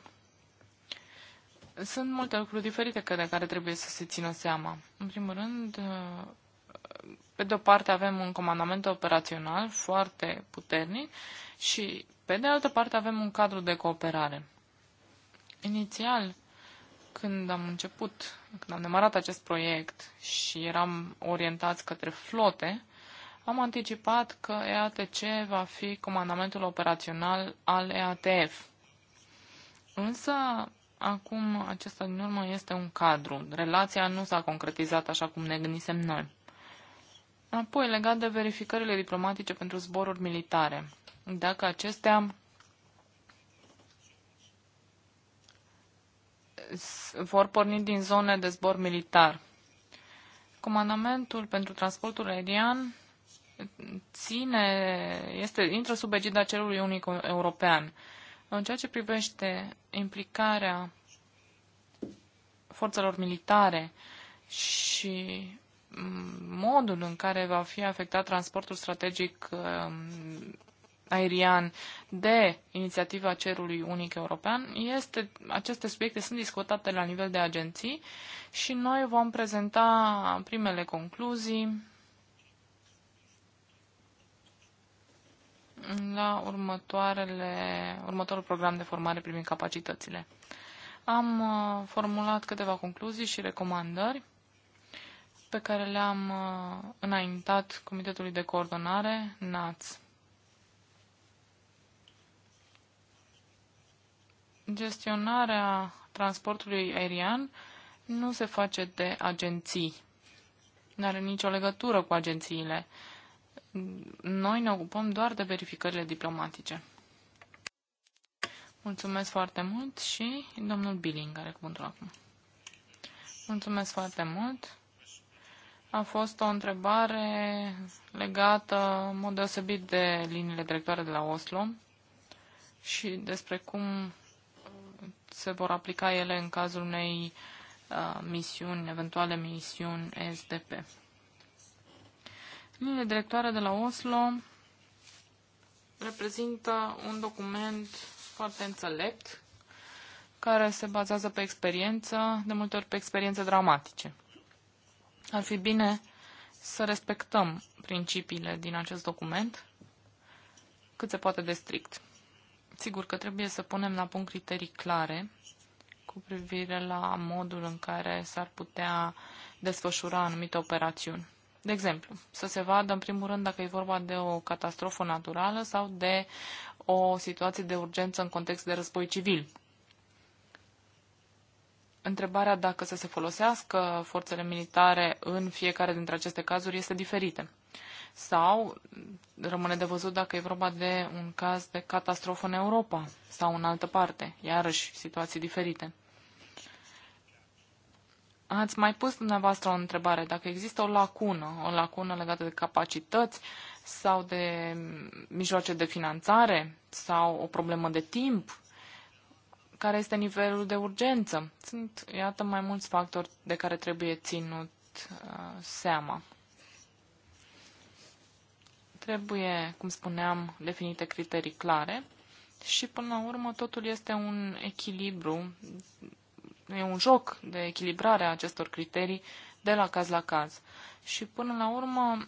Sunt multe lucruri diferite de care trebuie să se țină seama. În primul rând, uh, pe de-o parte avem un comandament operațional foarte puternic și pe de altă parte avem un cadru de cooperare. Inițial, când am început, când am demarat acest proiect și eram orientați către flote, am anticipat că EATC va fi comandamentul operațional al EATF. Însă, Acum, acesta din urmă este un cadru. Relația nu s-a concretizat așa cum ne gândisem noi. Apoi, legat de verificările diplomatice pentru zboruri militare. Dacă acestea vor porni din zone de zbor militar. Comandamentul pentru transportul aerian ține, este, intră sub egida cerului unic european. În ceea ce privește implicarea forțelor militare și mm, modul în care va fi afectat transportul strategic mm, aerian de inițiativa cerului unic european, este, aceste subiecte sunt discutate la nivel de agenții și noi vom prezenta primele concluzii la următoarele, următorul program de formare privind capacitățile. Am uh, formulat câteva concluzii și recomandări pe care le-am uh, înaintat Comitetului de Coordonare, NATS. Gestionarea transportului aerian nu se face de agenții. Nu are nicio legătură cu agențiile noi ne ocupăm doar de verificările diplomatice. Mulțumesc foarte mult și domnul Billing are cuvântul acum. Mulțumesc foarte mult. A fost o întrebare legată în mod deosebit de liniile directoare de la Oslo și despre cum se vor aplica ele în cazul unei uh, misiuni, eventuale misiuni SDP. Liniile directoare de la Oslo reprezintă un document foarte înțelept care se bazează pe experiență, de multe ori pe experiențe dramatice. Ar fi bine să respectăm principiile din acest document cât se poate de strict. Sigur că trebuie să punem la punct criterii clare cu privire la modul în care s-ar putea desfășura anumite operațiuni. De exemplu, să se vadă în primul rând dacă e vorba de o catastrofă naturală sau de o situație de urgență în context de război civil. Întrebarea dacă să se folosească forțele militare în fiecare dintre aceste cazuri este diferită. Sau rămâne de văzut dacă e vorba de un caz de catastrofă în Europa sau în altă parte, iarăși situații diferite. Ați mai pus dumneavoastră o întrebare, dacă există o lacună, o lacună legată de capacități sau de mijloace de finanțare sau o problemă de timp, care este nivelul de urgență. Sunt, iată, mai mulți factori de care trebuie ținut uh, seama. Trebuie, cum spuneam, definite criterii clare și, până la urmă, totul este un echilibru e un joc de echilibrare a acestor criterii de la caz la caz. Și până la urmă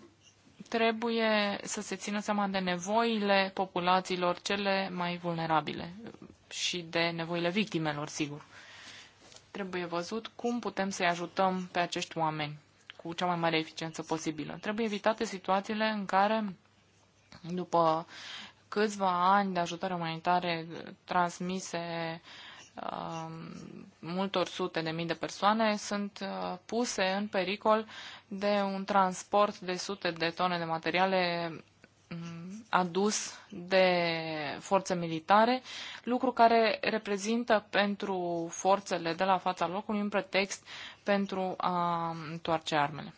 trebuie să se țină seama de nevoile populațiilor cele mai vulnerabile și de nevoile victimelor, sigur. Trebuie văzut cum putem să-i ajutăm pe acești oameni cu cea mai mare eficiență posibilă. Trebuie evitate situațiile în care, după câțiva ani de ajutare umanitare transmise uh, multor sute de mii de persoane sunt uh, puse în pericol de un transport de sute de tone de materiale mm, adus de forțe militare, lucru care reprezintă pentru forțele de la fața locului un pretext pentru a întoarce armele.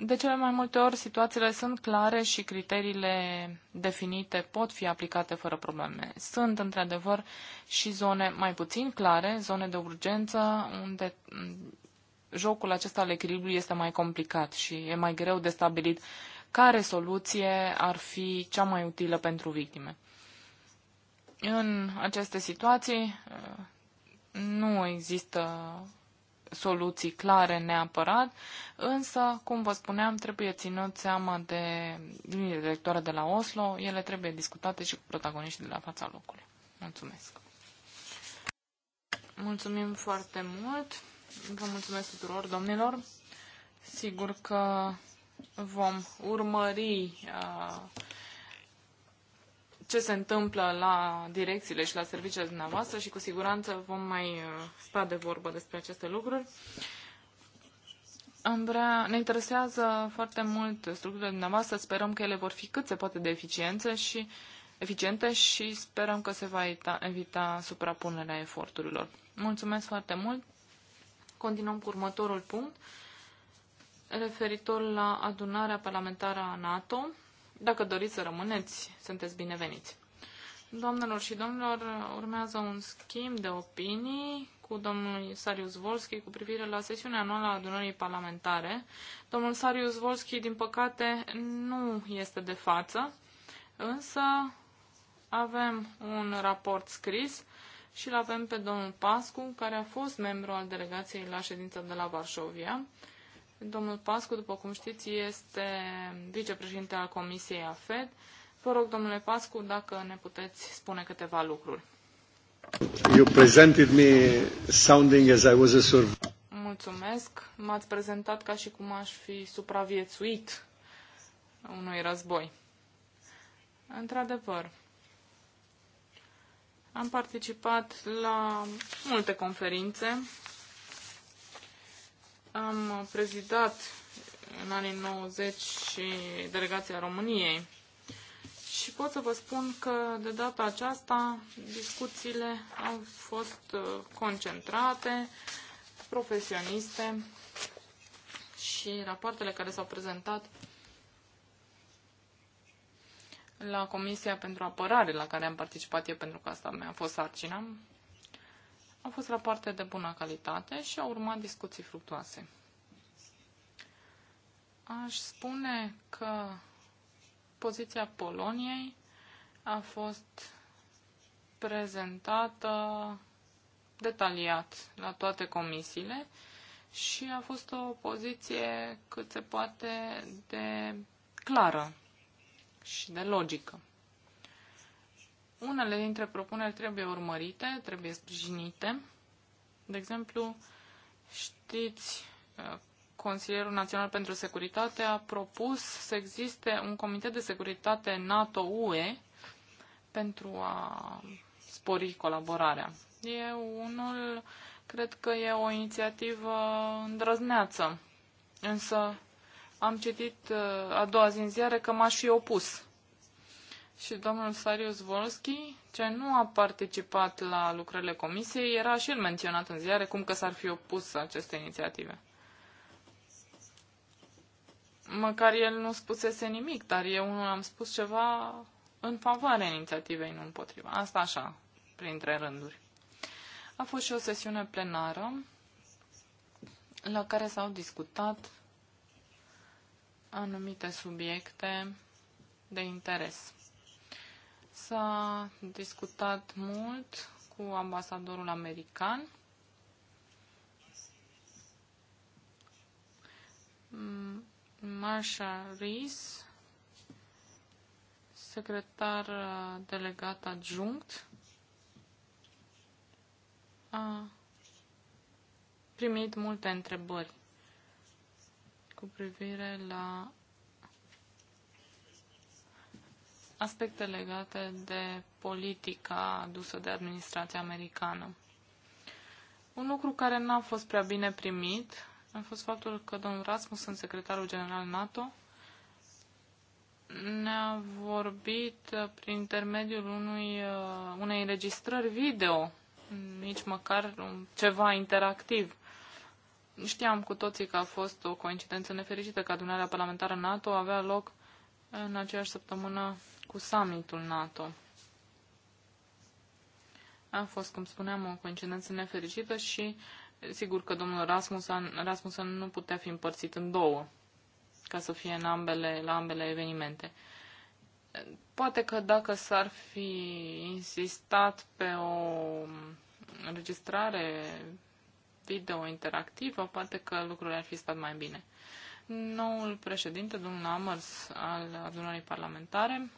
De cele mai multe ori, situațiile sunt clare și criteriile definite pot fi aplicate fără probleme. Sunt, într-adevăr, și zone mai puțin clare, zone de urgență, unde mm, jocul acesta al echilibrului este mai complicat și e mai greu de stabilit care soluție ar fi cea mai utilă pentru victime. În aceste situații mm, nu există soluții clare neapărat, însă, cum vă spuneam, trebuie ținut seama de liniile directoare de la Oslo, ele trebuie discutate și cu protagoniștii de la fața locului. Mulțumesc! Mulțumim foarte mult! Vă mulțumesc tuturor, domnilor! Sigur că vom urmări uh, ce se întâmplă la direcțiile și la serviciile dumneavoastră și cu siguranță vom mai uh, sta de vorbă despre aceste lucruri. Vrea, ne interesează foarte mult structurile dumneavoastră, sperăm că ele vor fi cât se poate de eficiențe și, eficiente și sperăm că se va evita, evita suprapunerea eforturilor. Mulțumesc foarte mult! Continuăm cu următorul punct referitor la adunarea parlamentară a NATO dacă doriți să rămâneți, sunteți bineveniți. Doamnelor și domnilor, urmează un schimb de opinii cu domnul Sarius Volski cu privire la sesiunea anuală a adunării parlamentare. Domnul Sarius Volski, din păcate, nu este de față, însă avem un raport scris și îl avem pe domnul Pascu, care a fost membru al delegației la ședința de la Varșovia Domnul Pascu, după cum știți, este vicepreședinte al Comisiei AFED. Vă rog, domnule Pascu, dacă ne puteți spune câteva lucruri. You presented me sounding as I was a survivor. Mulțumesc. M-ați prezentat ca și cum aș fi supraviețuit unui război. Într-adevăr, am participat la multe conferințe am prezidat în anii 90 și delegația României și pot să vă spun că de data aceasta discuțiile au fost uh, concentrate, profesioniste și rapoartele care s-au prezentat la Comisia pentru Apărare la care am participat eu pentru că asta mi-a fost sarcina, au fost rapoarte de bună calitate și au urmat discuții fructuoase. Aș spune că poziția Poloniei a fost prezentată detaliat la toate comisiile și a fost o poziție cât se poate de clară și de logică. Unele dintre propuneri trebuie urmărite, trebuie sprijinite. De exemplu, știți, uh, Consilierul Național pentru Securitate a propus să existe un comitet de securitate NATO-UE pentru a spori colaborarea. E unul cred că e o inițiativă îndrăzneață, însă am citit uh, a doua zi în ziare că m-aș fi opus și domnul Sarius Volski, ce nu a participat la lucrările comisiei, era și el menționat în ziare cum că s-ar fi opus aceste inițiative. Măcar el nu spusese nimic, dar eu nu am spus ceva în favoarea inițiativei, nu împotriva. Asta așa, printre rânduri. A fost și o sesiune plenară la care s-au discutat anumite subiecte de interes. S-a discutat mult cu ambasadorul american. Mm, Marsha Rees, secretar delegat adjunct, a primit multe întrebări cu privire la aspecte legate de politica adusă de administrația americană. Un lucru care n-a fost prea bine primit a fost faptul că domnul Rasmussen, secretarul general NATO, ne-a vorbit prin intermediul unui, uh, unei înregistrări video, nici măcar ceva interactiv. Știam cu toții că a fost o coincidență nefericită că adunarea parlamentară NATO avea loc în aceeași săptămână cu summitul NATO. A fost, cum spuneam, o coincidență nefericită și sigur că domnul Rasmussen, Rasmussen nu putea fi împărțit în două ca să fie în ambele, la ambele evenimente. Poate că dacă s-ar fi insistat pe o înregistrare video interactivă, poate că lucrurile ar fi stat mai bine. Noul președinte, domnul Amers, al adunării parlamentare,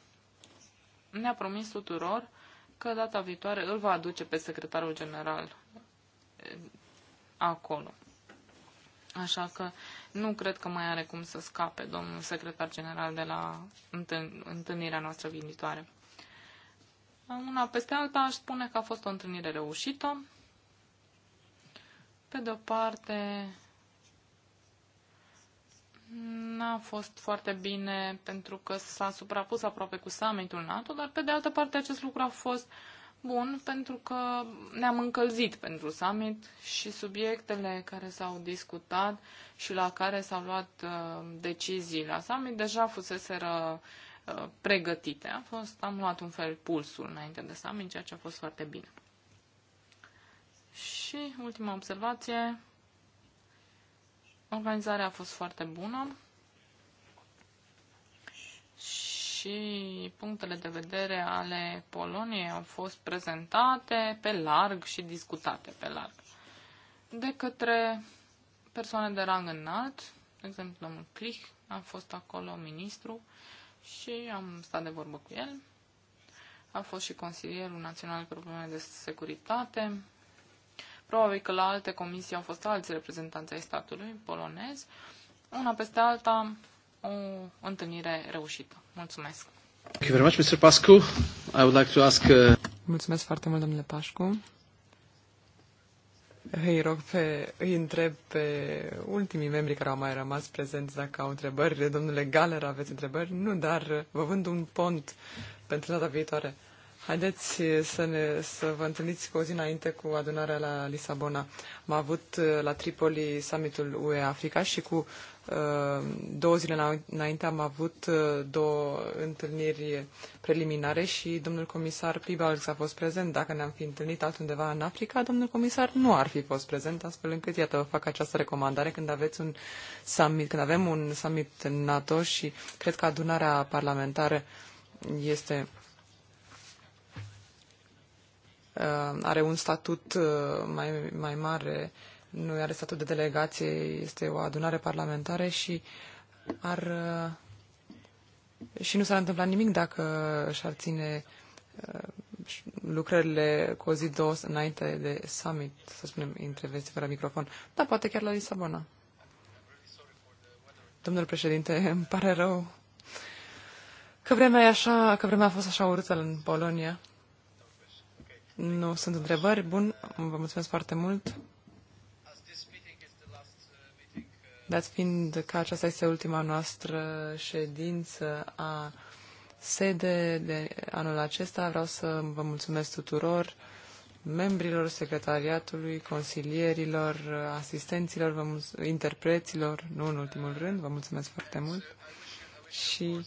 ne-a promis tuturor că data viitoare îl va aduce pe secretarul general eh, acolo. Așa că nu cred că mai are cum să scape domnul secretar general de la întâlnirea noastră viitoare. Una peste alta aș spune că a fost o întâlnire reușită. Pe de o parte, n-a fost foarte bine pentru că s-a suprapus aproape cu summitul NATO, dar pe de altă parte acest lucru a fost bun pentru că ne-am încălzit pentru summit și subiectele care s-au discutat și la care s-au luat uh, decizii la summit deja fusese uh, pregătite. A fost, am luat un fel pulsul înainte de summit, ceea ce a fost foarte bine. Și ultima observație, Organizarea a fost foarte bună și punctele de vedere ale Poloniei au fost prezentate pe larg și discutate pe larg de către persoane de rang înalt, de exemplu domnul Klich, am fost acolo ministru și am stat de vorbă cu el. A fost și consilierul național pe probleme de securitate, Probabil că la alte comisii au fost alți reprezentanți ai statului polonez. Una peste alta, o întâlnire reușită. Mulțumesc! Thank you very much, Mr. Pascu. I would like to ask... Uh... Mulțumesc foarte mult, domnule Pașcu. Îi rog pe, îi întreb pe ultimii membri care au mai rămas prezenți dacă au întrebări. Domnule Galer, aveți întrebări? Nu, dar uh, vă vând un pont pentru data viitoare. Haideți eh, să, ne, să vă întâlniți cu o zi înainte cu adunarea la Lisabona. Am avut eh, la Tripoli summitul UE Africa și cu eh, două zile înainte am avut două întâlniri preliminare și domnul comisar Pibalx a fost prezent. Dacă ne-am fi întâlnit altundeva în Africa, domnul comisar nu ar fi fost prezent, astfel încât, iată, vă fac această recomandare când aveți un summit, când avem un summit NATO și cred că adunarea parlamentară este Uh, are un statut uh, mai, mai mare, nu are statut de delegație, este o adunare parlamentară și ar uh, și nu s-ar întâmpla nimic dacă și-ar ține lucrările cu o zi, două înainte de summit, să spunem, intervenții fără microfon. Da, poate chiar la Lisabona. Domnul președinte, îmi pare rău că vremea, e așa, că vremea a fost așa urâtă în Polonia. Nu sunt întrebări. Bun, vă mulțumesc foarte mult. Dat fiind că aceasta este ultima noastră ședință a sede de anul acesta, vreau să vă mulțumesc tuturor membrilor secretariatului, consilierilor, asistenților, interpreților, nu în ultimul rând, vă mulțumesc foarte mult și